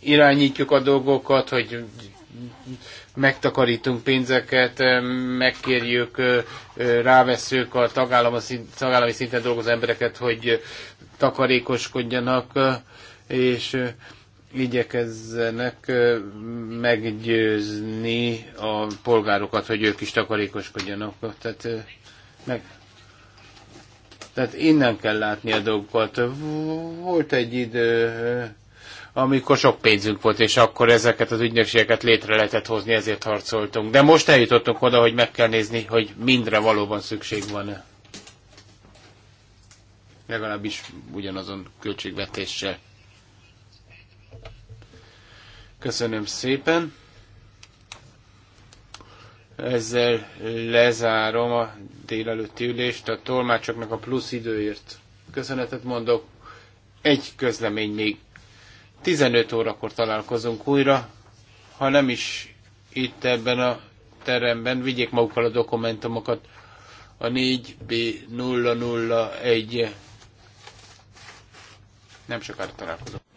irányítjuk a dolgokat, hogy megtakarítunk pénzeket, megkérjük, ráveszünk a tagállami szinten dolgozó embereket, hogy takarékoskodjanak, és igyekezzenek meggyőzni a polgárokat, hogy ők is takarékoskodjanak. Tehát, meg, tehát innen kell látni a dolgokat. Volt egy idő, amikor sok pénzünk volt, és akkor ezeket az ügynökségeket létre lehetett hozni, ezért harcoltunk. De most eljutottunk oda, hogy meg kell nézni, hogy mindre valóban szükség van-e legalábbis ugyanazon költségvetéssel. Köszönöm szépen. Ezzel lezárom a délelőtti ülést a tolmácsoknak a plusz időért. Köszönetet mondok. Egy közlemény még. 15 órakor találkozunk újra, ha nem is itt ebben a teremben, vigyék magukkal a dokumentumokat. A 4B001 nem sokára találkozunk.